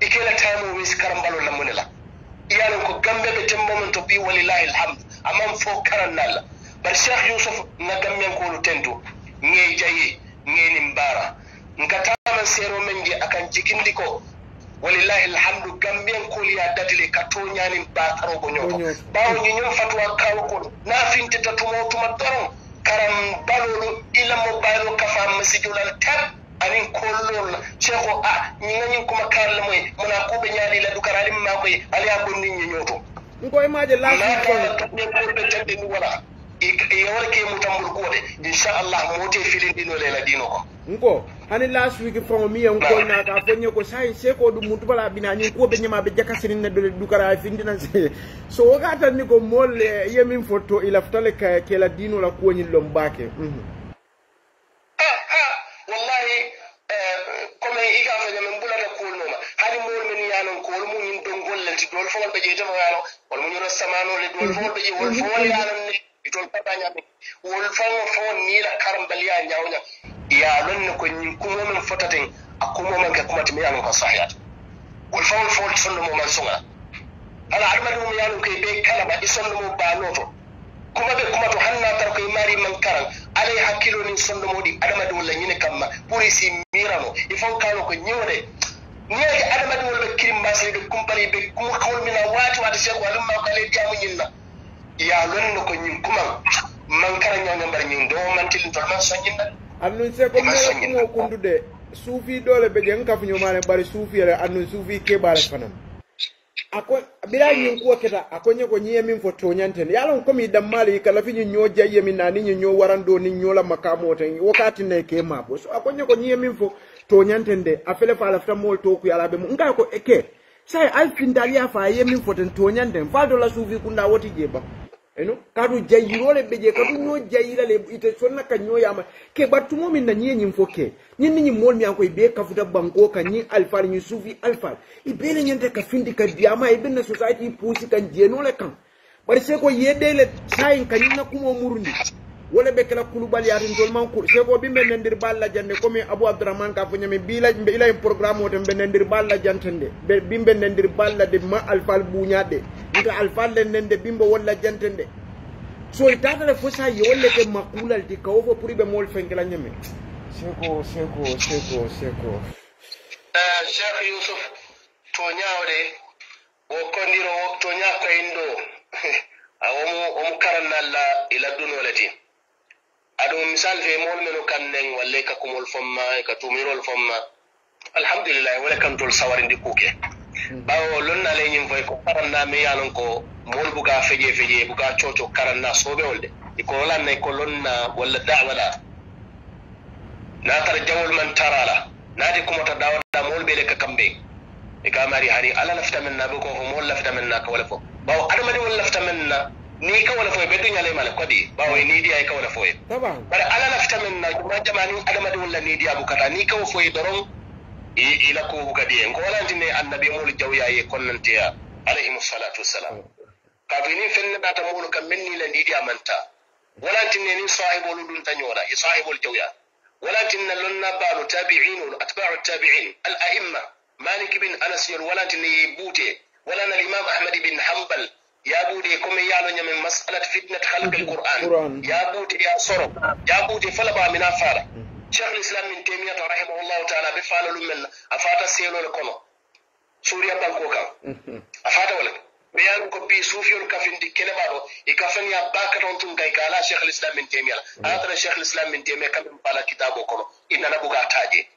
ikela tamo wis karam balo la munela iyalon ko gambe be tembo mon to bi walillahi alhamd amam fo karan nalla bari cheikh yusuf na gammenkolu tentu ŋe jayi ŋenin bara nka taman seero men je akan jigindi ko walillahi alhamdu gammenkol ya datile ka toñanin batarogo ñoto ɓawo ñi ñon fatuwa kawko nafintita tumo tuma doron karam balolu ilamo baylo kafa masijolal tan anin kollol ceeko ah, a ñiŋañin kuma karle moye mona kuɓe ñaali la dukaralim makoye ala ya bonnin ñeñoto nkoye maje lafi koye ɓe tande ni wala yawar ke mutambur ko de insha Allah te filin dino lela dino ko nko hani last week fon mi en ko na ka fonye ko sai se ko dum mutu bala bina ni ko be nyama be jaka sirin na dole dukara findi nan se so o gata ni ko mol yemin foto ila ftale ka ke la dino la ko nyin lombake mhm mm wallahi comme iga fa nyama mbulata ko noma hani mol men yanon ko wol mun nyin don gollati dol fo wal be je tan yano wal mun yoro samano le dol fo wal be je wol fo wal yanon ne itol pata ñami wol faŋo fo niila karambaliya ñawña ye a loŋ ne ko ñiŋ kumo meŋ fota teŋ a kumo maŋ ke kuma ti ko sahiyata wol faŋol fo sondomo man suŋa ala adamadiŋo mu ye a be ko i bee kalaba i sondomo baanoo kuma be kuma to haŋ naa tara ko i maari maŋ karaŋ ala ye hakkiloo niŋ sondomoo di adamadiŋo la ñine kamma pour i si miirano i faŋ kaa ko ñiŋo de niŋ ye je adamadiŋo le be kirimbaasiri kumpali be kumakaŋolu miŋ na waati waati seeko aluŋ maa ko ala ye ya lon no ko nyin kuma man kara nyanga mbar nyin do man tilin to man sanyin nan annun se ko me ko kundude sufi dole be je nkafu nyomane bari sufi yare annun sufi ke bare fanan ako bila nyin hmm. kuwa keta akonye ko nyiye min fo tonyanten yalon ko mi dammali kala fi nyin nyoja ye min nani nyin nyo warando ni nyola makamo tan wakati ne ke mabo so akonye ko nyiye min fo tonyanten de afele fa lafta mol to ku yala be mu ngai ko eke sai alfin dalia fa ye min fo tan tonyanten fa dola sufi kunda woti jeba eno ite sonna katunyojayira itesolna yama ke battumomi na nyiye nyimfoke nyinni nyimmol miyanko ibe kafuta bankoka nyi alfal ni sufi alfal ibele nyente ka findi ka diyama na society ipusi kan jenole kan bari se ko yedele sayin na kumo murundi wala ɓe kala kulubal yatin tol man kur seko ɓimɓe nendir balla jande comme abou abdourahmane ka fo ñami bila ɓe ila en programme o ten ɓe nendir balla jantende ɓe ɓimɓe nendir balla de ma alfal ɓuñaɗɗe nka alfal le nende ɓimɓe walla jantende so itatale fo sa yewolle ke makulal ti kawo fo pour ɓe mool fenkela ñami seko seko seko seko cheikh eh, yousuf toñawde wo kondiro wo toña koyen ɗo awomo omo karannalla e tin aɗum misal fe mool men o kan walla e kakkumol fomma e ka tumirol fomma alhamdulillahi wole kantol sawarindi kuuke ɓawo lonnale ñin foy ko karanna mi yalon ko mool buga feƴe feƴe buga coco karanna soɓewol de iko lannay ko lonna walla dawala natara jawol man tarala naati kumata dawata mool ɓele ka kamɓe e ka mari hani ala lafta men na ɓe ko fo mool lafta men na ka wala fo ɓawo adamadi wol lafta men na ni kawala foye be duña lay kwadi ba wai ni diya e kawala foye Bari ala lafta min na kuma jamani adama da wala ni diya bukata ni kawo foye doron ila ko ka en ko wala ne annabi mulu jawya ye konnantiya alayhi salatu wassalam kafin ni fenne da ta mulu kam minni la ni diya manta wala tinne ni sahibul dun tanyora i sahibul jawya wala na lonna balu tabi'in atba'u tabi'in al a'imma malik bin anas wala yi bute wala na imam ahmad bin hanbal yaɓude e komin yaloñamen masalat fitnat halgal qur'an yaɓude ya soro yaɓude falaɓa mina faala mm. cheikh l'islam min temiyato rahimahullahu taala ɓe faala ɗum men a fata seelole kono suriya banko kam mm-hmm. a fata wala ɓe yaru ko bi suufiyol kafindi keleɓa ɗo e kafenya bakaton tum gay ka ala cheikh l'islam min temiyala mm. aatara cheikh l'islam min temi kamɓe faala kitabe o kono innana buga taaƴe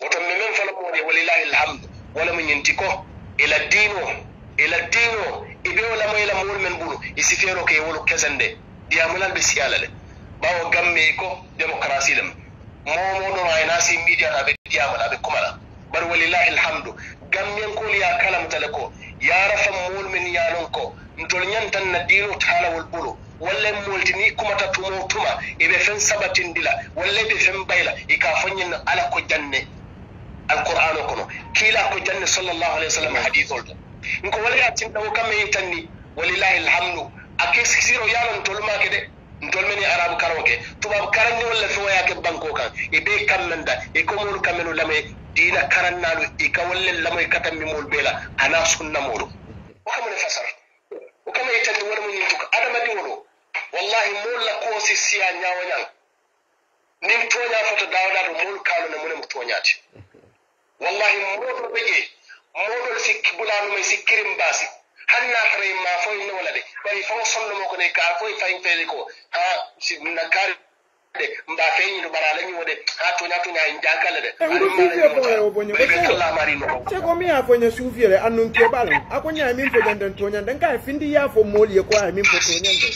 woton mi men falaɓoɗe walilahi lhamdu wala mo ñinti ko ela dino ela dino i be wo lamoyi lamowolu men bulu i si feero ke ye wolu kesende diyamulal ɓe si alale bawo gamme ko démocratie lem momo ɗono ay nasi midiyata aɓe diyamala aɓe kumala bar walillahi alhamdu gammenkolu ya kalamtale ko yarafa fammowol men yalon ko ntol ñantan na diino taalawol bulu walla molti kumata tumo tuma eɓe fen sabatindila walla ɓe fen bayla e ka foñinno ala ko janne alqur'an o kono kiila ko janne sallllahu alayhi wa sallam hadisol to nko walayatin ɗago kamme ye tanni walillahi alhamdu a ke yalo ntoluma kede de ni arabu karoke ke tubabu karanni walla fewoya ke banko kan ibe ɓe iko e kamenu lame dina karannalu e ka walle lamoye katammimolu ɓeela ana mulu waka kamone fasar o kama ye tanni wona adama di wolo wallahi molla koosi siya ñawoñan nin toña foto dawaɗaɗo molu kalone mune mo toñate wallahi moɗo ɓe ƴee moɗol sikki bulaɗo may sikkirim baasi hanna tara ma foy ne wala de ɓay fo sonnomo ko ne ka foy fayin feyde ko ha ah, na kaari de mba feñi no bara lañi wode ha toña toña en jagala de cego mi a foña suufiyere annun teɓalan ako ña min fo ñanden toñanden ka findi ya fo mooliye ko a min fo toñanden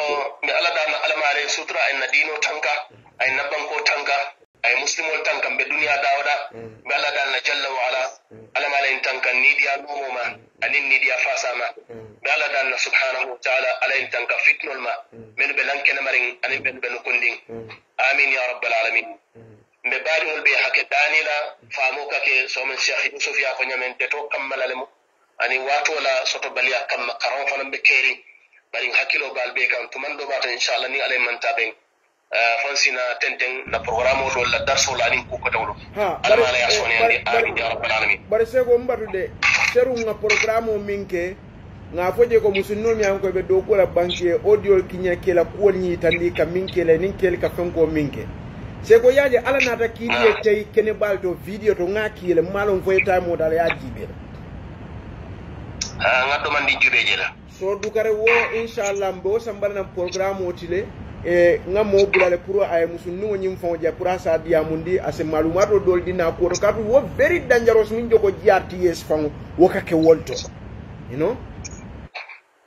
oh, mi ala dama alamare sutura en na dino tanka en na banko tanka ay muslimol tan kam ɓe duniya dawɗa mm. ɓe allah dalna jalla wa ala mm. alamalayni tan kam niɗiya lumo ma mm. anin niɗiya fasama ɓe allah dalna subhanahu wa taala alayni tan kam fitnol ma menu ɓe lankenemarin anin ɓenu ɓenu kondin amin ya rabbal alamin mɓe baɗiol ɓe hake danila famo kake somen cheikh yusuf ya ko ñamen deto kammalale mo ani watola soto baliya kamma karon fanan ɓe keri ɓarin hakkilo bal ɓe kam tumanɗo ɓa tan inchallah ni alay mantaɓen فنسينا تنتن نا برنامج ولا درس ولا نين كوكو دولو على ما لا يحسون يعني آمين يا رب العالمين برسيكو مبارو دي سيرو نا برنامج مينكي nga foje ko musunnol mi ko be do ko la banque audio kinya ke la ko ni tandi ka minke la nin ke ka fanko minke se ko yaje ala na ta kiri e ah. tay kene baldo video to nga ki le malon foy tay mo dal ya jibe ah nga to mandi jube je la so du kare wo inshallah mbo sambar na programme otile e nga moobulale pour aye musunnugo ñim fao jee pour a sa diyamundi a si malumat o dool dina kooto kaatu wo very dangeros min jogo jiyar ti yees fao wo kake wolto you know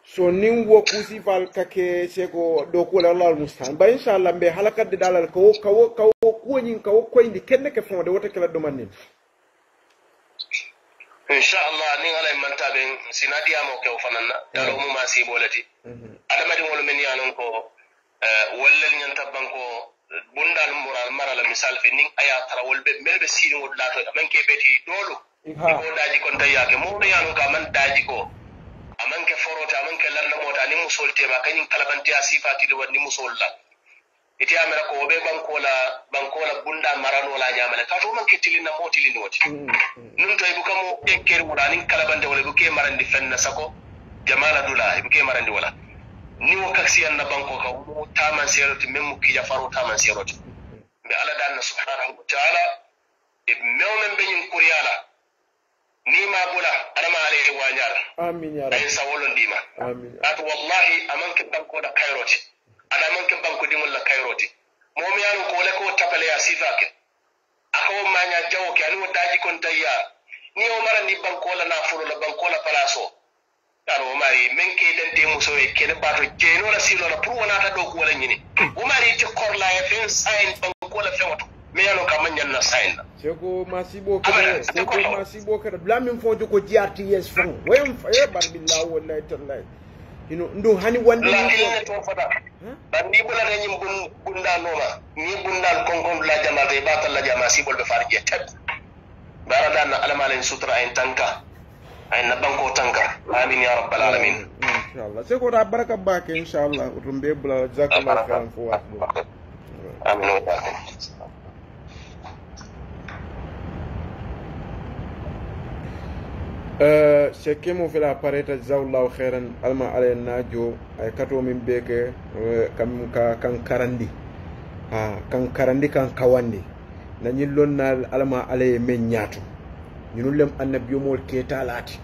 so nin wo kuusi fal kake seeko ɗo kuolalal mustan ba inchallah mbe halakadde dalal kawo kawo kawo kuwoñin kawo koyndi kenne ke fonde wota kela ɗuman nin inchallah nin alay mantaɓe sina diyamo kew fananna daromuma siɓoleti mm-hmm. adamadi wolumin yanon ko Eh, wallal ñanta banko bundal mural marala misal fe nin aya tara wolɓe mel ɓe siniwol ɗato amanke ɓeti ɗolu ko daji kon tay yake mawɗo yanu ka man daji ko amanke forote amanke larnamota ni musol tema kañum kalabante a sifatide wanni musol la ite amela ko woɓe bankola bankola bunda maranola ñamale kato manke tilina mo tilinoti hmm, hmm. num toy buka mo ekkeri wuɗa nin kalabante wala buke marandi fenna sako jamala dula buke marandi wala ni wo kaksi na banko ka wo taman seroti men mu kiija faro taman seroti mbe ala danna subhanahu wa taala e mewnen ɓe ñin Ni ma bula adama ala e wañara ayin sawolon ɗima ata wallahi amanke bankoɗa kayroti aɗa amanke banko ɗimolla kayroti momi yano ko wole ko tapale ya sifake akawo maña jawo ke ani wo daji kon tayya ni o marandi bankola na la banko la palaso karo mari men ke den te muso e kene je no la silo la pour wona ta do ko wala nyini e o mari kor korla e fen sign ban ko la fen wato me yalo ka man nyanna sign la seko ko kare seko masibo kare blamin fo joko yes ah. fo wem fa e eh, bar billah wallahi tallahi you know ndo hani wande ni ko to fata ban ni bula nyim bun bunda noma ni kon kon la jamaate batal la jama sibol be je tat barada na len sutra en tanka ayna banko tanka amin ya rabbal alamin inshallah sai ko da ah, baraka bake inshallah rumbe bula jazakallahu ah, khairan fo wat do amin wa Uh, oh, sekkemo eh, fela pareta jazakallahu khairan alma ala na jo ay kato min beke uh, kam ka kan karandi ha ah, kan karandi kan kawandi na nyillon na alma ala men nyato ñunun lem annabiyomol ketalati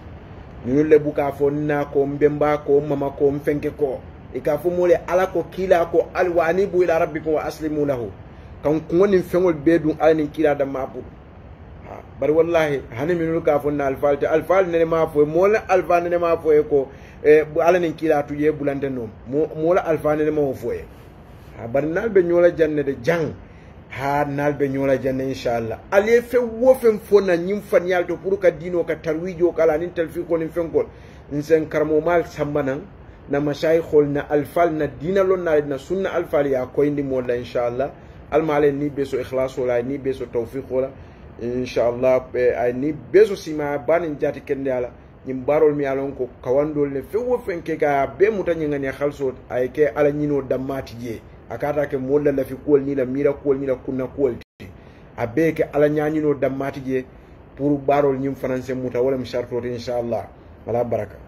ñunun le buka fo nna ko mbemba ko mama ko mfenke ko i e ka fo mole ala ko kila ko bu ila rabbikum wa aslimu lahu kan kuŋo nin feŋol bee dun ala nin kila damma bulu bari wallahi hani minulu ka fo na alfaal te alfaal nene ma foye moo la alfaal ma foye ko ala nin kila tuje bulante noom moo la alfaal nene ma wo e e, foye bari naal be ñoo jannede janne har be nyola janne inchallah ali fe wo fen fona na ñin faniyalto pour ka dino ka tarwijo kala nin nin fenkol nsen mal sambanan na mashaykhul na alfal na dina lon na na sunna alfal ya la inshallah al almaale ni beso ihlasola ni beso inshallah be ay ni beso sima banin jati kende ala ñin barol mi alon ko kawandol ne wo fen ke ga be muta ñingani halsot ay ke ala nyino damati jee akata ke molla lafi kuwol ni la miira kuwol ni la kunna kuwol ti a bee ke ala ñañino dammati je pour barol ñim français muta wala mi chartote inshallah ala baraka